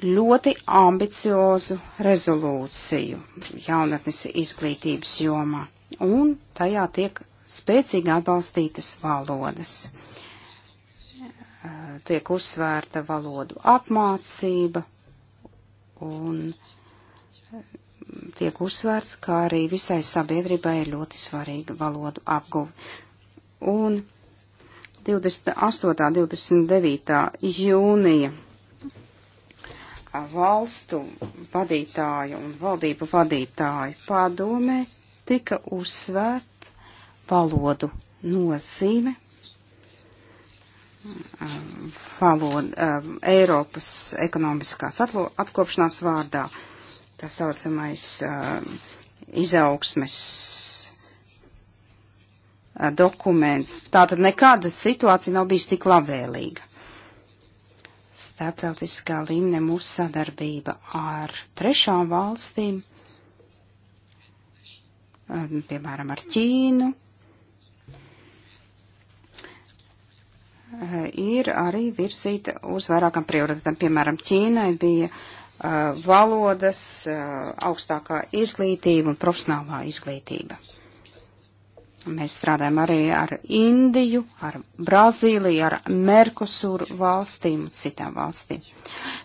ļoti ambiciozu rezolūciju jaunatnes izglītības jomā, un tajā tiek spēcīgi atbalstītas valodas. Tiek uzsvērta valodu apmācība, un mm, tiek uzsvērts, kā arī visai sabiedrībai ir ļoti svarīga valodu apguve. Un 28. 29. jūnija valstu vadītāju un valdību vadītāju padomē tika uzsvērt valodu nozīme valoda, um, Eiropas ekonomiskās atkopšanās vārdā, tā saucamais um, izaugsmes uh, dokuments. Tātad nekāda situācija nav bijusi tik labvēlīga. Starptautiskā līmenī mūsu sadarbība ar trešām valstīm, um, piemēram, ar Ķīnu, Eh, ir arī virzīta uz vairākam prioritātam. Piemēram, Ķīnai bija eh, valodas, eh, augstākā izglītība un profesionālā izglītība. Mēs strādājam arī ar Indiju, ar Brazīliju, ar Merkusuru valstīm un citām valstīm.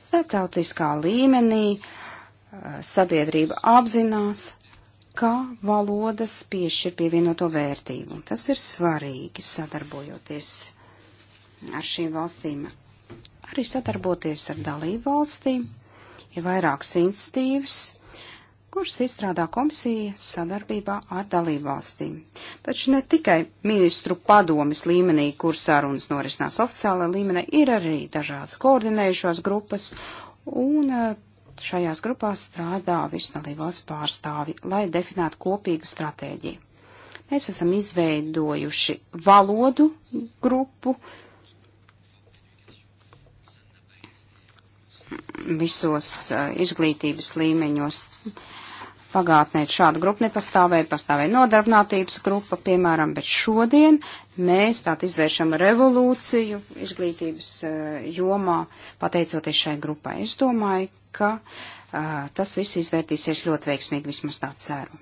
Starptautiskā līmenī sabiedrība apzinās, ka valodas piešķir pievienoto vērtību, un tas ir svarīgi sadarbojoties ar šīm valstīm arī sadarboties ar dalību valstīm. Ir vairākas institīvas, kuras izstrādā komisija sadarbībā ar dalību valstīm. Taču ne tikai ministru padomis līmenī, kur sarunas norisinās oficiālā līmenī, ir arī dažās koordinējušās grupas, un eh, šajās grupās strādā visu dalību valsts pārstāvi, lai definētu kopīgu stratēģiju. Mēs esam izveidojuši valodu grupu, visos izglītības līmeņos. Pagātnē šāda grupa nepastāvēja, pastāvēja nodarbinātības grupa, piemēram, bet šodien mēs tātad izvēršam revolūciju izglītības jomā, pateicoties šai grupai. Es domāju, ka uh, tas viss izvērtīsies ļoti veiksmīgi, vismaz tā ceru.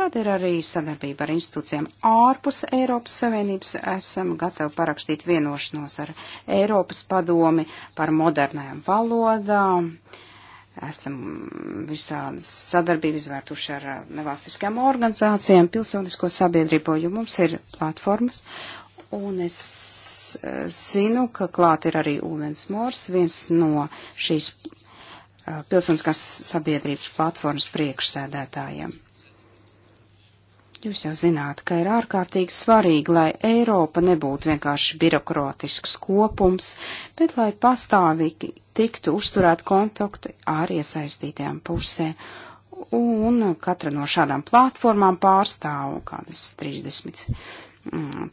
Tad ir arī sadarbība ar institūcijām ārpus Eiropas Savienības. Esam gatavi parakstīt vienošanos ar Eiropas padomi par modernajām valodām. Esam visādas sadarbības vērtuši ar uh, nevalstiskajām organizācijām, pilsonisko sabiedrību, jo mums ir platformas. Un es uh, zinu, ka klāt ir arī Ūvens Mors, viens no šīs uh, pilsoniskās sabiedrības platformas priekšsēdētājiem. Jūs jau zināt, ka ir ārkārtīgi svarīgi, lai Eiropa nebūtu vienkārši birokrātisks kopums, bet lai pastāvīgi tiktu uzturēt kontakti ar iesaistītajām pusēm. Un katra no šādām platformām pārstāv kādas 30,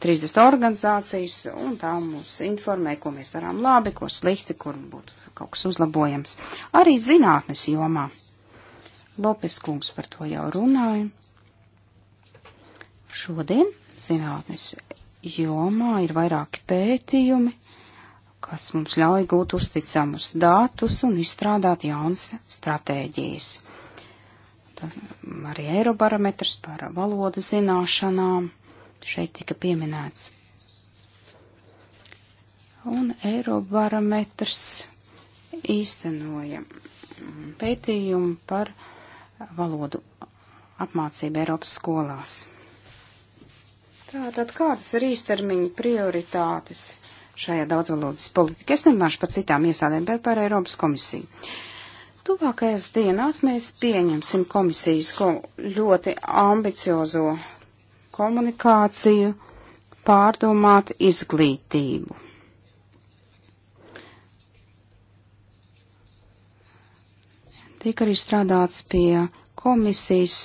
30 mm, organizācijas, un tā mums informē, ko mēs darām labi, ko slikti, kur būtu kaut kas uzlabojams. Arī zinātnes jomā. Lopes kungs par to jau runāja Šodien zinātnes jomā ir vairāki pētījumi, kas mums ļauj gūt uzticamus datus un izstrādāt jaunas stratēģijas. Tad arī Eirobarometrs par valodu zināšanām šeit tika pieminēts. Un Eirobarometrs īstenoja pētījumu par valodu apmācību Eiropas skolās. Tātad kādas ir īstermiņa prioritātes šajā daudzvalodas politikā? Es nemāšu par citām iestādēm, bet par Eiropas komisiju. Tuvākajās dienās mēs pieņemsim komisijas ko ļoti ambiciozo komunikāciju, pārdomāt izglītību. Tiek arī strādāts pie komisijas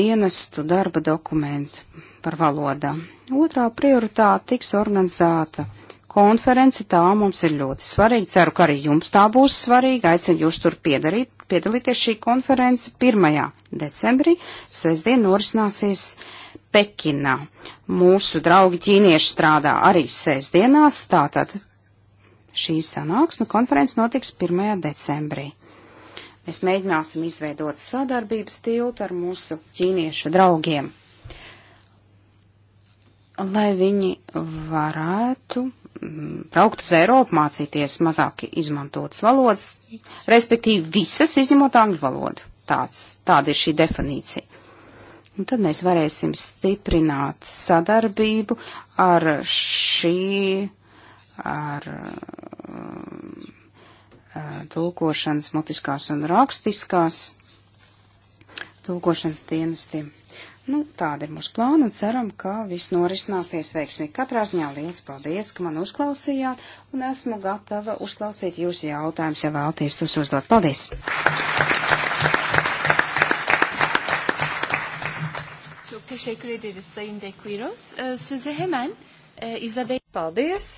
dienestu darba dokumentu par valodām. Otrā prioritāte tiks organizēta konference, tā mums ir ļoti svarīga. Ceru, ka arī jums tā būs svarīga. Aicinu jūs tur piedarīt, piedalīties šī konference 1. decembrī. Sestdien norisināsies Pekinā. Mūsu draugi ķīnieši strādā arī sestdienās, tātad šī sanāksme konference notiks 1. decembrī. Mēs mēģināsim izveidot sadarbības tiltu ar mūsu ķīniešu draugiem lai viņi varētu mm, braukt uz Eiropu, mācīties mazāk izmantotas valodas, respektīvi visas izņemot angļu valodu. Tāds, tāda ir šī definīcija. Un tad mēs varēsim stiprināt sadarbību ar šī, ar um, tulkošanas mutiskās un rakstiskās tulkošanas dienestiem. Nu, tāda ir mūsu plāna un ceram, ka viss norisināsies veiksmīgi. Katrā ziņā liels paldies, ka man uzklausījāt un esmu gatava uzklausīt jūsu jautājumus, ja vēlties tos uzdot. Paldies! Çok teşekkür ederiz Sayın De Quiros. Sözü hemen e, Izabel. Paldies.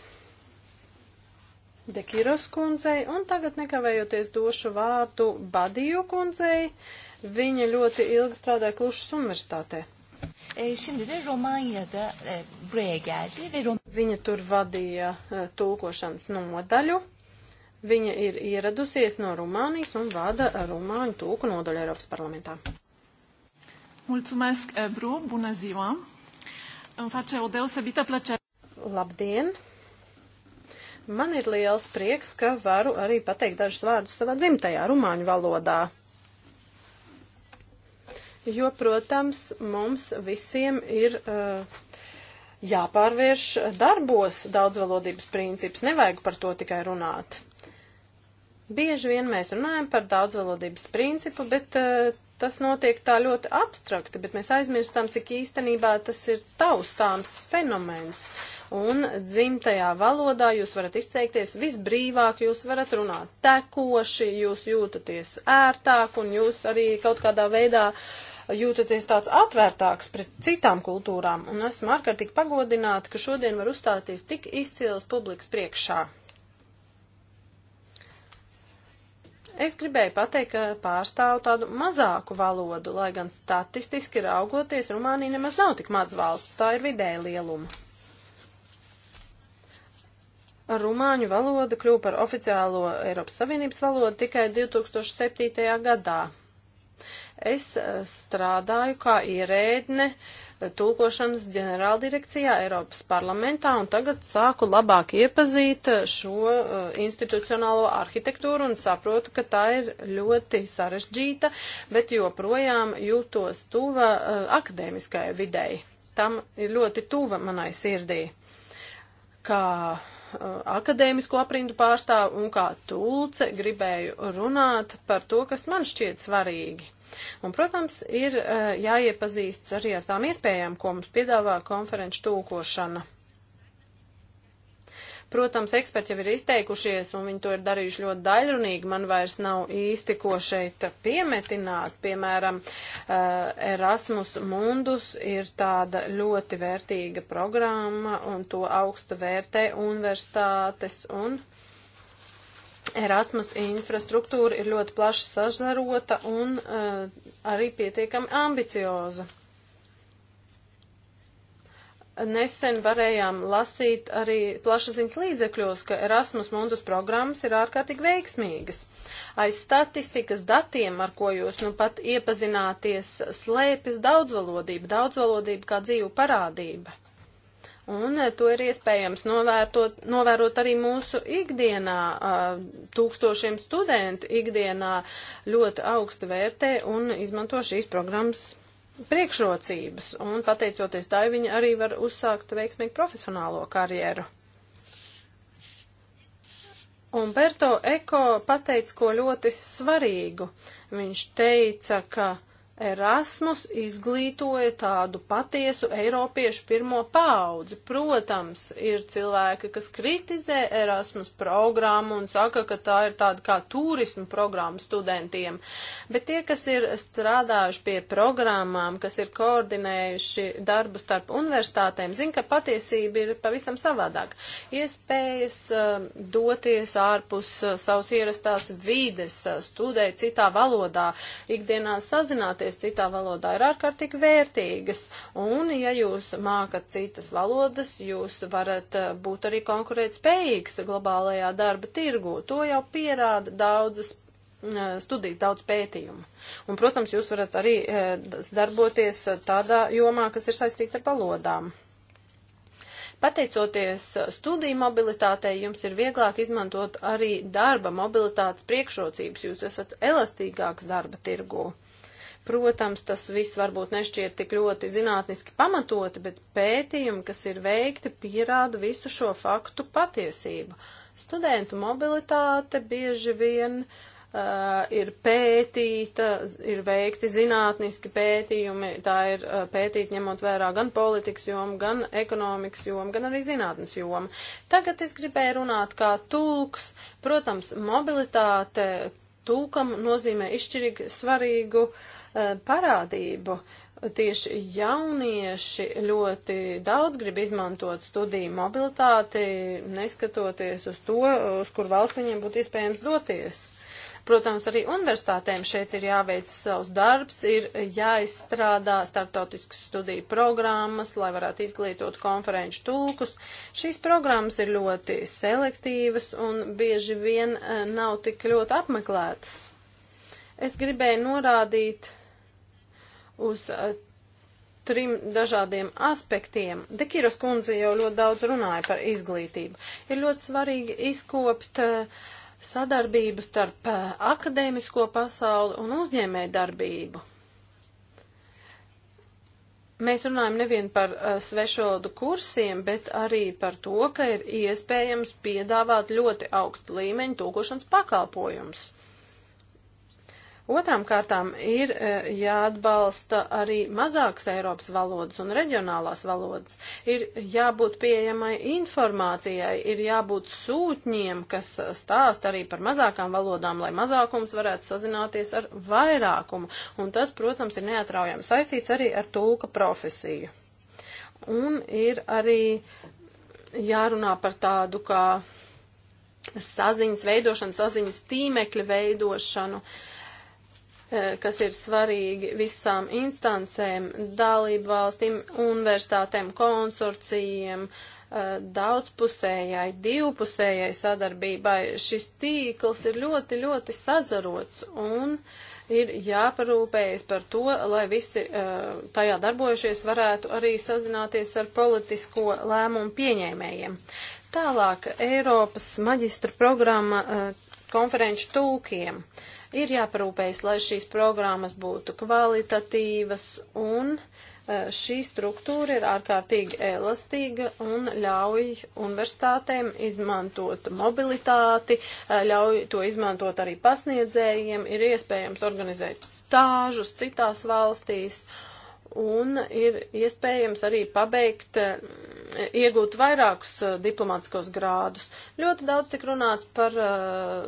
Dekiros kundzei, un tagad nekavējoties došu vārdu Badiju kundzei, Viņa ļoti ilgi strādāja Klušas universitātē. E, şimdi de Romanya'da e, buraya geldi ve Rom Viņa tur vadīja e, tulkošanas nodaļu. Viņa ir ieradusies no Rumānijas un vada e, Rumāņu tulku nodaļu Eiropas parlamentā. Mulțumesc, Ebru, bună ziua! Îmi face o deosebită plăcere. Labdien! Man ir liels prieks, ka varu arī pateikt dažus vārdus savā dzimtajā rumāņu valodā jo, protams, mums visiem ir uh, jāpārvērš darbos daudzvalodības princips, nevajag par to tikai runāt. Bieži vien mēs runājam par daudzvalodības principu, bet uh, tas notiek tā ļoti abstrakti, bet mēs aizmirstam, cik īstenībā tas ir taustāms fenomens. Un dzimtajā valodā jūs varat izteikties visbrīvāk, jūs varat runāt tekoši, jūs jūtaties ērtāk un jūs arī kaut kādā veidā uh, jūtaties tāds atvērtāks pret citām kultūrām, un esmu ārkārtīgi pagodināta, ka šodien var uzstāties tik izcils publikas priekšā. Es gribēju pateikt, ka pārstāvu tādu mazāku valodu, lai gan statistiski raugoties, Rumānija nemaz nav tik maz valsts, tā ir vidēja lieluma. Rumāņu valoda kļūpa par oficiālo Eiropas Savienības valodu tikai 2007. gadā. Es eh, strādāju kā ierēdne eh, tūkošanas ģenerāldirekcijā Eiropas parlamentā un tagad sāku labāk iepazīt eh, šo institucionālo arhitektūru un saprotu, ka tā ir ļoti sarežģīta, bet joprojām jūtos tuva akadēmiskai videi. Tam ir ļoti tuva manai sirdī. Kā akadēmisko aprindu pārstāvu un kā tulce gribēju runāt par to, kas man šķiet svarīgi. Un, protams, ir eh, jāiepazīstas arī ar tām iespējām, ko mums piedāvā konferenču tūkošana. Protams, eksperti jau ir izteikušies, un viņi to ir darījuši ļoti daļrunīgi. Man vairs nav īsti ko šeit piemetināt. Piemēram, eh, Erasmus Mundus ir tāda ļoti vērtīga programma, un to augstu vērtē universitātes un Erasmus infrastruktūra ir ļoti plaši sažarota un uh, arī pietiekami ambicioza. Nesen varējām lasīt arī plašsaziņas līdzekļos, ka Erasmus Mundus programmas ir ārkārtīgi veiksmīgas. Aiz statistikas datiem, ar ko jūs nu pat iepazināties, slēpjas daudzvalodība, daudzvalodība kā dzīvu parādība. Un eh, to ir iespējams novērtot, novērot arī mūsu ikdienā. Eh, tūkstošiem studentu ikdienā ļoti augstu vērtē un izmanto šīs programmas priekšrocības. Un pateicoties tai, viņi arī var uzsākt veiksmīgu profesionālo karjeru. Umberto Eko pateica ko ļoti svarīgu. Viņš teica, ka Erasmus izglītoja tādu patiesu eiropiešu pirmo paudzi. Protams, ir cilvēki, kas kritizē Erasmus programmu un saka, ka tā ir tāda kā turismu programma studentiem, bet tie, kas ir strādājuši pie programmām, kas ir koordinējuši darbu starp universitātēm, zina, ka patiesība ir pavisam savādāk. Iespējas uh, doties ārpus uh, savas ierastās vides, uh, studēt citā valodā, ikdienā sazināties, mācīties citā valodā, ir ārkārtīgi vērtīgas. Un, ja jūs mākat citas valodas, jūs varat eh, būt arī konkurēt spējīgs globālajā darba tirgu. To jau pierāda daudzas eh, studijas, daudz pētījumu. Un, protams, jūs varat arī eh, darboties tādā jomā, kas ir saistīta ar valodām. Pateicoties studiju mobilitātei, jums ir vieglāk izmantot arī darba mobilitātes priekšrocības, jūs esat elastīgāks darba tirgū. Protams, tas viss varbūt nešķiet tik ļoti zinātniski pamatoti, bet pētījumi, kas ir veikti, pierāda visu šo faktu patiesību. Studentu mobilitāte bieži vien uh, ir pētīta, ir veikti zinātniski pētījumi, tā ir uh, pētīta ņemot vērā gan politikas jomu, gan ekonomikas jomu, gan arī zinātnes jomu. Tagad es gribēju runāt kā tulks. Protams, mobilitāte tulkam nozīmē izšķirīgi svarīgu uh, Uh, parādību. Tieši jaunieši ļoti daudz grib izmantot studiju mobilitāti, neskatoties uz to, uz kur valsts viņiem būtu iespējams doties. Protams, arī universitātēm šeit ir jāveic savs darbs, ir jāizstrādā startautiskas studiju programmas, lai varētu izglītot konferenču tulkus. Šīs programmas ir ļoti selektīvas un bieži vien eh, nav tik ļoti apmeklētas. Es gribēju norādīt uz uh, trim dažādiem aspektiem. Dekiros kundze jau ļoti daudz runāja par izglītību. Ir ļoti svarīgi izkopt uh, sadarbību starp uh, akadēmisko pasauli un uzņēmē darbību. Mēs runājam nevien par uh, svešodu kursiem, bet arī par to, ka ir iespējams piedāvāt ļoti augstu līmeņu tūkošanas pakalpojumus. Otām kārtām ir e, jāatbalsta arī mazākas Eiropas valodas un reģionālās valodas. Ir jābūt pieejamai informācijai, ir jābūt sūtņiem, kas stāst arī par mazākām valodām, lai mazākums varētu sazināties ar vairākumu. Un tas, protams, ir neatraujami saistīts arī ar tulka profesiju. Un ir arī jārunā par tādu kā saziņas veidošanu, saziņas tīmekļa veidošanu. Uh, Eh, kas ir svarīgi visām instancēm, dalību valstīm, universitātēm, konsorcijiem, eh, daudzpusējai, divpusējai sadarbībai. Šis tīkls ir ļoti, ļoti sazarots un ir jāparūpējas par to, lai visi eh, tajā darbojušies varētu arī sazināties ar politisko lēmumu pieņēmējiem. Tālāk Eiropas maģistra programma konferenču tūkiem. Uh, Ir jāparūpējas, lai šīs programmas būtu kvalitatīvas un e, šī struktūra ir ārkārtīgi elastīga un ļauj universitātēm izmantot mobilitāti, e, ļauj to izmantot arī pasniedzējiem, ir iespējams organizēt stāžus citās valstīs. Uh, un ir iespējams arī pabeigt, eh, iegūt vairākus eh, diplomātiskos grādus. Ļoti daudz tik runāts par uh,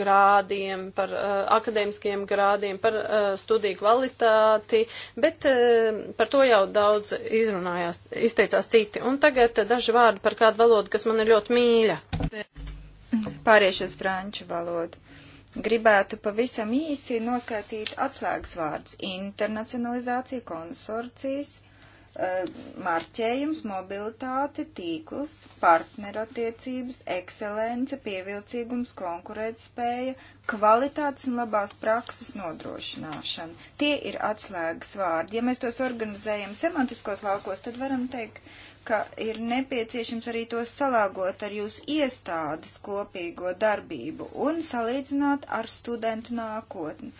grādiem, par uh, akadēmiskiem grādiem, par uh, studiju kvalitāti, bet uh, par to jau daudz izrunājās, izteicās citi. Un tagad daži vārdi par kādu valodu, kas man ir ļoti mīļa. Pāriešu uz franču valodu. Gribētu pavisam īsi noskaitīt atslēgas vārdus - internacionalizācija, konsorcijas, eh, marķējums, mobilitāte, tīkls, partnerattiecības, ekscelence, pievilcīgums, konkurētspēja, kvalitātes un labās prakses nodrošināšana. Tie ir atslēgas vārdi. Ja mēs tos organizējam semantiskos laukos, tad varam teikt, ka ir nepieciešams arī to salāgot ar jūsu iestādes kopīgo darbību un salīdzināt ar studentu nākotni.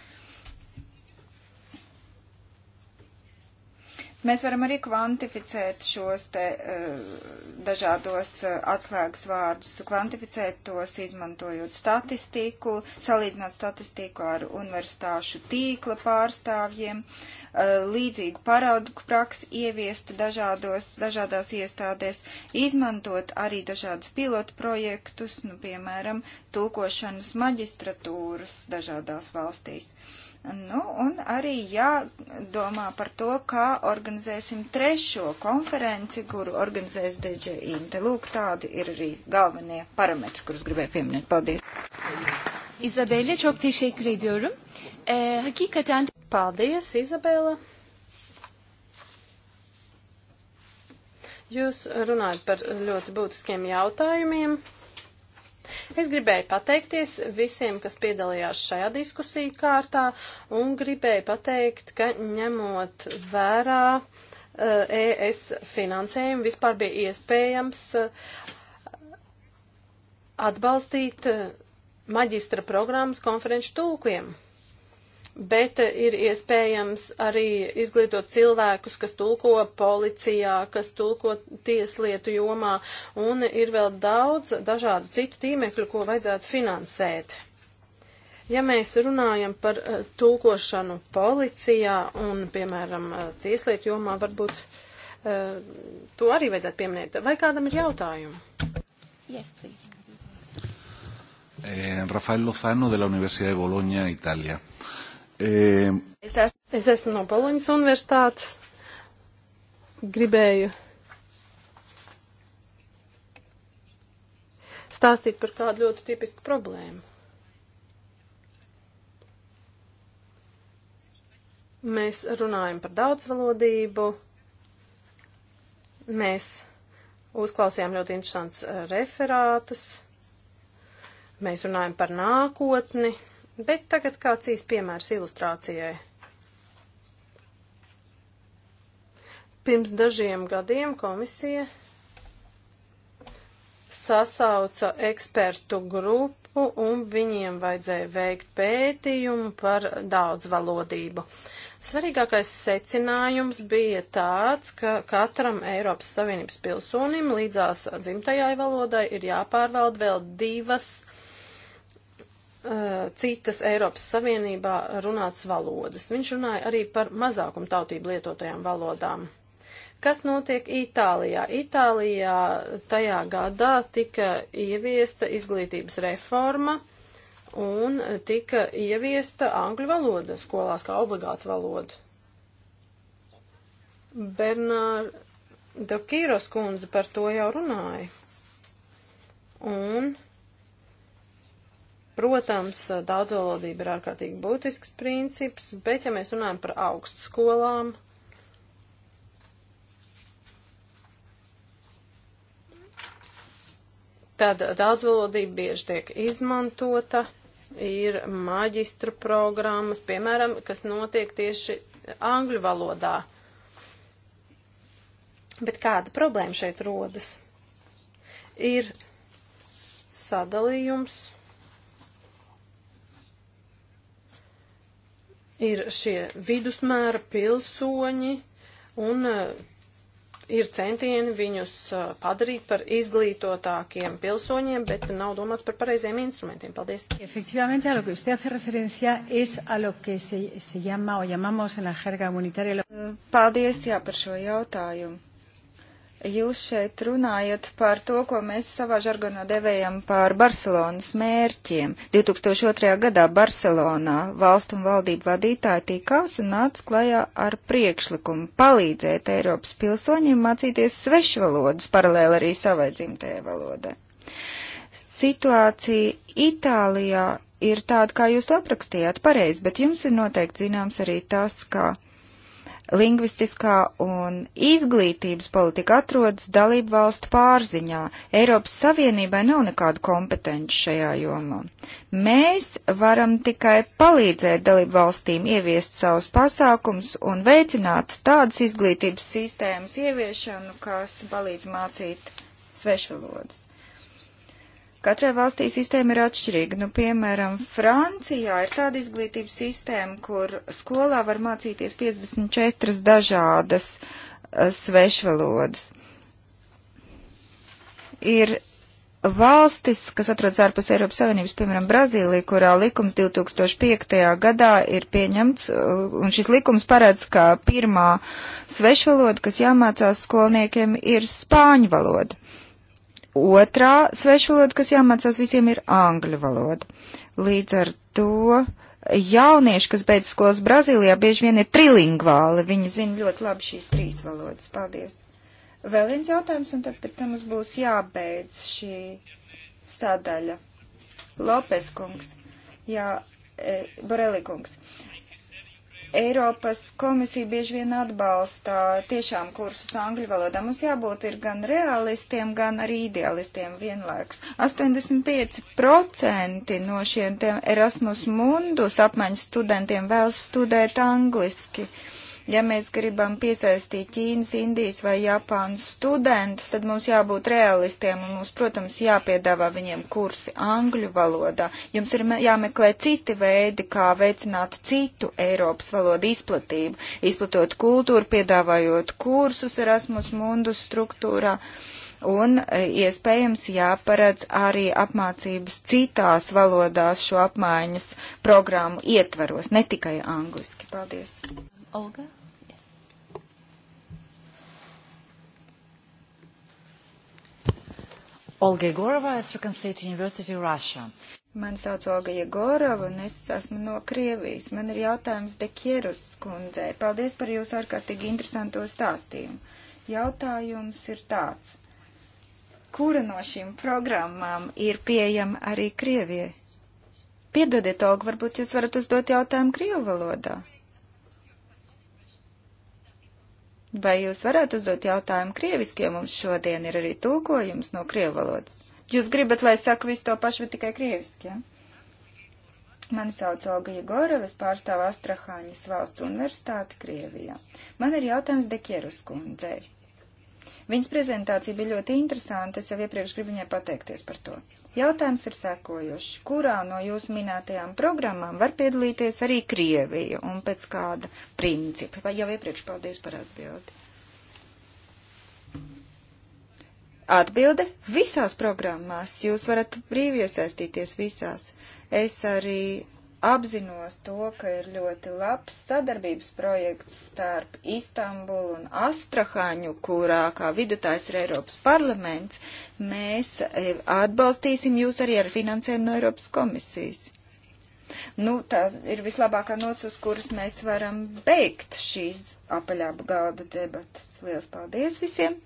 Mēs varam arī kvantificēt šos te uh, dažādos uh, atslēgas vārdus, kvantificēt tos, izmantojot statistiku, salīdzināt statistiku ar universitāšu tīkla pārstāvjiem, Eh, līdzīgu paraudu praksi ieviest dažādos, dažādās iestādēs, izmantot arī dažādus pilotu projektus, nu, piemēram, tulkošanas maģistratūras dažādās valstīs. Nu, un arī jādomā par to, kā organizēsim trešo konferenci, kuru organizēs DJ Inte. Lūk, tādi ir arī galvenie parametri, kurus gribēju pieminēt. Paldies! İzabelle çok teşekkür ediyorum. Ee, eh, hakikaten Paldies, Izabela! Jūs runājat par ļoti būtiskiem jautājumiem. Es gribēju pateikties visiem, kas piedalījās šajā diskusiju kārtā, un gribēju pateikt, ka ņemot vērā ES eh, e finansējumu, vispār bija iespējams eh, atbalstīt eh, maģistra programmas konferenču tūkiem bet ir iespējams arī izglītot cilvēkus, kas tulko policijā, kas tulko tieslietu jomā, un ir vēl daudz dažādu citu tīmekļu, ko vajadzētu finansēt. Ja mēs runājam par eh, tulkošanu policijā un, piemēram, eh, tieslietu jomā, varbūt uh, to arī vajadzētu pieminēt. Vai kādam ir jautājumi? Yes, please. Eh, Rafael Lozano de la Universidad de Bologna, Italia. E... Es, es, es esmu no Boloņas universitātes. Gribēju stāstīt par kādu ļoti tipisku problēmu. Mēs runājam par daudzvalodību. Mēs uzklausījām ļoti interesants eh, referātus. Mēs runājam par nākotni, Bet tagad kāds īs piemērs ilustrācijai. Pirms dažiem gadiem komisija sasauca ekspertu grupu un viņiem vajadzēja veikt pētījumu par daudzvalodību. Svarīgākais secinājums bija tāds, ka katram Eiropas Savienības pilsonim līdzās dzimtajai valodai ir jāpārvalda vēl divas uh, Eh, citas Eiropas Savienībā runāts valodas. Viņš runāja arī par mazākumtautību lietotajām valodām. Kas notiek Itālijā? Itālijā tajā gadā tika ieviesta izglītības reforma un tika ieviesta angļu valoda skolās kā obligāta valoda. Bernārda Kīros kundze par to jau runāja. Un Protams, daudzvalodība ir ārkārtīgi būtisks princips, bet ja mēs runājam par augstskolām, tad daudzvalodība bieži tiek izmantota, ir maģistru programmas, piemēram, kas notiek tieši angļu valodā. Bet kāda problēma šeit rodas? Ir sadalījums ir šie vidusmēra pilsoņi un eh, ir centieni viņus eh, padarīt par izglītotākiem pilsoņiem, bet nav domāts par pareiziem instrumentiem. Paldies. Efectivamente, a lo que usted hace referencia es a lo que se, se llama o llamamos en la jerga comunitaria. Paldies, jā, par šo jautājumu. Jūs šeit runājat par to, ko mēs savā žargonā devējam par Barcelonas mērķiem. 2002. gadā Barcelonā valstu un valdību vadītāji tikās un nāca klajā ar priekšlikumu palīdzēt Eiropas pilsoņiem mācīties svešvalodas paralēli arī savai dzimtajai valodai. Situācija Itālijā ir tāda, kā jūs to aprakstījāt pareizi, bet jums ir noteikti zināms arī tas, kā Lingvistiskā un izglītības politika atrodas dalību valstu pārziņā. Eiropas Savienībai nav nekādu kompetenci šajā jomā. Mēs varam tikai palīdzēt dalību valstīm ieviest savus pasākums un veicināt tādas izglītības sistēmas ieviešanu, kas palīdz mācīt svešvalodas. Katrai valstī sistēma ir atšķirīga. Nu, piemēram, Francijā ir tāda izglītības sistēma, kur skolā var mācīties 54 dažādas eh, svešvalodas. Ir valstis, kas atrodas ārpus Eiropas Savienības, piemēram, Brazīlija, kurā likums 2005. gadā ir pieņemts, eh, un šis likums paredz, ka pirmā svešvaloda, kas jāmācās skolniekiem, ir spāņu valoda. Otrā svešvaloda, kas jāmācās visiem, ir angļu valoda. Līdz ar to jaunieši, kas beidz skolas Brazīlijā, bieži vien ir trilingvāli. Viņi zina ļoti labi šīs trīs valodas. Paldies! Vēl viens jautājums, un tad pēc tam mums būs jābeidz šī sadaļa. Lopes kungs, jā, e, Boreli kungs. Eiropas komisija bieži vien atbalsta tiešām kursus angļu valodā. Mums jābūt ir gan realistiem, gan arī idealistiem vienlaikus. 85% no šiem Erasmus mundus apmaiņas studentiem vēl studēt angliski. Uh, Ja mēs gribam piesaistīt Ķīnas, Indijas vai Japānas studentus, tad mums jābūt realistiem un mums, protams, jāpiedāvā viņiem kursi angļu valodā. Jums ir jāmeklē citi veidi, kā veicināt citu Eiropas valodu izplatību, izplatot kultūru, piedāvājot kursus Erasmus Mundus struktūrā un e, iespējams jāparedz arī apmācības citās valodās šo apmaiņas programmu ietvaros, ne tikai angliski. Paldies! Olga? Olga Igorova, es from State University, Russia. Man sauc Olga Igorova un es esmu no Krievijas. Man ir jautājums Dekierus kundzei. Paldies par jūsu ārkārtīgi interesanto stāstījumu. Jautājums ir tāds. Kura no šīm programmām ir pieejama arī Krievijai? Piedodiet, Olga, varbūt jūs varat uzdot jautājumu Krievu valodā. Vai jūs varētu uzdot jautājumu krieviski, jo mums šodien ir arī tulkojums no krievu valodas? Jūs gribat, lai es saku visu to pašu, bet tikai krieviski, jā? Ja? Mani sauc Olga Jegorov, es pārstāvu Astrahāņas valsts universitāti Krievijā. Man ir jautājums Dekierus kundzei. Viņas prezentācija bija ļoti interesanta, es jau iepriekš gribu viņai pateikties par to. Jautājums ir sekojošs. Kurā no jūsu minētajām programmām var piedalīties arī Krievija un pēc kāda principa? Vai jau iepriekš paldies par atbildi? Atbilde - visās programmās. Jūs varat brīvi iesaistīties visās. Es arī apzinos to, ka ir ļoti labs sadarbības projekts starp Istanbulu un Astrahāņu, kurā kā vidutājs ir Eiropas parlaments. Mēs eh, atbalstīsim jūs arī ar finansējumu no Eiropas komisijas. Nu, tā ir vislabākā nots, uz kuras mēs varam beigt šīs apaļā galda debatas. Lielas paldies visiem!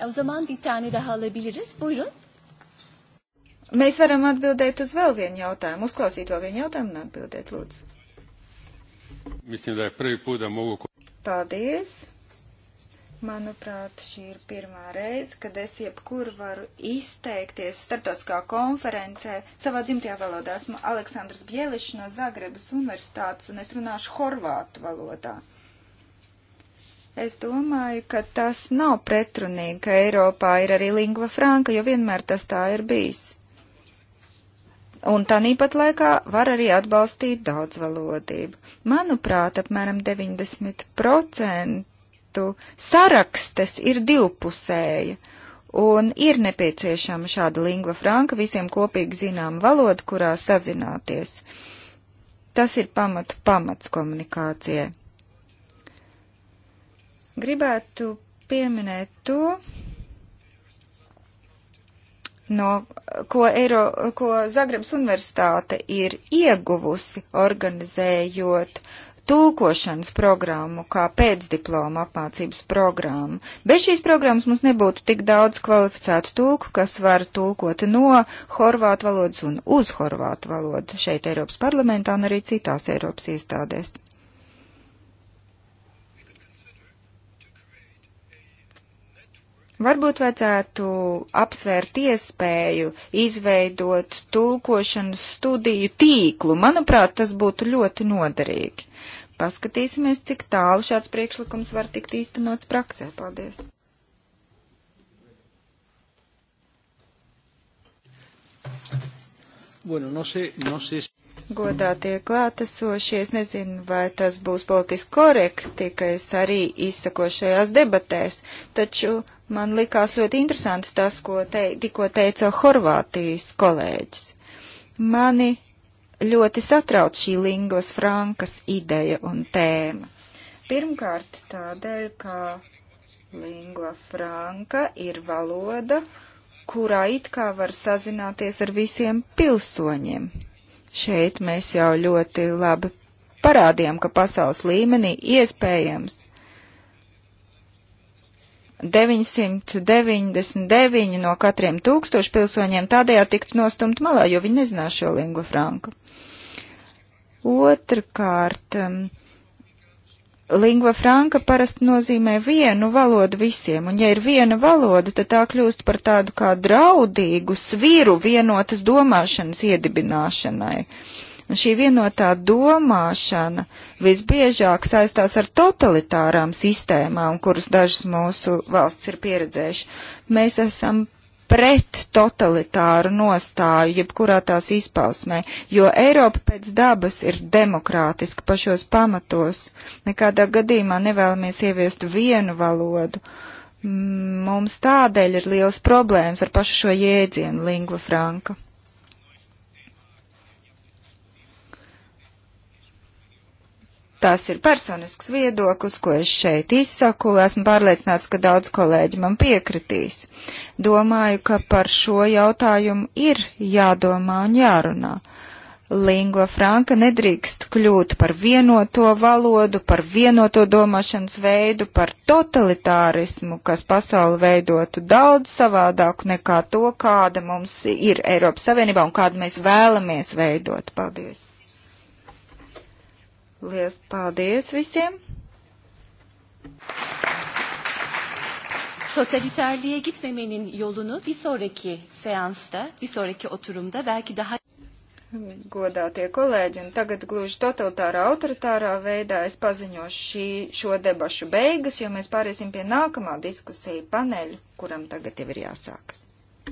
E, o zaman bir tane daha alabiliriz. Buyurun. Mēs varam atbildēt uz vēl vienu jautājumu, uzklausīt vēl vienu jautājumu un atbildēt, lūdzu. Mislim, da je prvi put da mogu... Paldies. Manuprāt, šī ir pirmā reize, kad es jebkur varu izteikties starptautiskā konferencē. Savā dzimtajā valodā esmu Aleksandrs Bielišs no Zagrebas universitātes, un es runāšu horvātu valodā. Es domāju, ka tas nav pretrunīgi, ka Eiropā ir arī lingva franka, jo vienmēr tas tā ir bijis. Un tāpat laikā var arī atbalstīt daudzvalodību. Manuprāt, apmēram 90% sarakstes ir divpusēja, un ir nepieciešama šāda lingva franka visiem kopīgi zinām valoda, kurā sazināties. Tas ir pamatu pamats komunikācijai. Gribētu pieminēt to, no ko, Eiro, ko Zagrebs universitāte ir ieguvusi, organizējot tulkošanas programmu, kā pēcdiploma apmācības programmu. Bez šīs programmas mums nebūtu tik daudz kvalificētu tulku, kas var tulkot no horvātu valodas un uz horvātu valodu šeit Eiropas parlamentā un arī citās Eiropas iestādēs. Varbūt vajadzētu apsvērt iespēju izveidot tulkošanas studiju tīklu. Manuprāt, tas būtu ļoti noderīgi. Paskatīsimies, cik tālu šāds priekšlikums var tikt īstenots praksē. Paldies! Bueno, no sé, no sé. Godātie klātesošie, es nezinu, vai tas būs politiski korekti, ka es arī izsako šajās debatēs, taču Man likās ļoti interesants tas, ko te, tikko teica Horvātijas kolēģis. Mani ļoti satrauc šī lingos frankas ideja un tēma. Pirmkārt tādēļ, ka lingua franka ir valoda, kurā it kā var sazināties ar visiem pilsoņiem. Šeit mēs jau ļoti labi parādījām, ka pasaules līmenī iespējams 999 no katriem tūkstošu pilsoņiem tādējādi tiktu nostumt malā, jo viņi nezinās šo lingua franku. Otrakārt, um, lingua franka parasti nozīmē vienu valodu visiem, un ja ir viena valoda, tad tā kļūst par tādu kā draudīgu sviru vienotas domāšanas iedibināšanai. Uh, Un šī vienotā domāšana visbiežāk saistās ar totalitārām sistēmām, kuras dažas mūsu valsts ir pieredzējuši. Mēs esam pret totalitāru nostāju, jebkurā tās izpausmē, jo Eiropa pēc dabas ir demokrātiska pašos pamatos. Nekādā gadījumā nevēlamies ieviest vienu valodu. Mums tādēļ ir liels problēmas ar pašu šo jēdzienu lingva franka. Tas ir personisks viedoklis, ko es šeit izsaku. Esmu pārliecināts, ka daudz kolēģi man piekritīs. Domāju, ka par šo jautājumu ir jādomā un jārunā. Lingua franca nedrīkst kļūt par vienoto valodu, par vienoto domāšanas veidu, par totalitārismu, kas pasauli veidotu daudz savādāku nekā to, kāda mums ir Eiropas Savienībā un kādu mēs vēlamies veidot. Paldies! Lielas paldies visiem! Totaliterliğe gitmemenin yolunu bir sonraki seansta, bir sonraki oturumda belki daha Godātie kolēģi, un tagad gluži totalitārā, autoritārā veidā es paziņošu šī, šo debašu beigas, jo mēs pāriesim pie nākamā diskusija paneļa, kuram tagad jau ir jāsākas.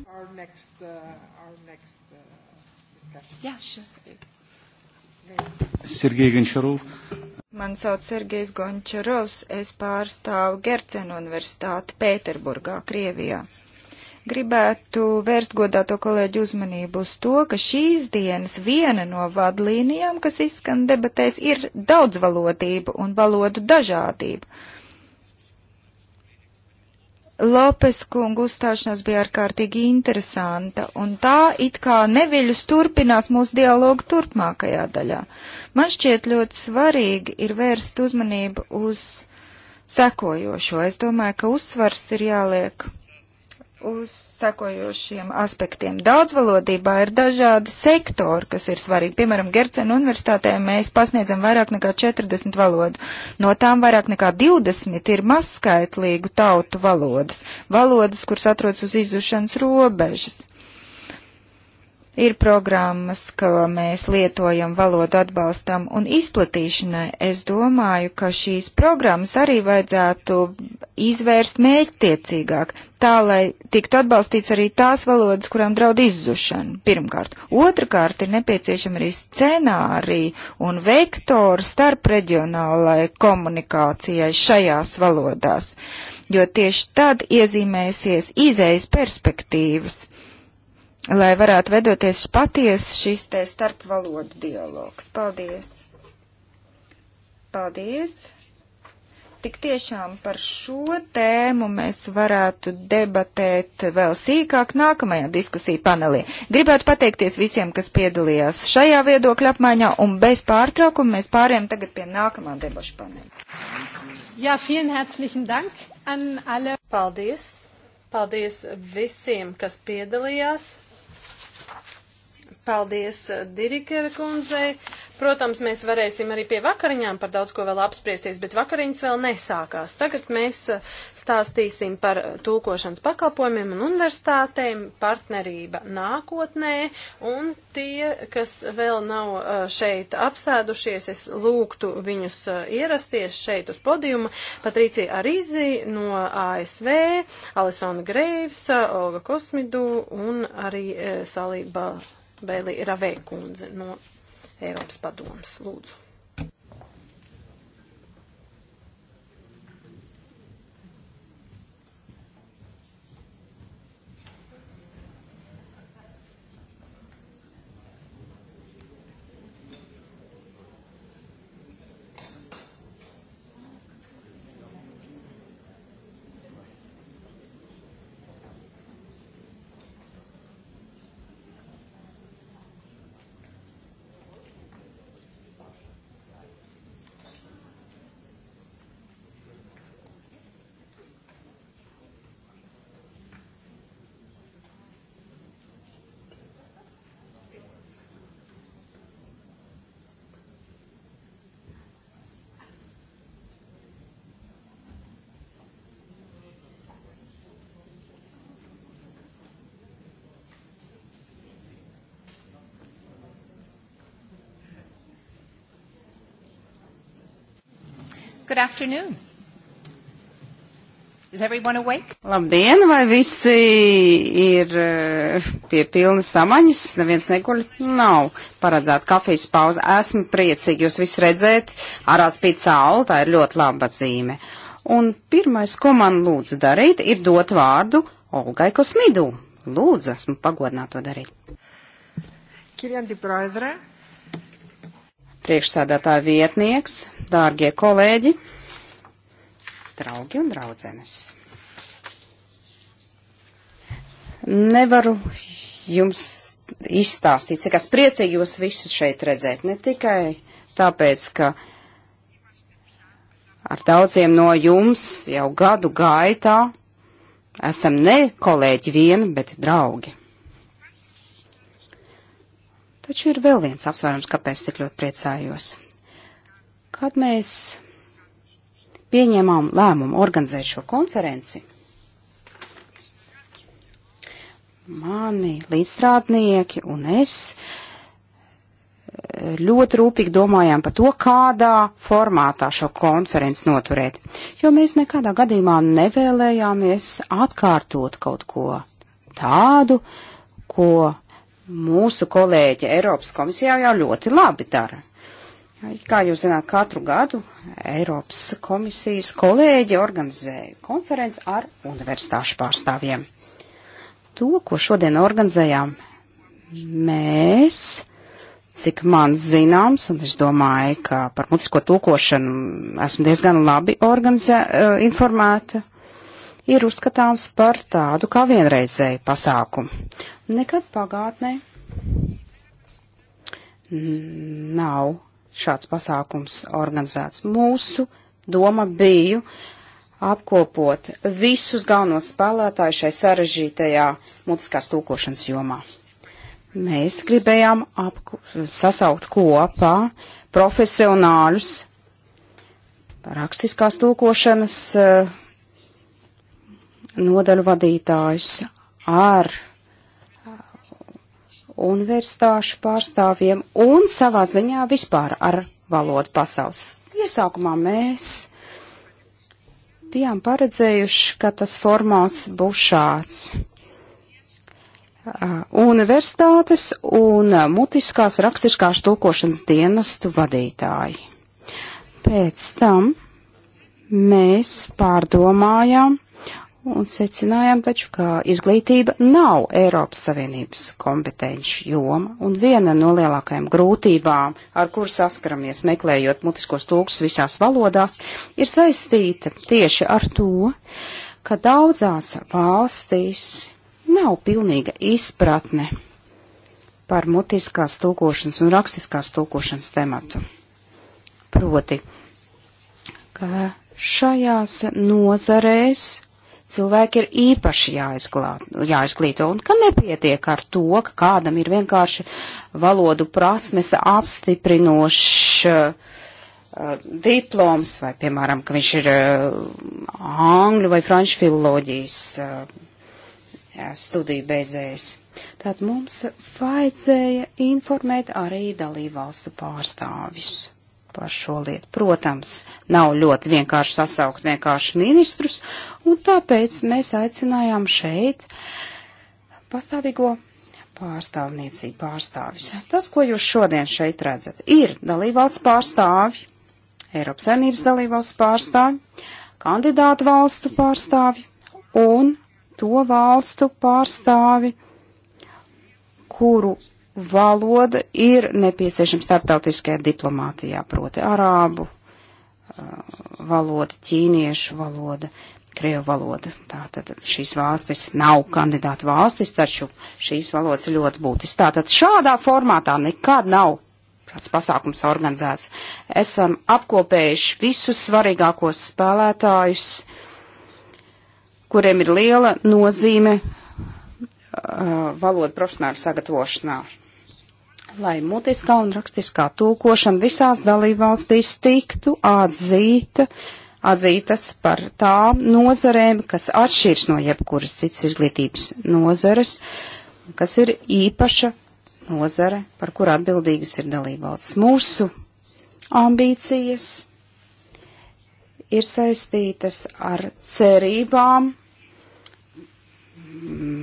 Our next, uh, our next, uh, discussion. yeah, sure. Sergei Gančarov. Man sauc Sergejs Gončarovs, es pārstāvu Gercenu universitāti Pēterburgā, Krievijā. Gribētu vērst godāto kolēģu uzmanību uz to, ka šīs dienas viena no vadlīnijām, kas izskan debatēs, ir daudzvalotība un valodu dažādība. Lopes kungu uzstāšanās bija ārkārtīgi interesanta, un tā it kā neviļus turpinās mūsu dialogu turpmākajā daļā. Man šķiet ļoti svarīgi ir vērst uzmanību uz sekojošo. Es domāju, ka uzsvars ir jāliek uz sakojošiem aspektiem. Daudzvalodībā ir dažādi sektori, kas ir svarīgi. Piemēram, Gercena universitātē mēs pasniedzam vairāk nekā 40 valodu. No tām vairāk nekā 20 ir mazskaitlīgu tautu valodas, valodas, kuras atrodas uz izušanas robežas. Ir programmas, ko mēs lietojam valodu atbalstam un izplatīšanai. Es domāju, ka šīs programmas arī vajadzētu izvērst mēķtiecīgāk, tā lai tiktu atbalstīts arī tās valodas, kurām draud izzušana, pirmkārt. Otrakārt ir nepieciešama arī scenārija un vektori starp reģionālai komunikācijai šajās valodās, jo tieši tad iezīmēsies izējas perspektīvas lai varētu vedoties paties šis te starpvalodu dialogs. Paldies! Paldies! Tik tiešām par šo tēmu mēs varētu debatēt vēl sīkāk nākamajā diskusiju panelī. Gribētu pateikties visiem, kas piedalījās šajā viedokļa apmaiņā, un bez pārtraukuma mēs pārējām tagad pie nākamā debašu paneļa. Jā, ja, vielen herzlichen dank an alle. Paldies! Paldies visiem, kas piedalījās. Paldies eh, Dirikera kundzei. Protams, mēs varēsim arī pie vakariņām par daudz ko vēl apspriesties, bet vakariņas vēl nesākās. Tagad mēs eh, stāstīsim par eh, tūkošanas pakalpojumiem un universitātēm, partnerība nākotnē, un tie, kas vēl nav šeit apsēdušies, es lūgtu viņus ierasties šeit uz podiuma. Patricija Arizi no ASV, Alisona Greivs, Olga Kosmidu un arī Salība. Bēlī Ravē kundze no Eiropas padomas. Lūdzu. Good afternoon. Is everyone awake? Labdien, vai visi ir eh, pie pilna samaņas? Neviens neguļ? Nav paredzēta kafijas pauze. Esmu priecīgi jūs visus redzēt. Arā spīd saule, tā ir ļoti laba zīme. Un pirmais, ko man lūdzu darīt, ir dot vārdu Olgai Kosmidu. Lūdzu, esmu pagodināta to darīt. Kirjandi Proedre, priekšsēdētāja vietnieks, dārgie kolēģi, draugi un draudzenes. Nevaru jums izstāstīt, cik es priecīgi jūs visus šeit redzēt, ne tikai tāpēc, ka ar daudziem no jums jau gadu gaitā esam ne kolēģi vien, bet draugi. Taču ir vēl viens apsvērums, kāpēc tik ļoti priecājos. Kad mēs pieņēmām lēmumu organizēt šo konferenci, mani līdzstrādnieki un es ļoti rūpīgi domājām par to, kādā formātā šo konferenci noturēt, jo mēs nekādā gadījumā nevēlējāmies atkārtot kaut ko tādu, ko mūsu kolēģi Eiropas komisijā jau ļoti labi dara. Kā jūs zināt, katru gadu Eiropas komisijas kolēģi organizē konferenci ar universitāšu pārstāvjiem. To, ko šodien organizējām mēs, cik man zināms, un es domāju, ka par mutisko tūkošanu esmu diezgan labi organizē, eh, informēta, ir uzskatāms par tādu kā vienreizēju pasākumu. Nekad pagātnē nav šāds pasākums organizēts. Mūsu doma bija apkopot visus galvenos spēlētājus šai sarežģītajā mutiskās tūkošanas jomā. Mēs gribējām apku, sasaukt kopā profesionāļus rakstiskās tūkošanas eh, nodaļu vadītājus ar universitāšu pārstāvjiem un savā ziņā vispār ar valodu pasaules. Iesākumā mēs bijām paredzējuši, ka tas formāts būs šāds. Uh, universitātes un mutiskās rakstiskās tulkošanas dienestu vadītāji. Pēc tam mēs pārdomājām un secinājām taču, ka izglītība nav Eiropas Savienības kompetenci joma, un viena no lielākajām grūtībām, ar kur saskaramies meklējot mutiskos tūkstus visās valodās, ir saistīta tieši ar to, ka daudzās valstīs nav pilnīga izpratne par mutiskās tūkošanas un rakstiskās tūkošanas tematu. Proti, ka šajās nozarēs cilvēki ir īpaši jāizglāt, jāizglīto, un ka nepietiek ar to, ka kādam ir vienkārši valodu prasmes apstiprinošs uh, diploms, vai, piemēram, ka viņš ir uh, angļu vai franču filoloģijas uh, studiju beidzējis. Tātad mums vajadzēja informēt arī dalībvalstu pārstāvjus par šo lietu. Protams, nav ļoti vienkārši sasaukt vienkārši ministrus, un tāpēc mēs aicinājām šeit pastāvīgo pārstāvniecību pārstāvis. Tas, ko jūs šodien šeit redzat, ir dalībvalsts pārstāvi, Eiropas saimnības dalībvalsts pārstāvi, kandidātu valstu pārstāvi un to valstu pārstāvi, kuru valoda ir nepieciešama starptautiskajā diplomātijā, proti arābu uh, valoda, ķīniešu valoda, krievu valoda. Tātad šīs valstis nav kandidātu valstis, taču šīs valodas ir ļoti būtisks. Tātad šādā formātā nekad nav kāds pasākums organizēts. Esam apkopējuši visus svarīgākos spēlētājus, kuriem ir liela nozīme uh, valodu profesionāļu sagatavošanā lai mutiskā un rakstiskā tulkošana visās dalībvalstīs tiktu atzīta, atzītas par tām nozarēm, kas atšķirs no jebkuras citas izglītības nozares, kas ir īpaša nozare, par kur atbildīgas ir dalībvalsts. Mūsu ambīcijas ir saistītas ar cerībām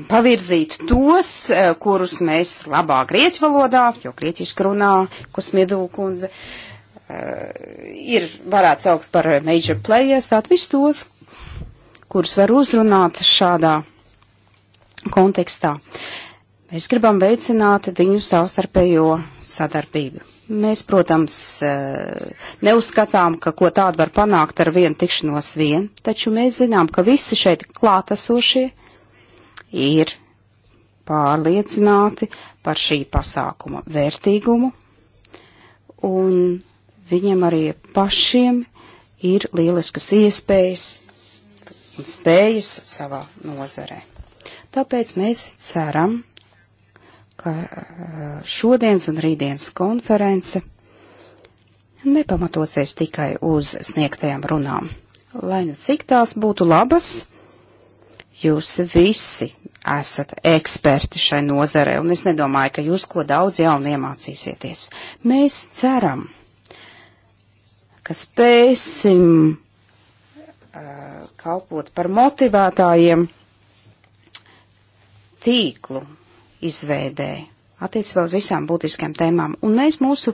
pavirzīt tos, eh, kurus mēs labā grieķu valodā, jo grieķiski runā, ko Smiedovu kundze, eh, ir varētu saukt par major players, tātad visus tos, kurus var uzrunāt šādā kontekstā. Mēs gribam veicināt viņu savstarpējo sadarbību. Mēs, protams, eh, neuzskatām, ka ko tādu var panākt ar vienu tikšanos vien, taču mēs zinām, ka visi šeit klātesošie ir pārliecināti par šī pasākuma vērtīgumu, un viņiem arī pašiem ir lieliskas iespējas un spējas savā nozarē. Tāpēc mēs ceram, ka eh, šodienas un rītdienas konference nepamatosies tikai uz sniegtajām runām. Lai nu cik tās būtu labas, jūs visi esat eksperti šai nozarei, un es nedomāju, ka jūs ko daudz jaunu iemācīsieties. Mēs ceram, ka spēsim uh, kalpot par motivētājiem tīklu izveidē attiecībā uz visām būtiskām tēmām, un mēs mūsu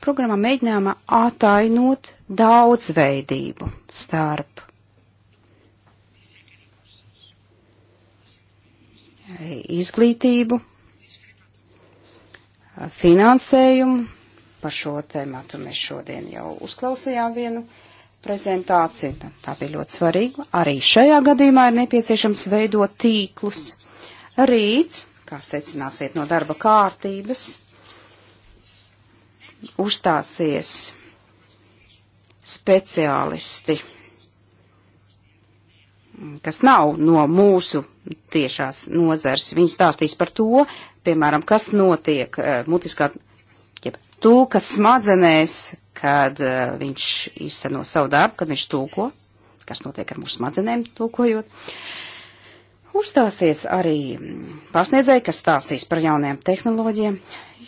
programmā mēģinām atainot daudzveidību starp izglītību, finansējumu. Par šo tēmatu mēs šodien jau uzklausījām vienu prezentāciju. Tā bija ļoti svarīga. Arī šajā gadījumā ir nepieciešams veidot tīklus. Rīt, kā secināsiet no darba kārtības, uzstāsies speciālisti kas nav no mūsu tiešās nozars. Viņi stāstīs par to, piemēram, kas notiek eh, mutiskā, ja tūka smadzenēs, kad eh, viņš izseno savu darbu, kad viņš tūko, kas notiek ar mūsu smadzenēm tūkojot. Uzstāsties arī mm, pasniedzēji, kas stāstīs par jaunajām tehnoloģijām,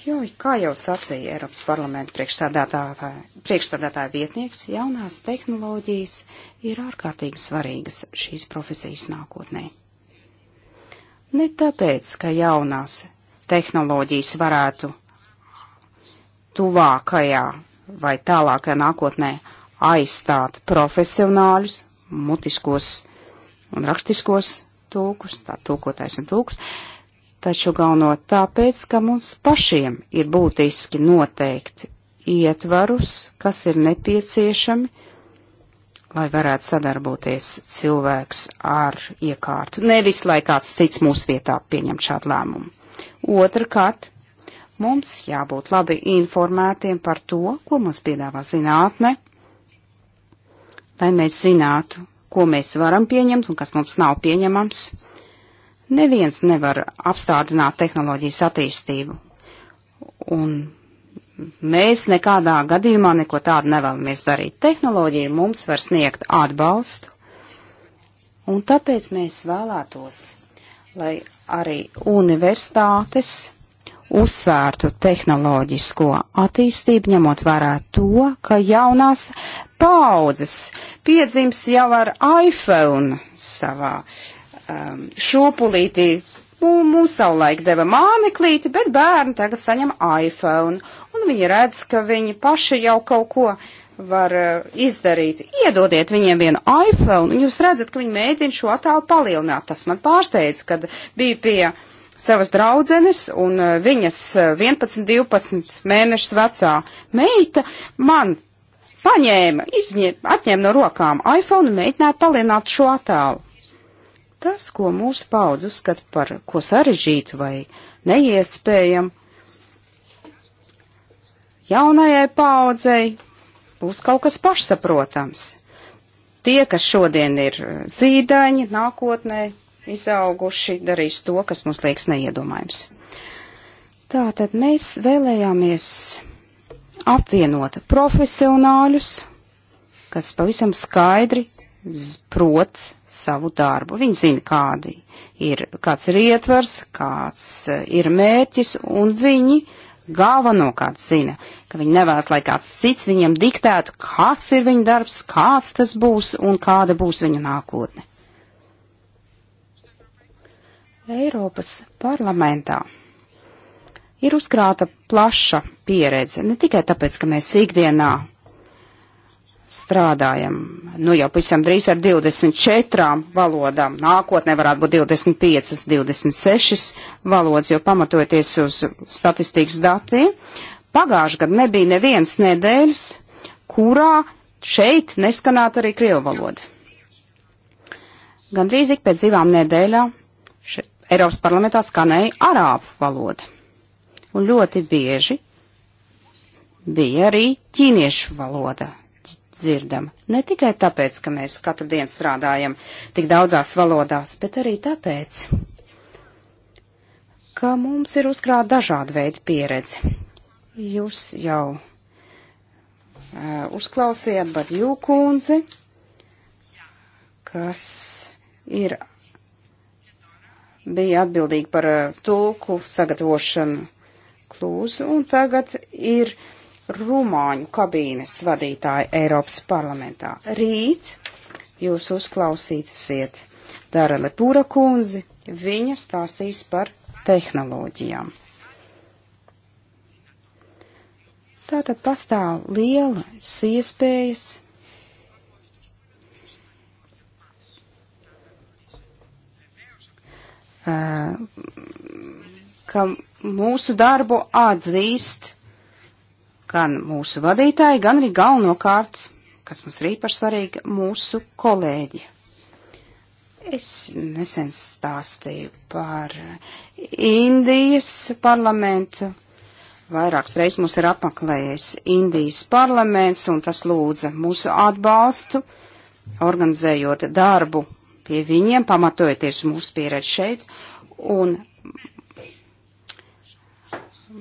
jo, kā jau sacīja Eiropas parlamenta priekšstādātāja vietnieks, jaunās tehnoloģijas ir ārkārtīgi svarīgas šīs profesijas nākotnē. Ne tāpēc, ka jaunās tehnoloģijas varētu tuvākajā vai tālākajā nākotnē aizstāt profesionāļus, mutiskos un rakstiskos tūkus, tā tūkotais un tūks, taču galveno tāpēc, ka mums pašiem ir būtiski noteikt ietvarus, kas ir nepieciešami, lai varētu sadarboties cilvēks ar iekārtu. Nevis, lai kāds cits mūsu vietā pieņem šādu lēmumu. Otrakārt, mums jābūt labi informētiem par to, ko mums piedāvā zinātne, lai mēs zinātu, ko mēs varam pieņemt un kas mums nav pieņemams. Neviens nevar apstādināt tehnoloģijas attīstību, un mēs nekādā gadījumā neko tādu nevēlamies darīt. Tehnoloģija mums var sniegt atbalstu, un tāpēc mēs vēlētos, lai arī universitātes uzsvērtu tehnoloģisko attīstību, ņemot vērā to, ka jaunās paudzes piedzims jau ar iPhone savā um, šūpulītī Mums savulaik deva māneklīti, bet bērni tagad saņem iPhone, un viņi redz, ka viņi paši jau kaut ko var eh, izdarīt. Iedodiet viņiem vienu iPhone, un jūs redzat, ka viņi mēģina šo attēlu palielināt. Tas man pārsteidz, kad bija pie savas draudzenes, un eh, viņas 11, eh, 12 mēnešus vecā meita man paņēma, izņem, atņēma no rokām iPhone un mēģināja palielināt šo attēlu. Tas, ko mūsu paudz uzskata par ko sarežģītu vai neiespējamu, jaunajai paudzei būs kaut kas pašsaprotams. Tie, kas šodien ir zīdaini, nākotnē izauguši, darīs to, kas mums liekas neiedomājams. Tātad mēs vēlējāmies apvienot profesionāļus, kas pavisam skaidri prot savu darbu. Viņi zina, kādi ir, kāds ir ietvers, kāds e, ir mērķis, un viņi galvenokārt zina, ka viņi nevēlas, lai kāds cits viņiem diktētu, kas ir viņa darbs, kāds tas būs un kāda būs viņa nākotne. Eiropas parlamentā ir uzkrāta plaša pieredze, ne tikai tāpēc, ka mēs ikdienā strādājam. Nu jau pavisam drīz ar 24 valodām. Nākotnē varētu būt 25, 26 valodas, jo pamatojoties uz statistikas datiem, pagājušajā gadā nebija neviens nedēļas, kurā šeit neskanātu arī krievu valoda. Gan drīz ik pēc divām nedēļām Eiropas parlamentā skanēja arābu valoda. Un ļoti bieži bija arī ķīniešu valoda dzirdama. Ne tikai tāpēc, ka mēs katru dienu strādājam tik daudzās valodās, bet arī tāpēc, ka mums ir uzkrāta dažāda veida pieredze. Jūs jau uh, uzklausījāt Badju kundzi, kas ir, bija atbildīga par uh, tulku sagatavošanu klūzu, un tagad ir uh, Rumāņu kabīnes vadītāju Eiropas parlamentā. Rīt jūs uzklausīsiet Darele Pūra kundzi, viņa stāstīs par tehnoloģijām. Tātad pastāv lielas iespējas ka mūsu darbu atzīst gan mūsu vadītāji, gan arī galvenokārt, kas mums ir īpaši svarīgi, mūsu kolēģi. Es nesen stāstīju par Indijas parlamentu. Vairākas reizes mūs ir apmeklējis Indijas parlaments, un tas lūdza mūsu atbalstu, organizējot darbu pie viņiem, pamatojoties mūsu pieredzi šeit, un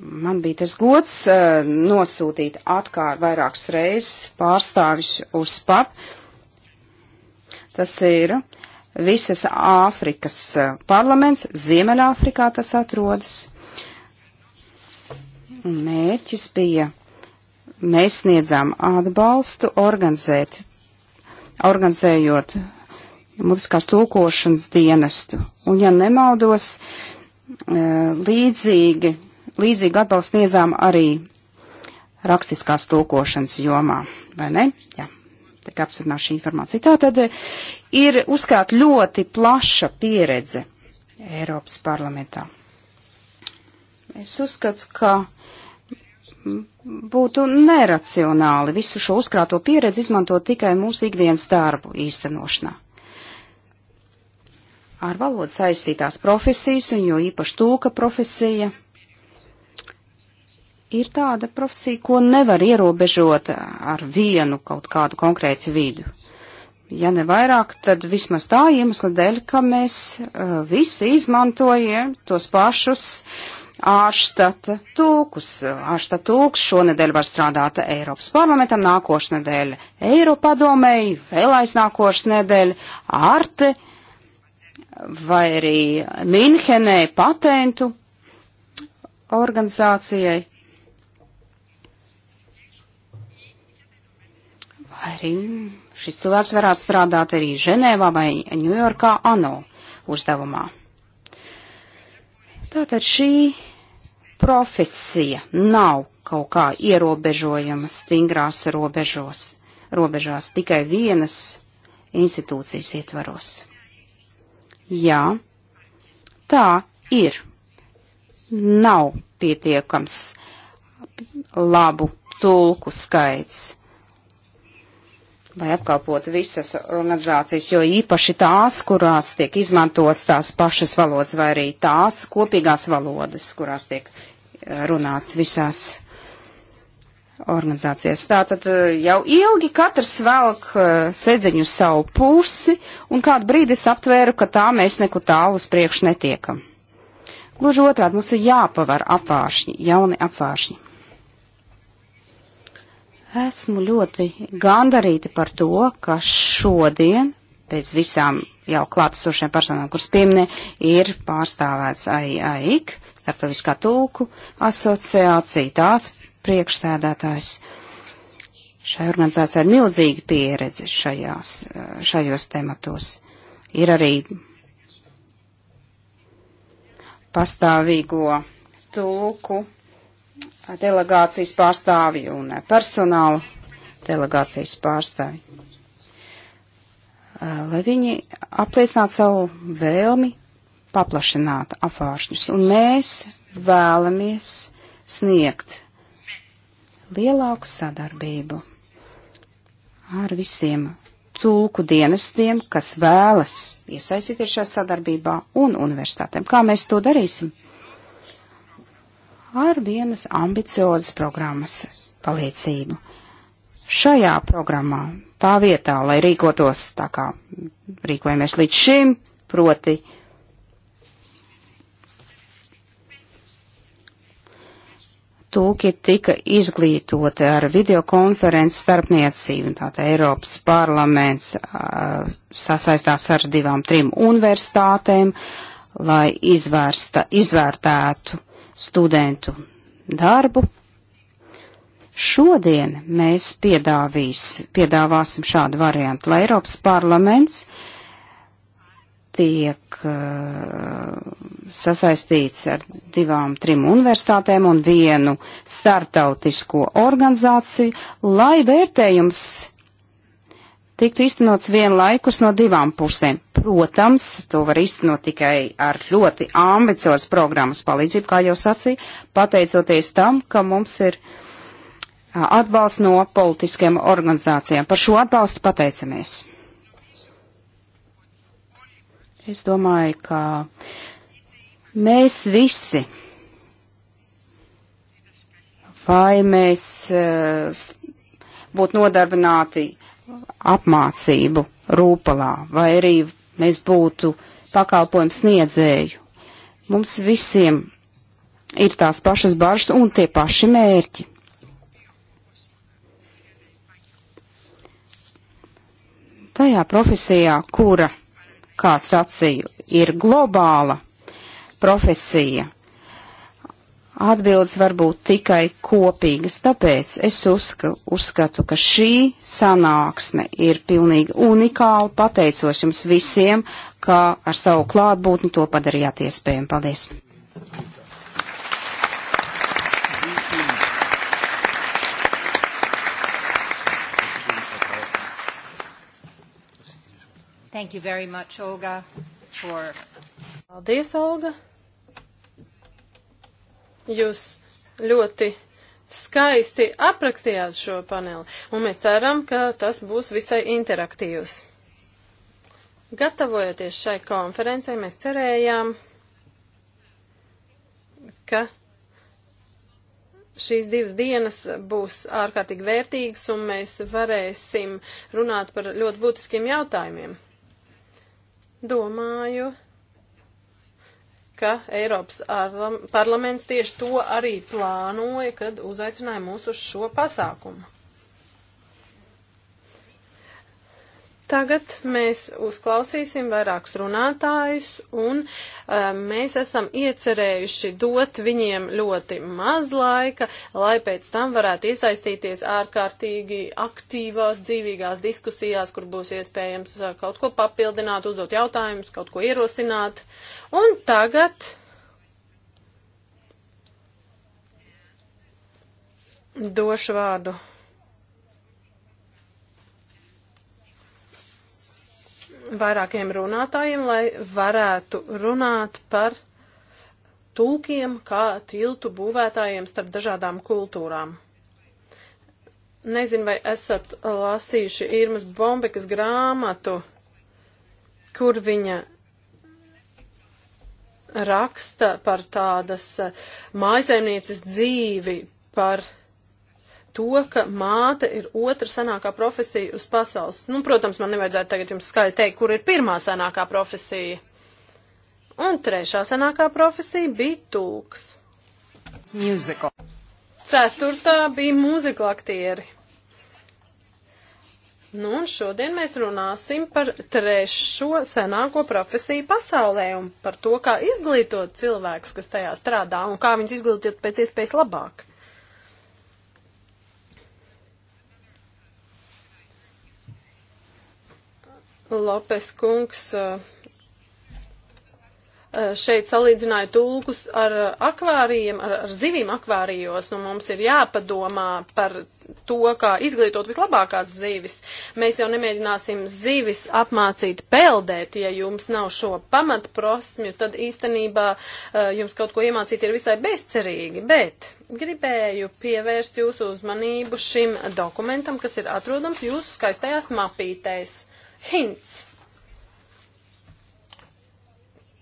Man bija tas gods uh, nosūtīt atkārt vairākas reizes pārstāvis uz PAP. Tas ir visas Āfrikas eh, parlaments, Ziemeļāfrikā tas atrodas. Un mērķis bija, mēs sniedzām atbalstu organizēt, organizējot mutiskās tulkošanas dienestu. Un, ja nemaldos, eh, līdzīgi līdzīgu atbalstu sniedzām arī rakstiskās tulkošanas jomā, vai ne? Jā. Tiek apstiprināta šī informācija. Tā tad eh, ir uzkrāt ļoti plaša pieredze Eiropas parlamentā. Es uzskatu, ka būtu neracionāli visu šo uzkrāto pieredzi izmantot tikai mūsu ikdienas darbu īstenošanā. Ar valodu saistītās profesijas, un jo īpaši tūka profesija, ir tāda profesija, ko nevar ierobežot ar vienu kaut kādu konkrētu vidu. Ja ne vairāk, tad vismaz tā iemesla dēļ, ka mēs uh, visi izmantojam tos pašus ārštata tūkus. Ārštata tūks šonedēļ var strādāt Eiropas parlamentam, nākošais nedēļa Eiropadomēji, vēl aiz nākošais nedēļa ārte vai arī Minhenē patentu organizācijai. arī šis cilvēks varētu strādāt arī Ženēvā vai Ņujorkā ANO uzdevumā. Tātad šī profesija nav kaut kā ierobežojama stingrās robežos, robežās tikai vienas institūcijas ietvaros. Jā, tā ir. Nav pietiekams labu tulku skaits lai apkalpotu visas organizācijas, jo īpaši tās, kurās tiek izmantotas tās pašas valodas, vai arī tās kopīgās valodas, kurās tiek eh, runāts visās organizācijās. Tātad eh, jau ilgi katrs velk eh, sedziņu savu pusi, un kādu brīdi es aptvēru, ka tā mēs nekur tālu uz priekšu netiekam. Gluži otrādi, mums ir jāpavar apvāršņi, jauni apvāršņi. Esmu ļoti gandarīta par to, ka šodien pēc visām jau klātesošiem personām, kuras pieminē, ir pārstāvēts AIK, Startautiskā tulku asociācija, tās priekšsēdētājs. Šai organizācijai ir milzīga pieredze šajās, šajos tematos. Ir arī pastāvīgo tulku delegācijas pārstāvi un personāla delegācijas pārstāvi. Lai viņi apliecinātu savu vēlmi paplašināt apvāršņus. Un mēs vēlamies sniegt lielāku sadarbību ar visiem tulku dienestiem, kas vēlas iesaistīties šajā sadarbībā un universitātēm. Kā mēs to darīsim? ar vienas ambiciozas programmas palīdzību. Šajā programmā tā vietā, lai rīkotos tā kā rīkojamies līdz šim, proti tūki tika izglītoti ar videokonferences starpniecību, tātad Eiropas parlaments uh, sasaistās ar divām, trim universitātēm, lai izvērsta, izvērtētu studentu darbu. Šodien mēs piedāvāsim šādu variantu, lai Eiropas parlaments tiek uh, sasaistīts ar divām, trim universitātēm un vienu startautisko organizāciju, lai vērtējums tiktu īstenots vienlaikus no divām pusēm. Protams, to var īstenot tikai ar ļoti ambiciozas programmas palīdzību, kā jau sacīja, pateicoties tam, ka mums ir atbalsts no politiskiem organizācijām. Par šo atbalstu pateicamies. Es domāju, ka mēs visi, vai mēs būtu nodarbināti apmācību rūpalā, vai arī mēs būtu pakalpojumu sniedzēju. Mums visiem ir tās pašas bažas un tie paši mērķi. Tajā profesijā, kura, kā sacīju, ir globāla profesija Atbildes var būt tikai kopīgas, tāpēc es uzska, uzskatu, ka šī sanāksme ir pilnīgi unikāla. Pateicos jums visiem, kā ar savu klātbūtni to padarījāt iespējami. Paldies! Thank you very much, Olga, for... Paldies, Olga! Jūs ļoti skaisti aprakstījāt šo paneli, un mēs ceram, ka tas būs visai interaktīvs. Gatavojoties šai konferencei, mēs cerējām, ka šīs divas dienas būs ārkārtīgi vērtīgas un mēs varēsim runāt par ļoti būtiskiem jautājumiem. Domāju, ka Eiropas parlaments tieši to arī plānoja, kad uzaicināja mūs uz šo pasākumu. Tagad mēs uzklausīsim vairākus runātājus, un uh, mēs esam iecerējuši dot viņiem ļoti maz laika, lai pēc tam varētu iesaistīties ārkārtīgi aktīvās, dzīvīgās diskusijās, kur būs iespējams uh, kaut ko papildināt, uzdot jautājumus, kaut ko ierosināt. Un tagad došu vārdu vairākiem runātājiem, lai varētu runāt par tulkiem kā tiltu būvētājiem starp dažādām kultūrām. Nezinu, vai esat lasījuši Irmas Bombekas grāmatu, kur viņa raksta par tādas mājasēmnieces dzīvi, par to, ka māte ir otra senākā profesija uz pasaules. Nu, protams, man nevajadzētu tagad jums skaļi teikt, kur ir pirmā senākā profesija. Un trešā senākā profesija bija tūks. Musical. Ceturtā bija mūzikla aktieri. Nu, un šodien mēs runāsim par trešo senāko profesiju pasaulē un par to, kā izglītot cilvēkus, kas tajā strādā un kā viņus izglītot pēc iespējas labāk. Lopes kungs eh, eh, šeit salīdzināja tulkus ar eh, akvārijiem, ar, ar zivīm akvārijos. Nu, mums ir jāpadomā par to, kā izglītot vislabākās zivis. Mēs jau nemēģināsim zivis apmācīt peldēt, ja jums nav šo pamatprosmju, tad īstenībā jums kaut ko iemācīt ir visai bezcerīgi. Bet gribēju pievērst jūsu uzmanību šim dokumentam, kas ir atrodams jūsu skaistajās mapītēs Hints.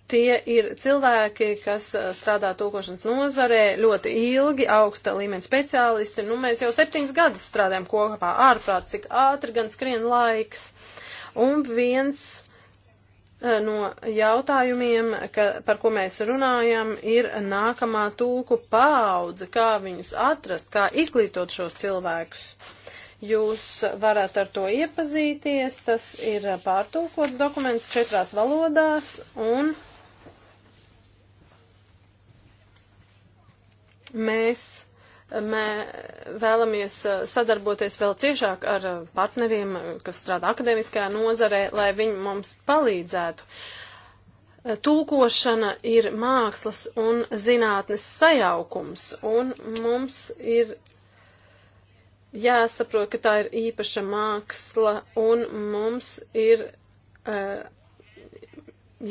Tie ir cilvēki, kas uh, strādā tūkošanas nozarē ļoti ilgi, augsta līmeņa speciālisti. Nu, mēs jau septiņas gadus strādājam kopā ārprāt, cik ātri gan skrien laiks. Un viens uh, no jautājumiem, ka, par ko mēs runājam, ir nākamā tulku paudze, kā viņus atrast, kā izglītot šos cilvēkus. Jūs varat ar to iepazīties. Tas ir pārtulkots dokuments četrās valodās un mēs mē, vēlamies sadarboties vēl ciešāk ar partneriem, kas strādā akadēmiskajā nozarē, lai viņi mums palīdzētu. Tūkošana ir mākslas un zinātnes sajaukums, un mums ir jāsaprot, ka tā ir īpaša māksla un mums ir uh,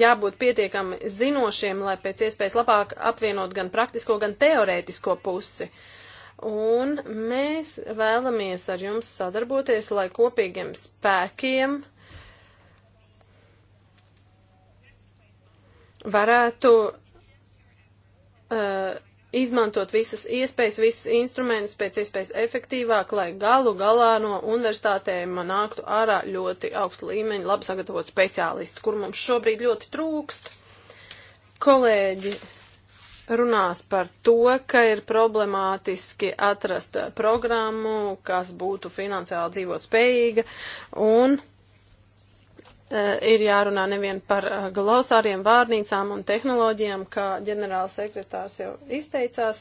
jābūt pietiekami zinošiem, lai pēc iespējas labāk apvienot gan praktisko, gan teorētisko pusi. Un mēs vēlamies ar jums sadarboties, lai kopīgiem spēkiem varētu uh, izmantot visas iespējas, visus instrumentus pēc iespējas efektīvāk, lai galu galā no universitātēm nāktu ārā ļoti augsta līmeņa, labi sagatavot speciālistu, kur mums šobrīd ļoti trūkst. Kolēģi runās par to, ka ir problemātiski atrast programmu, kas būtu finansiāli dzīvot spējīga un Eh, ir jārunā nevien par eh, glosāriem, vārnīcām un tehnoloģijām, kā ģenerāla sekretārs jau izteicās.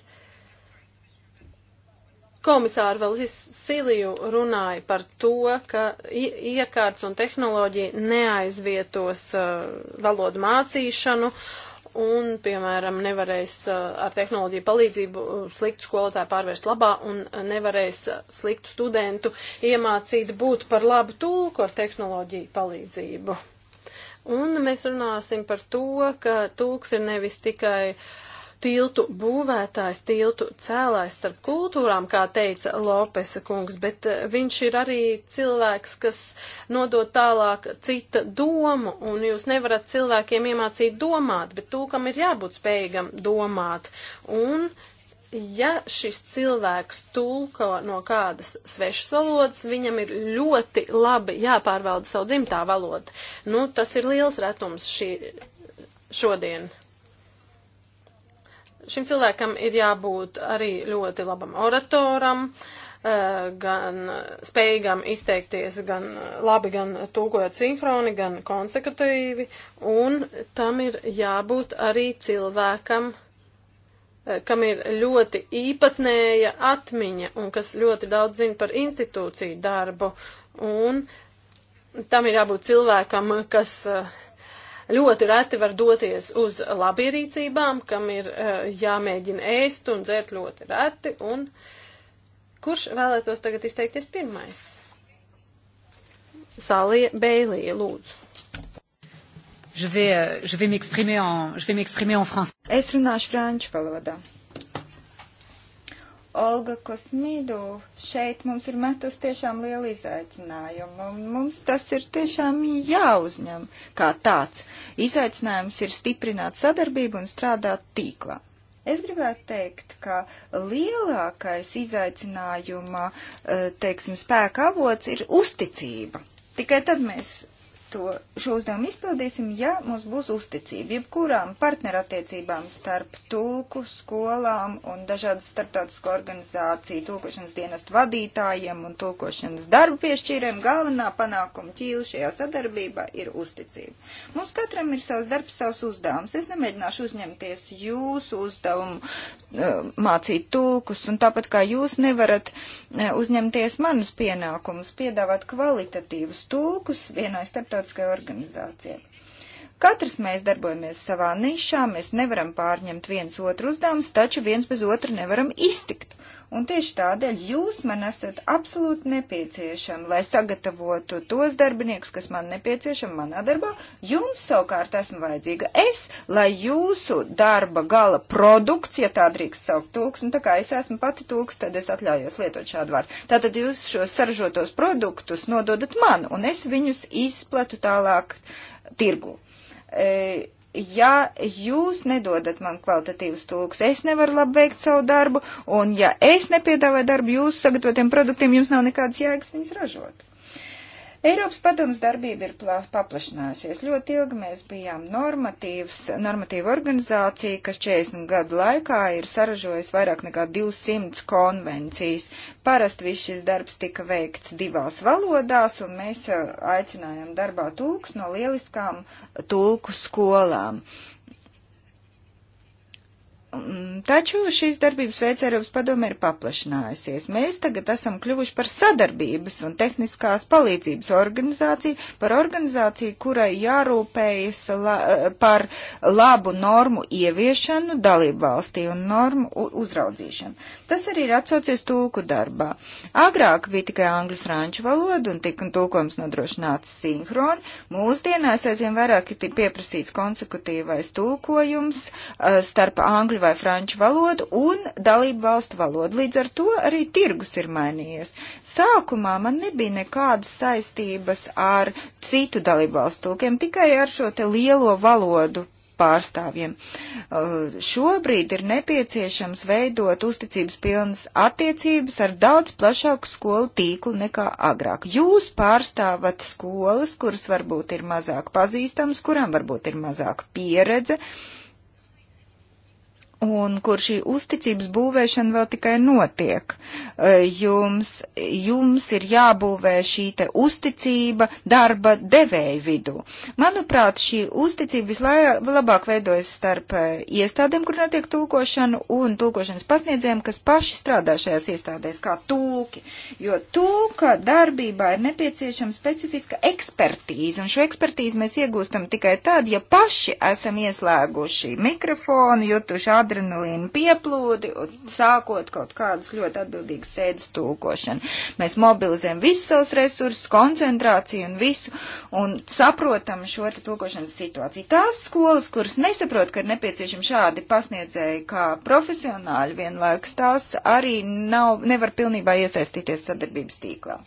Komisāri vēl Siliju runāja par to, ka iekārts un tehnoloģija neaizvietos eh, valodu mācīšanu un, piemēram, nevarēs uh, ar tehnoloģiju palīdzību uh, sliktu skolotāju pārvērst labā un uh, nevarēs sliktu studentu iemācīt būt par labu tulku ar tehnoloģiju palīdzību. Un mēs runāsim par to, ka tulks ir nevis tikai uh, tiltu būvētājs, tiltu cēlājs starp kultūrām, kā teica Lopesa kungs, bet eh, viņš ir arī cilvēks, kas nodod tālāk cita domu, un jūs nevarat cilvēkiem iemācīt domāt, bet tūkam ir jābūt spējīgam domāt. Un ja šis cilvēks tulko no kādas svešas valodas, viņam ir ļoti labi jāpārvalda savu dzimtā valoda. Nu, tas ir liels retums šī, šodien šim cilvēkam ir jābūt arī ļoti labam oratoram, eh, gan spējīgam izteikties gan labi, gan tūkojot sinhroni, gan konsekutīvi, un tam ir jābūt arī cilvēkam, eh, kam ir ļoti īpatnēja atmiņa un kas ļoti daudz zina par institūciju darbu, un tam ir jābūt cilvēkam, kas uh, ļoti reti var doties uz labierīcībām, kam ir eh, jāmēģina ēst un dzert ļoti reti. Un kurš vēlētos tagad izteikties pirmais? Salija Beilija, lūdzu. Je vais, je vais m'exprimer en, je vais m'exprimer en français. Es runāšu franču valodā. Olga Kosmīdu šeit mums ir metus tiešām lielu izaicinājumu, un mums tas ir tiešām jāuzņem kā tāds. Izaicinājums ir stiprināt sadarbību un strādāt tīklā. Es gribētu teikt, ka lielākais izaicinājuma, eh, teiksim, spēka avots ir uzticība. Tikai tad mēs to, šo uzdevumu izpildīsim, ja mums būs uzticība jebkurām partnerattiecībām starp tulku, skolām un dažādu starptautisko organizāciju, tulkošanas dienestu vadītājiem un tulkošanas darbu piešķīriem. Galvenā panākuma ķīla šajā sadarbībā ir uzticība. Mums katram ir savs darbs, savs uzdevums. Es nemēģināšu uzņemties jūsu uzdevumu eh, mācīt tulkus, un tāpat kā jūs nevarat eh, uzņemties manus pienākumus, piedāvāt kvalitatīvus tulkus vienai starptautiskajai starptautiskajai organizācijai. Katrs mēs darbojamies savā nišā, mēs nevaram pārņemt viens otru uzdevumus, taču viens bez otra nevaram iztikt. Un tieši tādēļ jūs man esat absolūti nepieciešami, lai sagatavotu tos darbiniekus, kas man nepieciešami manā darbā. Jums savukārt esmu vajadzīga es, lai jūsu darba gala produkts, ja tā drīkst saukt tulks, un nu tā kā es esmu pati tulks, tad es atļaujos lietot šādu vārdu. Tātad jūs šos saražotos produktus nododat man, un es viņus izplatu tālāk tirgu. E, ja jūs nedodat man kvalitatīvus tulkus, es nevaru labi veikt savu darbu, un ja es nepiedāvāju darbu jūsu sagatavotiem produktiem, jums nav nekādas jēgas viņus ražot. Eiropas padomas darbība ir paplašinājusies. Ļoti ilgi mēs bijām normatīvs, normatīva organizācija, kas 40 gadu laikā ir saražojusi vairāk nekā 200 konvencijas. Parasti viss šis darbs tika veikts divās valodās, un mēs eh, aicinājām darbā tulks no lieliskām tulku skolām. Uh, Mm, taču šīs darbības veids Eiropas padome ir paplašinājusies. Mēs tagad esam kļuvuši par sadarbības un tehniskās palīdzības organizāciju, par organizāciju, kurai jārūpējas la, par labu normu ieviešanu dalību valstī un normu uzraudzīšanu. Tas arī ir atsaucies tulku darbā. Agrāk bija tikai angļu franču valoda un tika tulkojums nodrošināts sinhroni. Mūsdienās aizvien vairāk ir pieprasīts konsekutīvais tulkojums eh, starp angļu vai franču valodu un dalību valstu valodu. Līdz ar to arī tirgus ir mainījies. Sākumā man nebija nekādas saistības ar citu dalību valstu tulkiem, tikai ar šo te lielo valodu pārstāvjiem. Uh, šobrīd ir nepieciešams veidot uzticības pilnas attiecības ar daudz plašāku skolu tīklu nekā agrāk. Jūs pārstāvat skolas, kuras varbūt ir mazāk pazīstamas, kurām varbūt ir mazāk pieredze. Uh, un kur šī uzticības būvēšana vēl tikai notiek. E, jums, jums ir jābūvē šī te uzticība darba devēju vidū. Manuprāt, šī uzticība vislabāk veidojas starp e, iestādēm, kur notiek tulkošana, un tulkošanas pasniedzējiem, kas paši strādā šajās iestādēs kā tulki. Jo tulka darbībā ir nepieciešama specifiska ekspertīze, un šo ekspertīzi mēs iegūstam tikai tad, ja paši esam ieslēguši mikrofonu, jutuši adrenalīnu pieplūdi un sākot kaut kādus ļoti atbildīgus sēdes tulkošanu. Mēs mobilizējam visus savus resursus, koncentrāciju un visu un saprotam šo te tulkošanas situāciju. Tās skolas, kuras nesaprot, ka ir nepieciešami šādi pasniedzēji kā profesionāļi vienlaikus, tās arī nav, nevar pilnībā iesaistīties sadarbības tīklā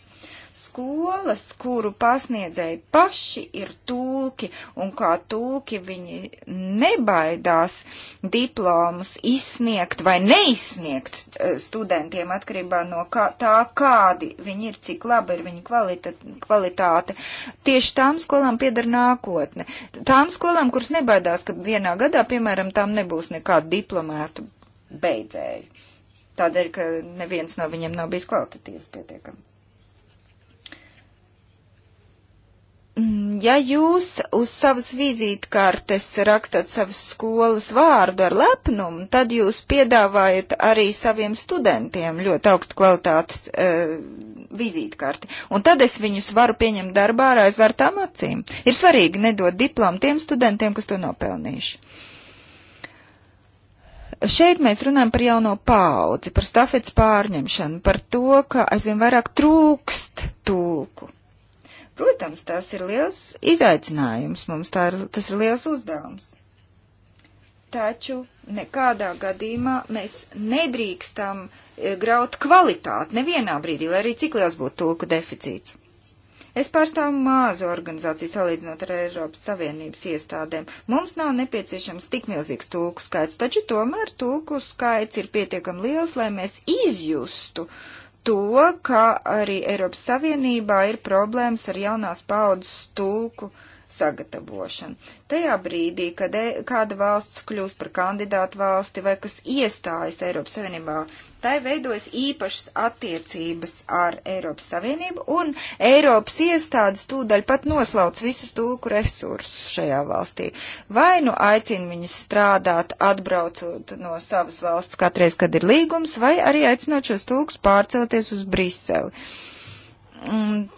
skolas, kuru pasniedzēji paši ir tulki, un kā tulki viņi nebaidās diplomus izsniegt vai neizsniegt eh, studentiem atkarībā no kā, tā, kādi viņi ir, cik laba ir viņa kvalita, kvalitāte. Tieši tām skolām pieder nākotne. Tām skolām, kuras nebaidās, ka vienā gadā, piemēram, tām nebūs nekādu diplomētu beidzēju tādēļ, ka neviens no viņiem nav bijis kvalitatīvs pietiekami. Mm, ja jūs uz savas vizītkartes rakstat savas skolas vārdu ar lepnumu, tad jūs piedāvājat arī saviem studentiem ļoti augstu kvalitātes e, vizītkarti. Un tad es viņus varu pieņemt darbā ar aizvērtām acīm. Ir svarīgi nedot diplomu tiem studentiem, kas to nopelnījuši. Šeit mēs runājam par jauno paudzi, par stafets pārņemšanu, par to, ka aizvien vairāk trūkst tulku Protams, tas ir liels izaicinājums mums, ir, tas ir liels uzdevums. Taču nekādā gadījumā mēs nedrīkstam e, graut kvalitāti nevienā brīdī, lai arī cik liels būtu tulku deficīts. Es pārstāvu mazu organizāciju salīdzinot ar Eiropas Savienības iestādēm. Mums nav nepieciešams tik milzīgs tulku skaits, taču tomēr tulku skaits ir pietiekami liels, lai mēs izjustu uh, to, ka arī Eiropas Savienībā ir problēmas ar jaunās paudzes tulku sagatavošanu. Tajā brīdī, kad e kāda valsts kļūst par kandidātu valsti vai kas iestājas Eiropas Savienībā, tai veidojas īpašas attiecības ar Eiropas Savienību, un Eiropas iestādes tūdaļ pat noslauc visus tulku resursus šajā valstī. Vai nu aicina viņus strādāt, atbraucot no savas valsts katreiz, kad ir līgums, vai arī aicinot šos tulkus pārcelties uz Briseli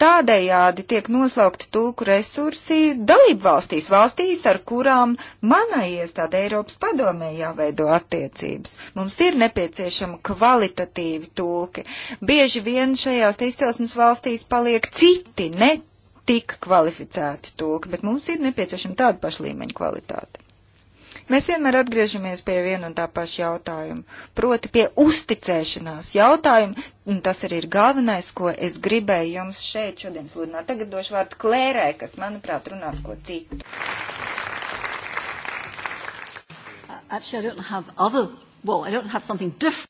tādējādi tiek noslaukti tulku resursi dalību valstīs, valstīs, ar kurām manai iestāde Eiropas padomē jāveido attiecības. Mums ir nepieciešama kvalitatīvi tulki. Bieži vien šajās izcelsmes valstīs paliek citi, ne tik kvalificēti tulki, bet mums ir nepieciešama tāda paša līmeņa kvalitāte. Mēs vienmēr atgriežamies pie viena un tā paša jautājuma, proti pie uzticēšanās jautājuma, un tas arī ir galvenais, ko es gribēju jums šeit šodien sludināt. Tagad došu vārdu Klērai, kas, manuprāt, runās ko citu. Actually, I don't have other Well,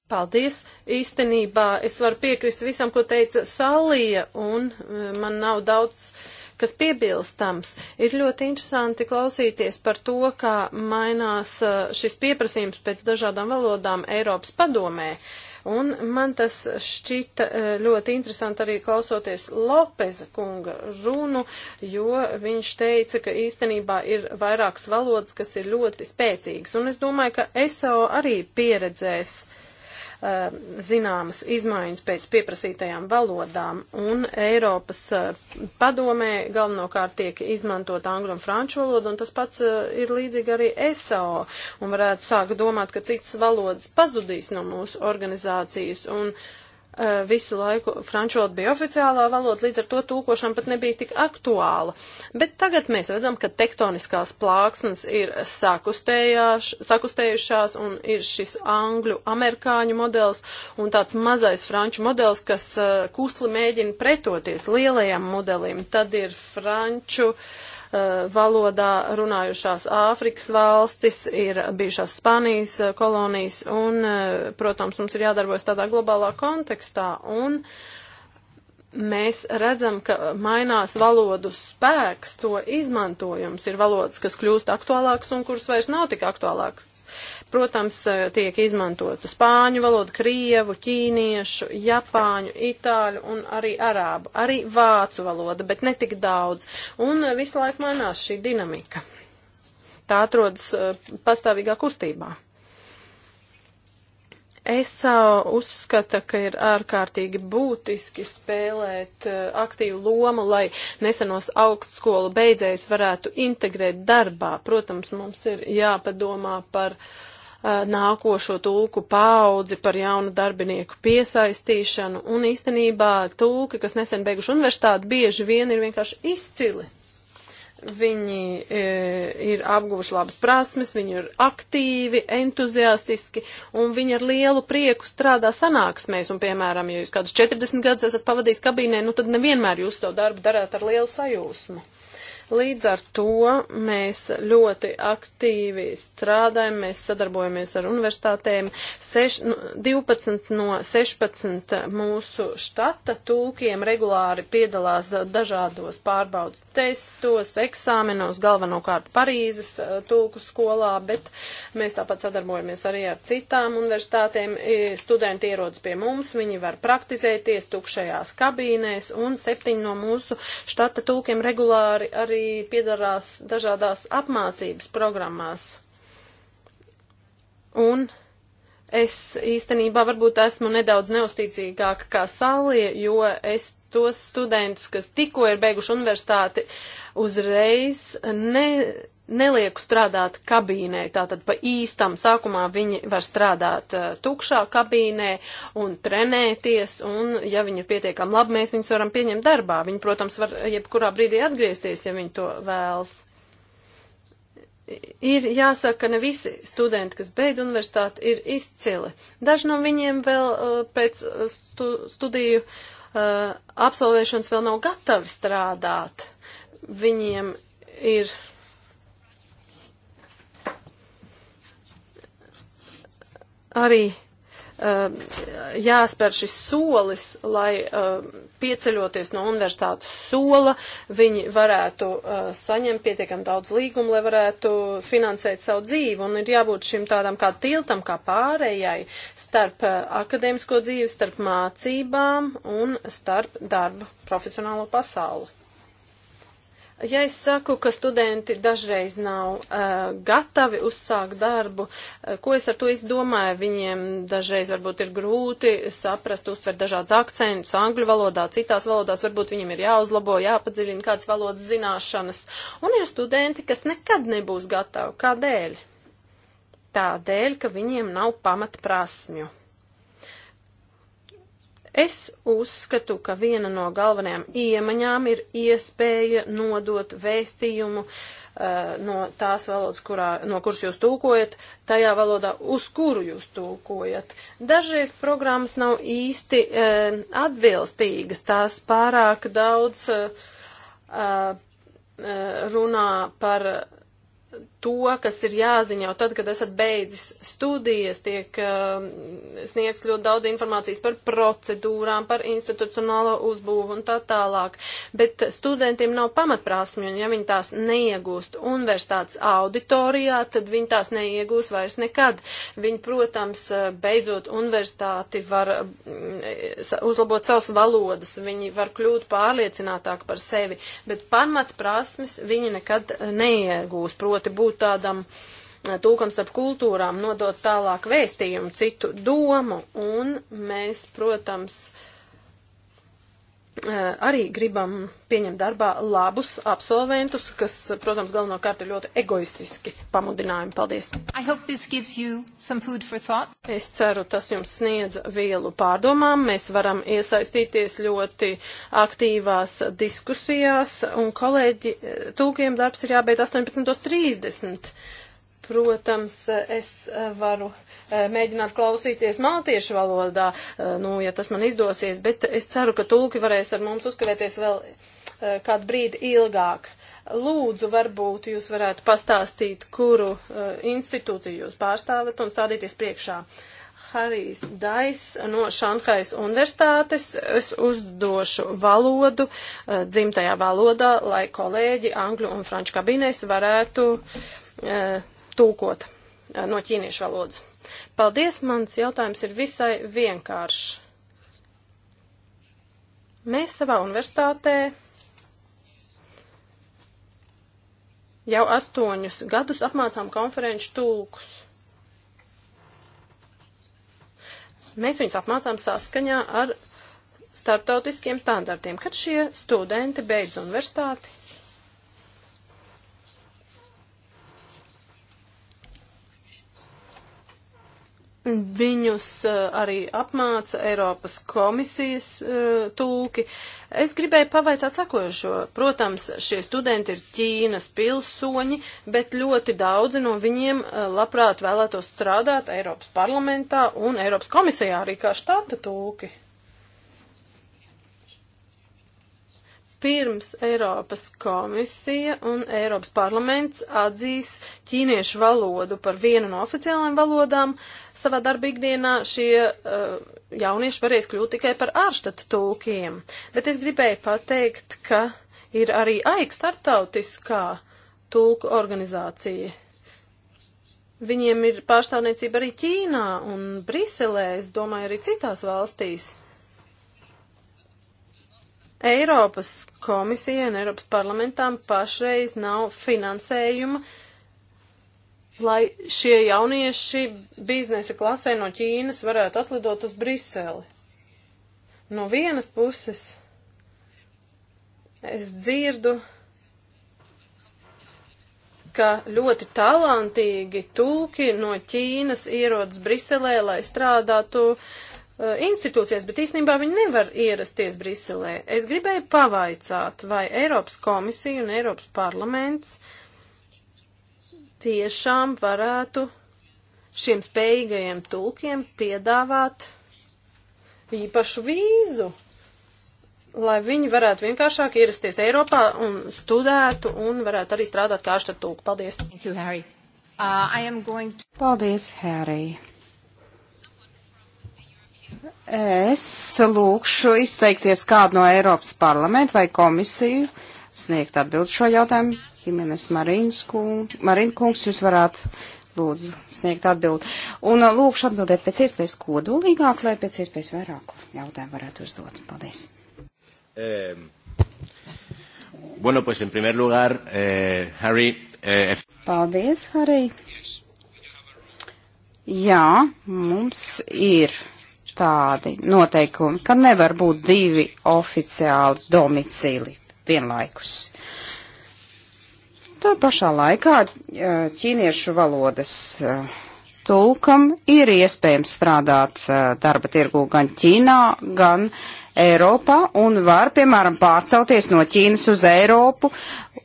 Paldies! Īstenībā es varu piekrist visam, ko teica Salija, un eh, man nav daudz uh, kas piebilstams. Ir ļoti interesanti klausīties par to, kā mainās uh, šis pieprasījums pēc dažādām valodām Eiropas padomē. Un man tas šķita uh, ļoti interesanti arī klausoties Lopeza kunga runu, jo viņš teica, ka īstenībā ir vairākas valodas, kas ir ļoti spēcīgas. Un es domāju, ka ESO arī pieredzēs uh, Eh, zināmas izmaiņas pēc pieprasītajām valodām, un Eiropas eh, padomē galvenokārt tiek izmantot angļu un franču valodu, un tas pats eh, ir līdzīgi arī SAO, un varētu sākt domāt, ka citas valodas pazudīs no mūsu organizācijas, un uh, Eh, visu laiku franču valoda bija oficiālā valoda, līdz ar to tūkošana pat nebija tik aktuāla. Bet tagad mēs redzam, ka tektoniskās plāksnes ir sakustējušās un ir šis angļu amerikāņu modelis un tāds mazais franču modelis, kas uh, eh, kusli mēģina pretoties lielajam modelim. Tad ir franču uh, Uh, valodā runājušās Āfrikas valstis, ir bijušās Spānijas uh, kolonijas un, uh, protams, mums ir jādarbojas tādā globālā kontekstā. Un, Mēs redzam, ka mainās valodu spēks, to izmantojums. Ir valodas, kas kļūst aktuālākas un kuras vairs nav tik aktuālākas. Protams, eh, tiek izmantota spāņu valoda, krievu, ķīniešu, japāņu, itāļu un arī arābu, arī vācu valoda, bet ne tik daudz. Un eh, visu laiku mainās šī dinamika. Tā atrodas eh, pastāvīgā kustībā. Es uzskatu, ka ir ārkārtīgi būtiski spēlēt aktīvu lomu, lai nesenos augstskolu beidzējus varētu integrēt darbā. Protams, mums ir jāpadomā par uh, Uh, nākošo tulku paudzi, par jaunu darbinieku piesaistīšanu, un īstenībā tulki, kas nesen beiguši universitāti, bieži vien ir vienkārši izcili. Viņi e, ir apguvuši labas prasmes, viņi ir aktīvi, entuziastiski, un viņi ar lielu prieku strādā sanāksmēs, un, piemēram, ja jūs kādus 40 gadus esat pavadījis kabīnē, nu tad nevienmēr jūs savu darbu darāt ar lielu sajūsmu. Līdz ar to mēs ļoti aktīvi strādājam, mēs sadarbojamies ar universitātēm. Seš, 12 nu, no 16 mūsu štata tulkiem regulāri piedalās dažādos pārbaudas testos, eksāmenos, galvenokārt Parīzes eh, tulku skolā, bet mēs tāpat sadarbojamies arī ar citām universitātēm. E, studenti ierodas pie mums, viņi var praktizēties tukšajās kabīnēs un septiņi no mūsu štata tulkiem regulāri arī arī piedarās dažādās apmācības programmās. Un es īstenībā varbūt esmu nedaudz neusticīgāka kā Salija, jo es tos studentus, kas tikko ir beiguši universitāti, uzreiz ne, nelieku strādāt kabīnē, tātad pa īstam sākumā viņi var strādāt uh, tukšā kabīnē un trenēties, un ja viņi ir pietiekami labi, mēs viņus varam pieņemt darbā. Viņi, protams, var jebkurā brīdī atgriezties, ja viņi to vēlas. Ir jāsaka, ka ne visi studenti, kas beidz universitāti, ir izcili. Daži no viņiem vēl uh, pēc eh, stu, studiju uh, absolvēšanas vēl nav gatavi strādāt. Viņiem ir arī uh, jāspēr šis solis, lai uh, pieceļoties no universitātes sola, viņi varētu uh, saņemt pietiekam daudz līgumu, lai varētu finansēt savu dzīvi, un ir jābūt šim tādam kā tiltam, kā pārējai starp uh, akadēmisko dzīvi, starp mācībām un starp darbu profesionālo pasauli. Ja es saku, ka studenti dažreiz nav uh, gatavi uzsākt darbu, uh, ko es ar to izdomāju? Viņiem dažreiz varbūt ir grūti saprast, uztvert dažādas akcentus angļu valodā, citās valodās varbūt viņiem ir jāuzlabo, jāpadziļina kādas valodas zināšanas. Un ir studenti, kas nekad nebūs gatavi. Kādēļ? Tādēļ, ka viņiem nav pamatprasmju. Es uzskatu, ka viena no galvenajām iemaņām ir iespēja nodot vēstījumu uh, no tās valodas, kurā, no kuras jūs tūkojat, tajā valodā, uz kuru jūs tūkojat. Dažreiz programmas nav īsti uh, atbilstīgas, tās pārāk daudz uh, uh runā par to, kas ir jāziņo tad, kad esat beidzis studijas, tiek uh, sniegts ļoti daudz informācijas par procedūrām, par institucionālo uzbūvu un tā tālāk. Bet studentiem nav pamatprasmju, un ja viņi tās neiegūst universitātes auditorijā, tad viņi tās neiegūs vairs nekad. Viņi, protams, beidzot universitāti var mm, uzlabot savas valodas, viņi var kļūt pārliecinātāk par sevi, bet pamatprasmes viņi nekad neiegūs, proti būt būt tādam eh, tūkam starp kultūrām, nodot tālāk vēstījumu, citu domu, un mēs, protams, uh, arī gribam pieņemt darbā labus absolventus, kas, protams, galvenokārt ir ļoti egoistiski pamudinājumi. Paldies! Es ceru, tas jums sniedz vielu pārdomām. Mēs varam iesaistīties ļoti aktīvās diskusijās, un kolēģi, tūkiem darbs ir jābeidz 18.30. Protams, es eh, varu eh, mēģināt klausīties maltiešu valodā, eh, nu, ja tas man izdosies, bet es ceru, ka tulki varēs ar mums uzkavēties vēl kādu brīdi ilgāk. Lūdzu, varbūt jūs varētu pastāstīt, kuru institūciju jūs pārstāvat un stādīties priekšā. Harijs Dais no Šanhais Universitātes. Es uzdošu valodu dzimtajā valodā, lai kolēģi angļu un franču kabinēs varētu uh, tulkot no ķīniešu valodas. Paldies, mans jautājums ir visai vienkāršs. Mēs savā universitātē jau astoņus gadus apmācām konferenču tulkus. Mēs viņus apmācām saskaņā ar starptautiskiem standartiem. Kad šie studenti beidz universitāti, Viņus eh, arī apmāca Eiropas komisijas eh, tulki. Es gribēju pavaicāt sakojošo. Protams, šie studenti ir Ķīnas pilsoņi, bet ļoti daudzi no viņiem eh, labprāt vēlētos strādāt Eiropas parlamentā un Eiropas komisijā arī kā štata tulki. pirms Eiropas komisija un Eiropas parlaments atzīs ķīniešu valodu par vienu no oficiālajām valodām, savā darba ikdienā šie uh, jaunieši varēs kļūt tikai par ārštatu tulkiem. Bet es gribēju pateikt, ka ir arī AIK starptautiskā tulku organizācija. Viņiem ir pārstāvniecība arī Ķīnā un Briselē, es domāju, arī citās valstīs. Eiropas komisijai un Eiropas parlamentām pašreiz nav finansējuma, lai šie jaunieši biznesa klasē no Ķīnas varētu atlidot uz Briseli. No vienas puses es dzirdu, ka ļoti talantīgi tulki no Ķīnas ierodas Briselē, lai strādātu Eh, institūcijās, bet īstenībā viņi nevar ierasties Briselē. Es gribēju pavaicāt, vai Eiropas komisija un Eiropas parlaments tiešām varētu šiem spējīgajiem tulkiem piedāvāt īpašu vīzu, lai viņi varētu vienkāršāk ierasties Eiropā un studētu un varētu arī strādāt kā ārštatulku. Paldies! Thank you, Harry. Uh, I am going to... Paldies, Harry! Es lūkšu izteikties kādu no Eiropas parlamentu vai komisiju, sniegt atbildi šo jautājumu. Himenes Marīna kungs, jūs varētu lūdzu sniegt atbildi. Un uh, lūkšu atbildēt pēc iespējas kodolīgāk, lai pēc iespējas vairāk jautājumu varētu uzdot. Paldies. Eh, bueno, pues en primer lugar, eh, Harry. Eh, Paldies, Harry. Jā, mums ir tādi noteikumi, ka nevar būt divi oficiāli domicili vienlaikus. Tā pašā laikā ķīniešu valodas tulkam ir iespējams strādāt darba tirgu gan Ķīnā, gan Eiropā un var, piemēram, pārcelties no Ķīnas uz Eiropu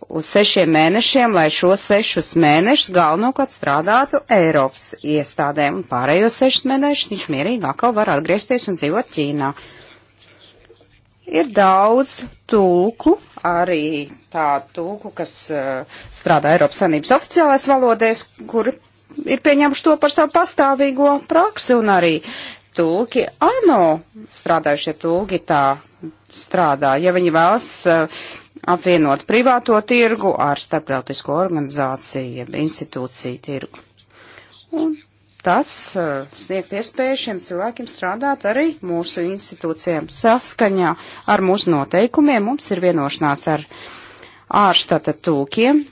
uz sešiem mēnešiem, lai šos sešus mēnešus galvenokārt strādātu Eiropas iestādēm, un pārējos sešus mēnešus viņš mierīgi atkal var atgriezties un dzīvot Ķīnā. Ir daudz tulku, arī tā tulku, kas uh, strādā Eiropas Sanības oficiālais valodēs, kur ir pieņemši to par savu pastāvīgo praksi, un arī tulki ANO strādājušie tulki tā strādā. Ja viņi vēlas uh, apvienot privāto tirgu ar starptautisko organizāciju, jeb institūciju tirgu. Un tas uh, sniegt iespēju šiem cilvēkiem strādāt arī mūsu institūcijām saskaņā ar mūsu noteikumiem. Mums ir vienošanās ar ārstata tūkiem.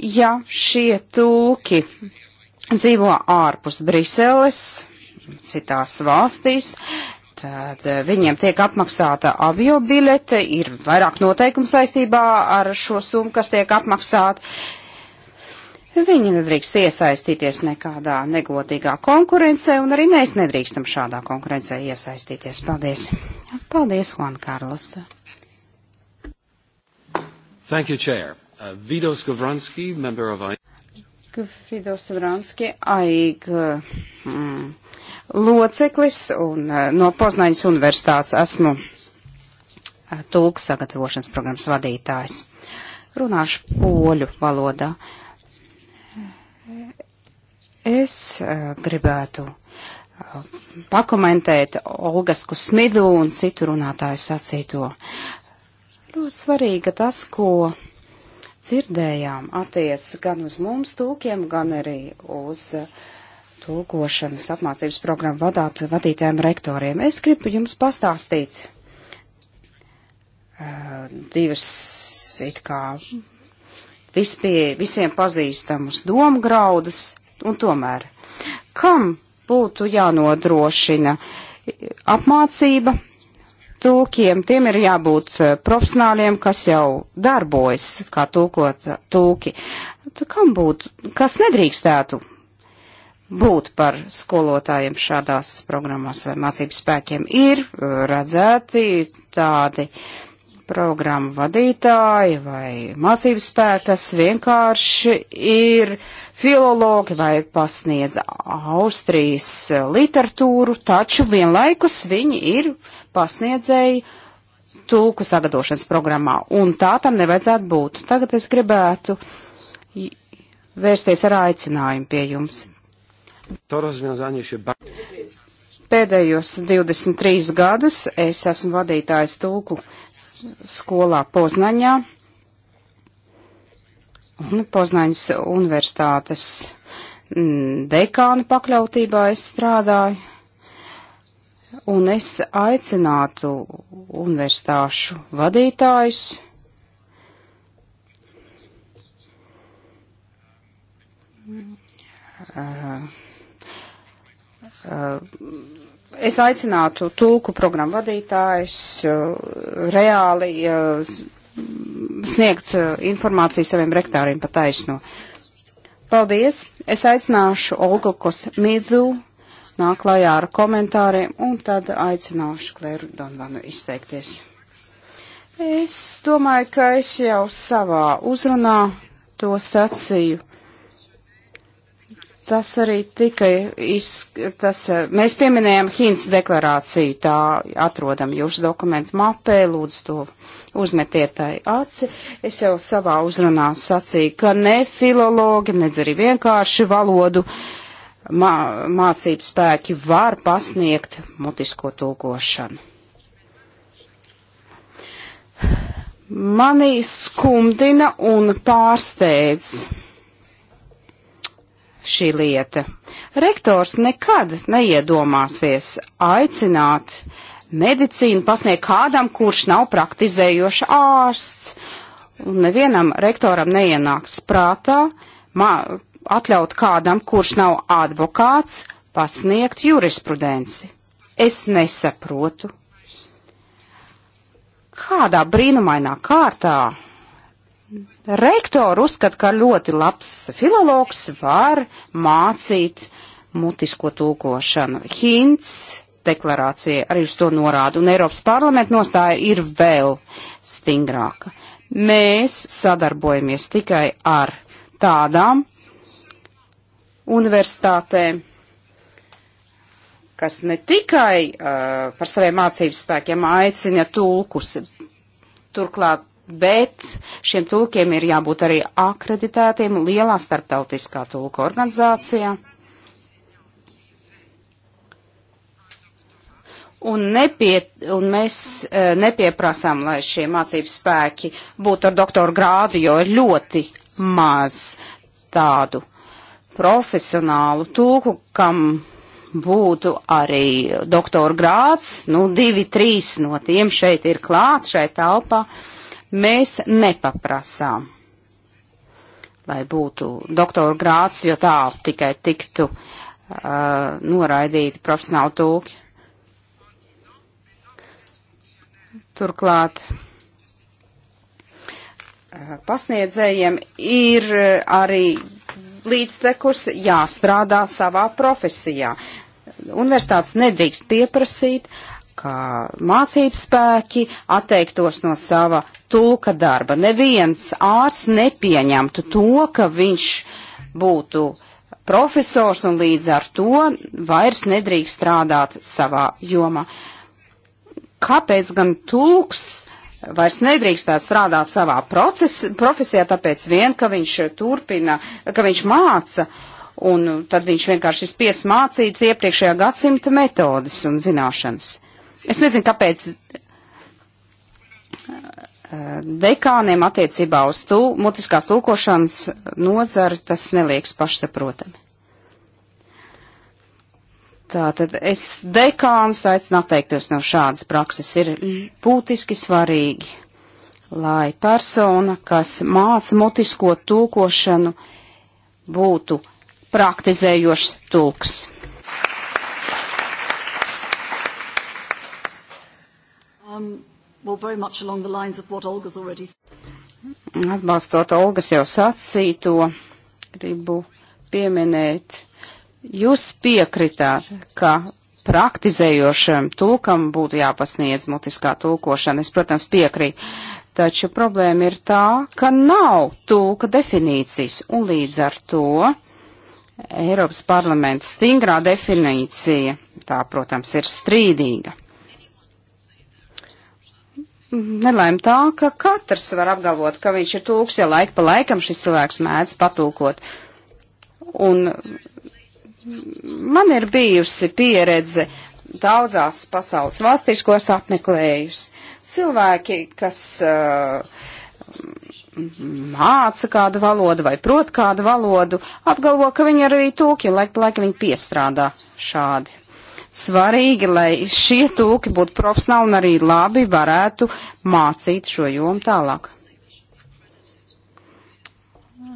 Ja šie tūki dzīvo ārpus Briseles, citās valstīs, Tad eh, viņiem tiek apmaksāta avio bilete, ir vairāk noteikumu saistībā ar šo summu, kas tiek apmaksāta. Viņi nedrīkst iesaistīties nekādā negodīgā konkurencē, un arī mēs nedrīkstam šādā konkurencē iesaistīties. Paldies. Paldies, Juan Karlos. Thank you, Chair. Uh, Vidos Gavranski, member of I. Vidos Gavranski, AIG. Mm loceklis un eh, no Poznaņas universitātes esmu eh, tulku sagatavošanas programmas vadītājs. Runāšu poļu valodā. Es eh, gribētu pakomentēt Olgas Kusmidu un citu runātāju sacīto. Ļoti svarīga tas, ko dzirdējām, attiec gan uz mums tūkiem, gan arī uz uh, tulkošanas apmācības programmu vadāt vadītājiem rektoriem. Es gribu jums pastāstīt uh, divas it kā vispie, visiem pazīstamus domu graudus, un tomēr, kam būtu jānodrošina apmācība tulkiem, tiem ir jābūt profesionāļiem, kas jau darbojas kā tulkot tulki. Tad kam būtu, kas nedrīkstētu būt par skolotājiem šādās programmās vai mācības spēkiem. Ir uh, redzēti tādi programmu vadītāji vai mācības spēki, kas vienkārši ir filologi vai pasniedz Austrijas literatūru, taču vienlaikus viņi ir pasniedzēji tulku sagadošanas programmā, un tā tam nevajadzētu būt. Tagad es gribētu vērsties ar aicinājumu pie jums. Pēdējos 23 gadus es esmu vadītājs tūku skolā Poznaņā un Poznaņas universitātes mm, dekāna pakļautībā es strādāju. Un es aicinātu universitāšu vadītājus uh, Uh, es aicinātu tulku programmu vadītājus uh, reāli uh, sniegt informāciju saviem rektāriem pa taisno. Paldies! Es aicināšu Olgu Kosmidru nāk klajā ar komentāriem un tad aicināšu Klēru Donvanu izteikties. Es domāju, ka es jau savā uzrunā to sacīju Tas arī tika, iz, tas, eh, mēs pieminējam Hīnas deklarāciju, tā atrodam jūsu dokumentu mapē, lūdzu to uzmetiet tai aci. Es jau savā uzrunā sacīju, ka ne filologi, nedz arī vienkārši valodu mā, mācības spēki var pasniegt mutisko tulkošanu. Mani skumdina un pārsteidz šī lieta. Rektors nekad neiedomāsies aicināt medicīnu pasniegt kādam, kurš nav praktizējošs ārsts. Un nevienam rektoram neienāks prātā mā, atļaut kādam, kurš nav advokāts, pasniegt jurisprudenci. Es nesaprotu. Kādā brīnumainā kārtā rektoru uzskata, ka ļoti labs filologs var mācīt mutisko tulkošanu. Hints deklarācija arī uz to norāda, un Eiropas parlamenta nostāja ir vēl stingrāka. Mēs sadarbojamies tikai ar tādām universitātēm, kas ne tikai uh, par saviem mācības spēkiem aicina tulkus, turklāt bet šiem tulkiem ir jābūt arī akreditētiem lielā starptautiskā tulka organizācijā. un, nepie, un mēs e, nepieprasām, lai šie mācības spēki būtu ar doktoru grādu, jo ir ļoti maz tādu profesionālu tūku, kam būtu arī doktora grāds. Nu, divi, trīs no tiem šeit ir klāt, šeit telpā. Uh, mēs nepaprasām, lai būtu doktora grāts, jo tā tikai tiktu uh, noraidīti profesionāli tūki. Turklāt uh, pasniedzējiem ir arī līdztekus jāstrādā savā profesijā. Universitātes nedrīkst pieprasīt, uh, ka mācības spēki atteiktos no sava tulka darba. Neviens ārsts nepieņemtu to, ka viņš būtu profesors un līdz ar to vairs nedrīkst strādāt savā jomā. Kāpēc gan tulks vairs nedrīkstāt strādāt savā proces, profesijā, tāpēc vien, ka viņš turpina, ka viņš māca, un tad viņš vienkārši spies mācīt iepriekšējā gadsimta metodas un zināšanas. Es nezinu, kāpēc uh, dekāniem attiecībā uz tū, mutiskās tūkošanas nozari tas neliekas pašsaprotami. Tātad es dekāns aicinu atteikties no šādas prakses. Ir būtiski svarīgi, lai persona, kas māca mutisko tūkošanu, būtu praktizējošs tulks. Um, well, very much along the lines of what Olga's already Atbalstot Olgas jau sacīto, gribu pieminēt, jūs piekritāt, ka praktizējošam tulkam būtu jāpasniedz mutiskā tulkošana. Es, protams, piekrītu. Taču problēma ir tā, ka nav tulka definīcijas, un līdz ar to Eiropas parlamenta stingrā definīcija, tā, protams, ir strīdīga. Nelēma tā, ka katrs var apgalvot, ka viņš ir tūks, ja laika pa laikam šis cilvēks mēdz patūkot. Un man ir bijusi pieredze daudzās pasaules valstīs, ko es apmeklējusi. Cilvēki, kas uh, māca kādu valodu vai prot kādu valodu, apgalvo, ka viņi arī tūki, laik pa laikam viņi piestrādā šādi svarīgi, lai šie tūki būtu profesionāli un arī labi varētu mācīt šo jomu tālāk.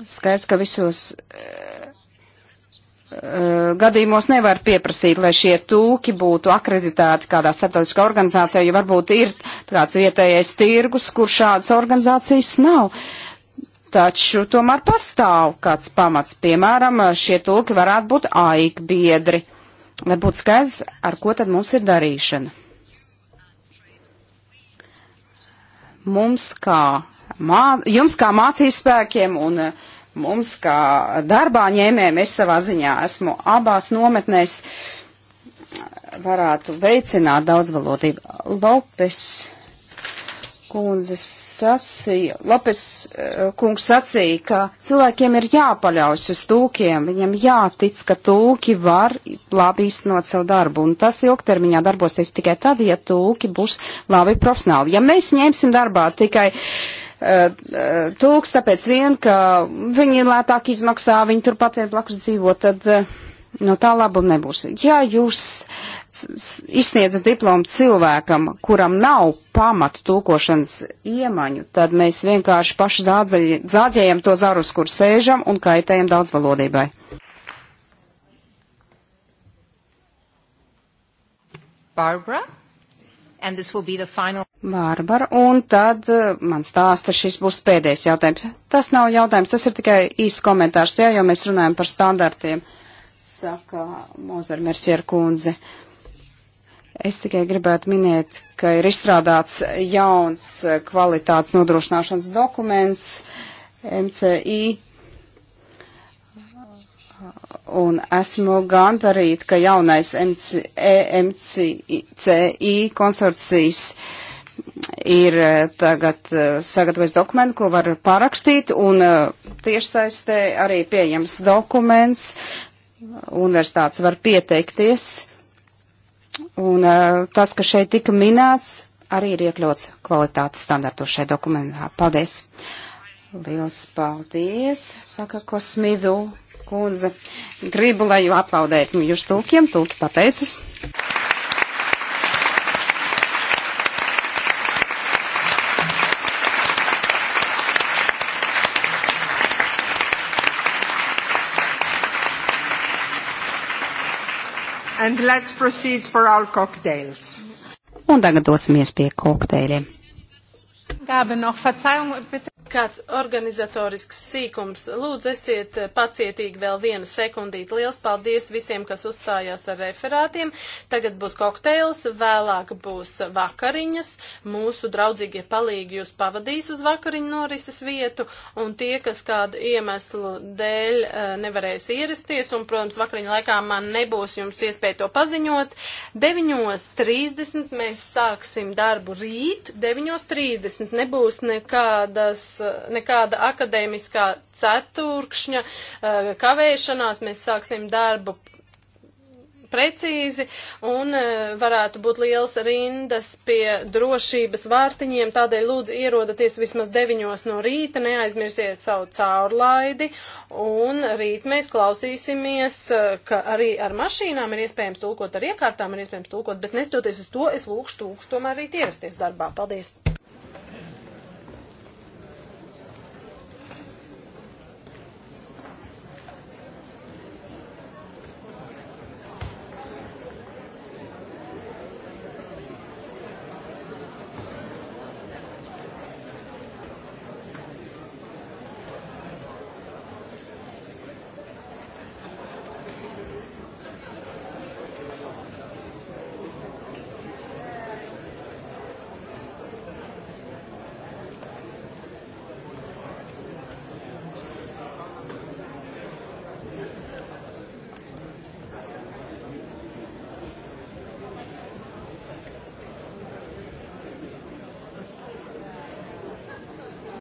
Skaidrs, ka visos uh, gadījumos nevar pieprasīt, lai šie tūki būtu akreditēti kādā starptautiskā organizācijā, jo varbūt ir kāds vietējais tirgus, kur šādas organizācijas nav. Taču tomēr pastāv kāds pamats, piemēram, šie tulki varētu būt aik biedri. Uh, lai būtu skaidrs, ar ko tad mums ir darīšana. Mums kā, mā, jums kā mācīs spēkiem un eh, mums kā darbā ņēmējiem, es savā ziņā esmu abās nometnēs, varētu veicināt daudzvalodību. Lopes kundzes sacīja, Lopes eh, kungs sacīja, ka cilvēkiem ir jāpaļaujas uz tūkiem, viņam jātic, ka tūki var labi īstenot savu darbu, un tas ilgtermiņā darbosies tikai tad, ja tūki būs labi profesionāli. Ja mēs ņemsim darbā tikai uh, tūks, tāpēc vien, ka viņi lētāk izmaksā, viņi turpat vien blakus dzīvo, tad uh, no tā labuma nebūs. Ja jūs izsniedzat diplomu cilvēkam, kuram nav pamatu tulkošanas iemaņu, tad mēs vienkārši paši zādzējam to zarus, kur sēžam un kaitējam daudzvalodībai. Barbara, final... Barbara, un tad uh, man stāsta, šis būs pēdējais jautājums. Tas nav jautājums, tas ir tikai īsts komentārs, jā, jo mēs runājam par standartiem. Uh, saka Mozart Mersier kundze. Es tikai gribētu minēt, ka ir izstrādāts jauns eh, kvalitātes nodrošināšanas dokuments MCI. Un esmu gandarīta, ka jaunais MC, MCI konsorcijas ir eh, tagad eh, sagatavojis dokumentu, ko var parakstīt, un tiešsaistē arī pieejams dokuments, universitātes var pieteikties. Un uh, tas, kas šeit tika minēts, arī ir iekļauts kvalitātes standartu šajā dokumentā. Paldies! Liels paldies, saka Kosmidu kundze. Gribu, lai jūs aplaudētu jūs tulkiem, tulki pateicas. and let's proceed for our cocktails. Un tagad dosimies pie kokteiļiem. Gabe, noch Verzeihung, bitte kāds organizatorisks sīkums. Lūdzu, esiet eh, pacietīgi vēl vienu sekundīti. Liels paldies visiem, kas uzstājās ar referātiem. Tagad būs kokteils, vēlāk būs vakariņas. Mūsu draudzīgie palīgi jūs pavadīs uz vakariņu norises vietu, un tie, kas kādu iemeslu dēļ eh, nevarēs ierasties, un, protams, vakariņu laikā man nebūs jums iespēja to paziņot, 9.30 mēs sāksim darbu rīt, 9.30 nebūs nekādas Eh, nekāda akadēmiskā ceturkšņa eh, kavēšanās. Mēs sāksim darbu precīzi un eh, varētu būt liels rindas pie drošības vārtiņiem. Tādēļ lūdzu ierodaties vismaz 9 no rīta, neaizmirsiet savu caurlaidi un rīt mēs klausīsimies, ka arī ar mašīnām ir iespējams tulkot, ar iekārtām ir iespējams tulkot, bet nestoties uz to, es lūkšu tūkstu tomēr rīt ierasties darbā. Paldies!